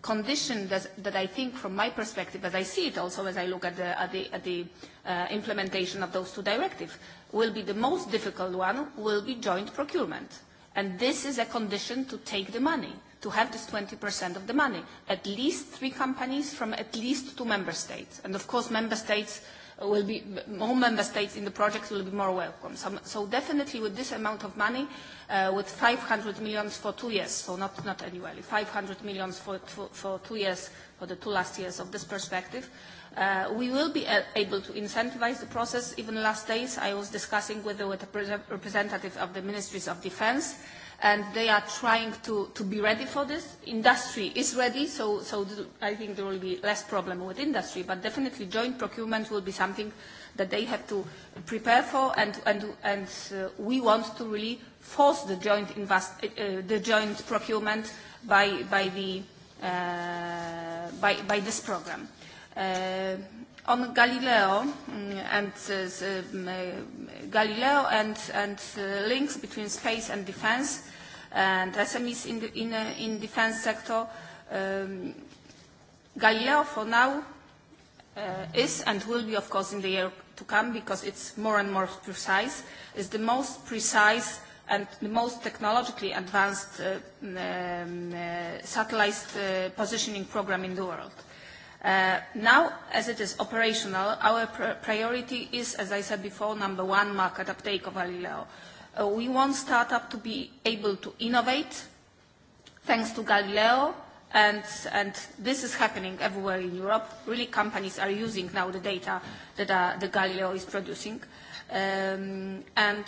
condition that, that I think from my perspective, as I see it also as I look at the, at the, at the uh, implementation of those two directives, will be the most difficult one, will be joint procurement. And this is a condition to take the money, to have this 20% of the money. At least three companies from at least two member states. And of course, member states will be more member states in the project will be more welcome. So, so definitely with this amount of money, uh, with 500 million for two years, so not, not annually, 500 million for, for, for two years, for the two last years of this perspective, uh, we will be able to incentivize the process. Even last days, I was discussing with the, with the representative of the Ministries of Defense, uh, and they are trying to, to be ready for this. Industry is ready, so, so I think there will be less problem with industry, but definitely joint procurement will be something that they have to prepare for, and, and, and uh, we want to really force the joint, invest, uh, the joint procurement by, by, the, uh, by, by this program. Uh, on Galileo and uh, Galileo and, and uh, links between space and defense and SMEs in, the, in, uh, in defense sector. Um, Galileo for now uh, is and will be of course in the year to come because it's more and more precise, is the most precise and the most technologically advanced uh, um, uh, satellite uh, positioning program in the world. Now, as it is operational, our priority is, as I said before, number one, market uptake of Galileo. We want startup to be able to innovate thanks to Galileo, and this is happening everywhere in Europe. Really, companies are using now the data that the Galileo is producing. And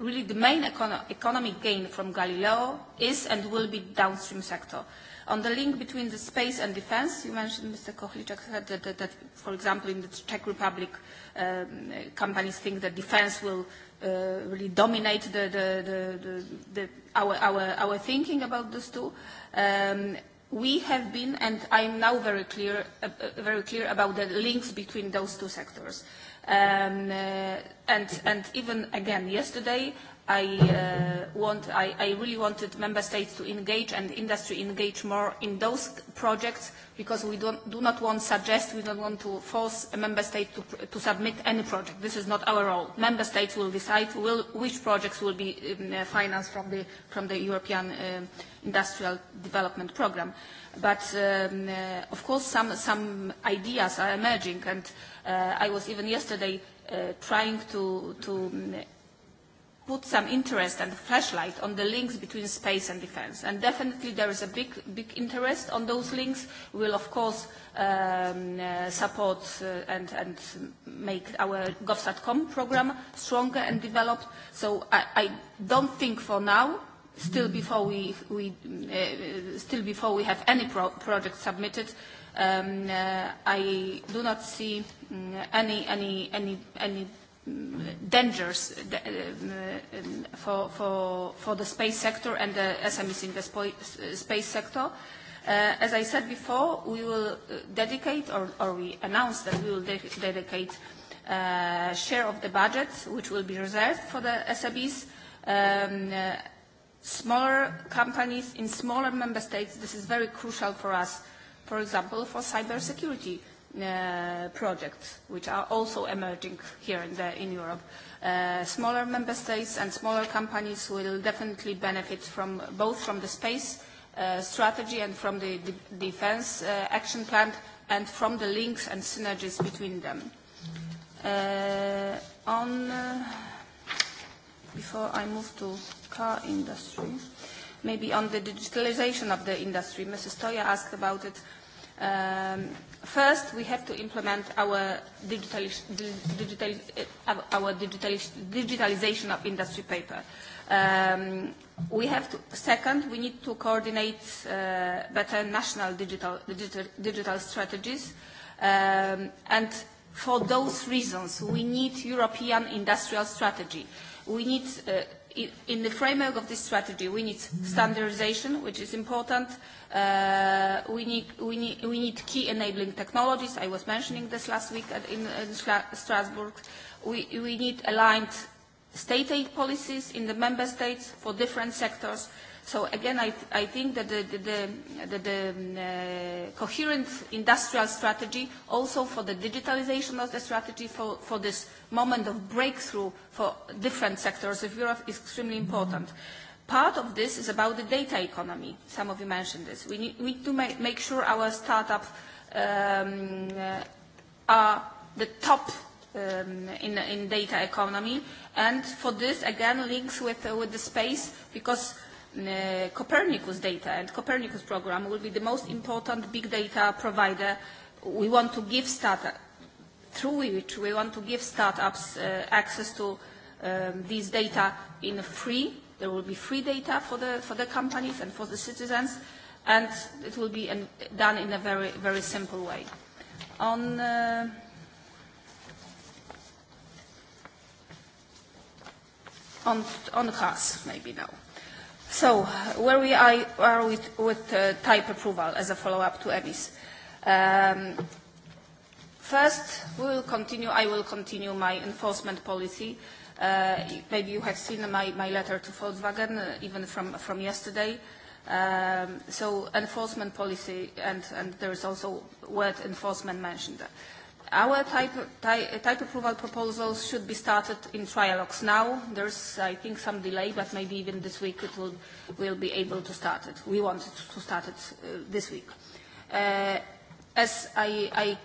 really, the main economic gain from Galileo is and will be downstream sector. On the link between the space and defense, you mentioned, Mr. Kohliczek, that, that, that for example, in the Czech Republic, um, companies think that defense will uh, really dominate the, the, the, the, the, our, our, our thinking about those two. Um, we have been, and I'm now very clear, uh, very clear about the links between those two sectors. Um, uh, and, and even again, yesterday, I, uh, want, I, I really wanted member states to engage and industry engage more in those projects because we don't, do not want to suggest, we don't want to force a member state to, to submit any project. This is not our role. Member states will decide will, which projects will be um, financed from the, from the European um, Industrial Development Programme. But um, uh, of course some, some ideas are emerging and uh, I was even yesterday uh, trying to, to put some interest and flashlight on the links between space and defense. And definitely there is a big, big interest on those links. We will, of course, um, uh, support uh, and, and make our GovSatCom program stronger and developed. So I, I don't think for now still before we, we uh, still before we have any pro project submitted, um, uh, I do not see um, any any any any dangers for, for, for the space sector and the SMEs in the space sector. Uh, as I said before, we will dedicate, or, or we announced that we will de dedicate uh, share of the budget, which will be reserved for the SMEs. Um, uh, smaller companies in smaller member states, this is very crucial for us, for example, for cybersecurity. security uh, projects, which are also emerging here in, the, in Europe. Uh, smaller member states and smaller companies will definitely benefit from both from the space uh, strategy and from the de defense uh, action plan and from the links and synergies between them. Uh, on, uh, before I move to car industry, maybe on the digitalization of the industry, Mrs. Toya asked about it. Um, first, we have to implement our, digital, digital, our digital, digitalization of industry paper. Um, we have to, second, we need to coordinate uh, better national digital, digital, digital strategies. Um, and for those reasons, we need European industrial strategy. We need uh, in the framework of this strategy, we need standardization, which is important. Uh, we, need, we, need, we need key enabling technologies. I was mentioning this last week at, in, in Strasbourg. We, we need aligned state aid policies in the member states for different sectors. Uh, So again, I, I think that the, the, the, the, the uh, coherent industrial strategy, also for the digitalization of the strategy, for, for this moment of breakthrough for different sectors of Europe is extremely important. Part of this is about the data economy. Some of you mentioned this. We need, we need to make, make sure our startups um, uh, are the top um, in, in data economy. And for this, again, links with, uh, with the space, because uh, Copernicus data and Copernicus program will be the most important big data provider we want to give startup, through which we want to give startups uh, access to um, these data in free. There will be free data for the, for the companies and for the citizens, and it will be an, done in a very, very simple way. On uh, on on cars maybe now. So where we are with, with uh, type approval as a follow-up to EBIS. Um, first, we will continue, I will continue my enforcement policy. Uh, maybe you have seen my, my letter to Volkswagen, uh, even from, from yesterday. Um, so enforcement policy, and, and there is also word enforcement mentioned. Our type, type, type approval proposals should be started in trialogues now. There's, I think, some delay, but maybe even this week it will, we'll be able to start it. We want to start it uh, this week. Uh, as I, I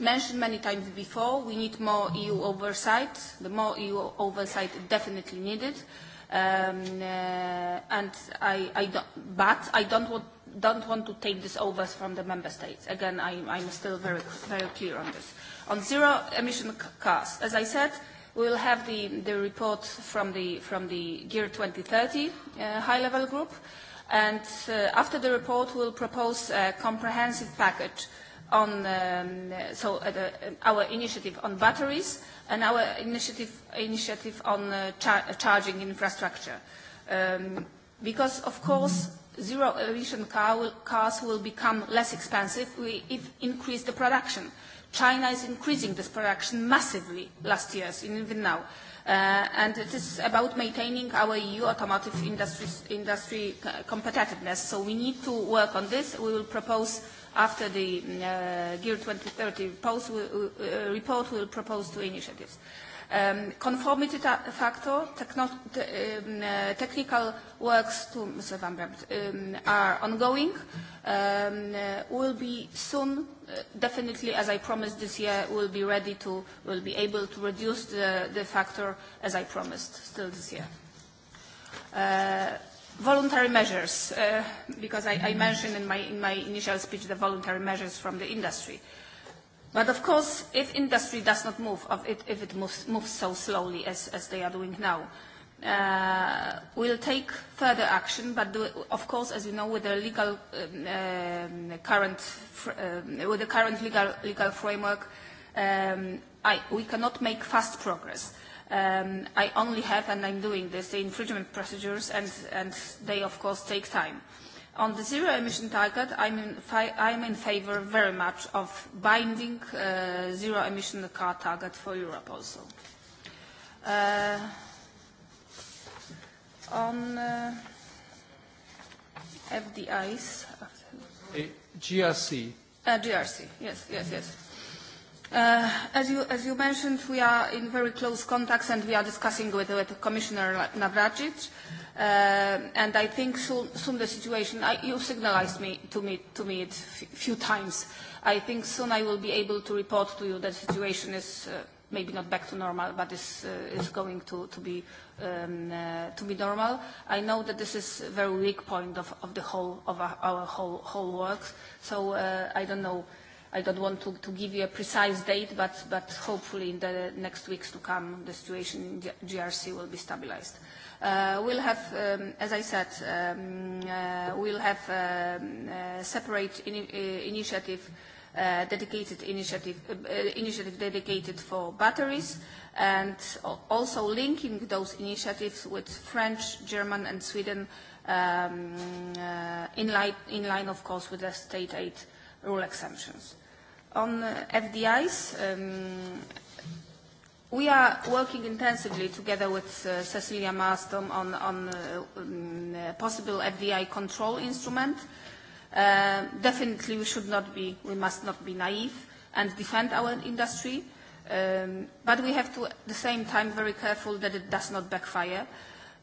mentioned many times before, we need more EU oversight. The more EU oversight definitely needed. Um, uh, and I, I don't, but I don't want don't want to take this over from the member states. Again, I, I'm still very, very clear on this. On zero emission cars, as I said, we will have the, the report from the, from the Gear 2030 uh, high-level group, and uh, after the report, we'll propose a comprehensive package on um, so uh, the, our initiative on batteries and our initiative initiative on uh, char charging infrastructure. Um, because of course zero emission car will, cars will become less expensive if increase the production. China is increasing this production massively last year, even now. Uh, and it is about maintaining our EU automotive industry, industry competitiveness. So we need to work on this. We will propose after the uh, Gear 2030 post, we, uh, report, we will propose two initiatives. Um, conformity ta factor, techno te um, uh, technical works to Mr. Van Bremt um, are ongoing, um, uh, will be soon, uh, definitely as I promised this year, will be ready to, will be able to reduce the, the factor as I promised still this year. Uh, voluntary measures, uh, because I, I mentioned in my, in my initial speech the voluntary measures from the industry. Uh, But of course, if industry does not move, if it moves, moves so slowly as, as they are doing now, uh, we'll take further action, but do, of course, as you know, with the legal um, uh, current, uh, with the current legal, legal framework, um, I, we cannot make fast progress. Um, I only have, and I'm doing this, the infringement procedures, and, and they, of course, take time. Uh, On the zero emission target, I'm in, fi I'm in favor very much of binding uh, zero emission car target for Europe also. Uh, on uh, FDIs. Uh, GRC. Uh, GRC, yes, yes, yes. As you as you mentioned, we are in very close contacts, and we are discussing with Commissioner Uh, And I think soon soon the situation, I you signalized me to me to it a few times. I think soon I will be able to report to you that the situation is uh maybe not back to normal, but is uh is going to to be um to be normal. I know that this is a very weak point of of the whole of our our whole whole work, so uh I don't know I don't want to, to give you a precise date, but, but hopefully in the next weeks to come, the situation in GRC will be stabilized. Uh, we'll have, um, as I said, um, uh, we'll have um, separate in, uh, initiative dedicated initiative, uh, initiative dedicated for batteries and also linking those initiatives with French, German and Sweden um, uh, in, in line, of course, with the state aid rule exemptions on FDIs, um, we are working intensively together with uh, Cecilia Marston on, on uh, um, possible FDI control instrument. Uh, definitely we should not be, we must not be naive and defend our industry. Um, but we have to, at the same time, very careful that it does not backfire.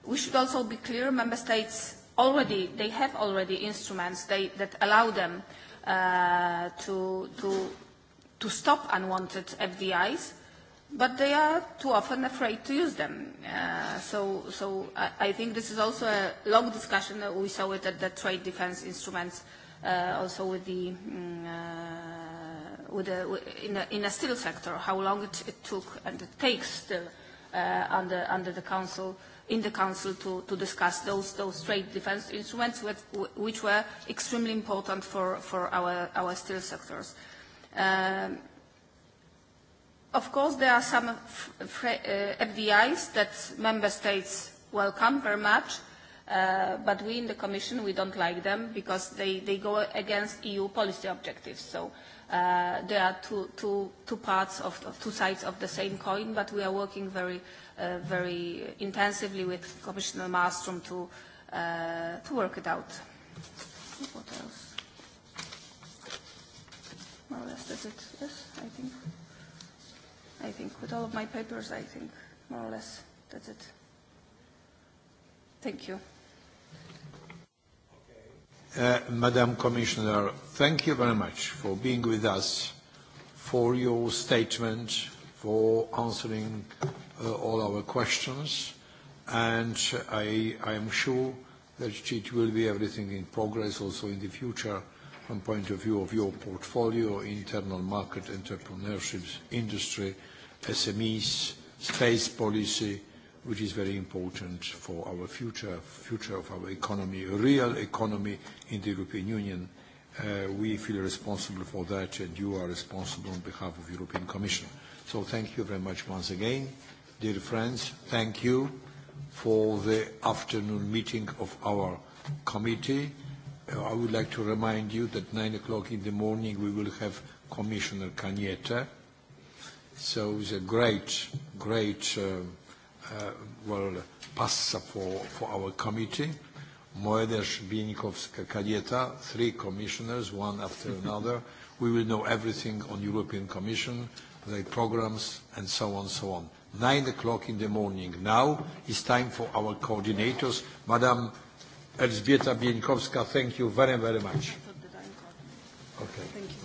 We should also be clear, member states already, they have already instruments they, that allow them uh, to, to to stop unwanted FDIs, but they are too often afraid to use them. Uh, so so I, I think this is also a long discussion. We saw it at the trade defense instruments, uh, also with the, uh, with the in, the, in the steel sector, how long it, it took and it takes still uh, under, under the Council in the Council to, to discuss those, those trade defense instruments, with, which were extremely important for, for our, our steel sectors. Uh, Um, of course, there are some uh, FDIs that member states welcome very much, uh, but we in the Commission, we don't like them because they, they go against EU policy objectives. So uh, there are two, two, two parts of, of two sides of the same coin, but we are working very, uh, very intensively with Commissioner Maastrom to, uh, to work it out. What else? more or less. That's it. Yes, I think. I think with all of my papers, I think more or less that's it. Thank you. Uh, Madam Commissioner, thank you very much for being with us, for your statement, for answering uh, all our questions, and I, I am sure that it will be everything in progress also in the future from point of view of your portfolio, internal market, entrepreneurships, industry, SMEs, space policy, which is very important for our future, future of our economy, real economy in the European Union. Uh, we feel responsible for that, and you are responsible on behalf of the European Commission. So thank you very much once again. Dear friends, thank you for the afternoon meeting of our committee. I would like to remind you that 9 o'clock in the morning we will have Commissioner Cañete. So it's a great, great, uh, uh, well, pasta for, for our committee. Moedes, Bienikovska, Cañeta, three commissioners, one after another. We will know everything on European Commission, the programs, and so on, so on. 9 o'clock in the morning. Now it's time for our coordinators. Madam Elżbieta Bieńkowska, thank you very, very much. Okay. Thank you.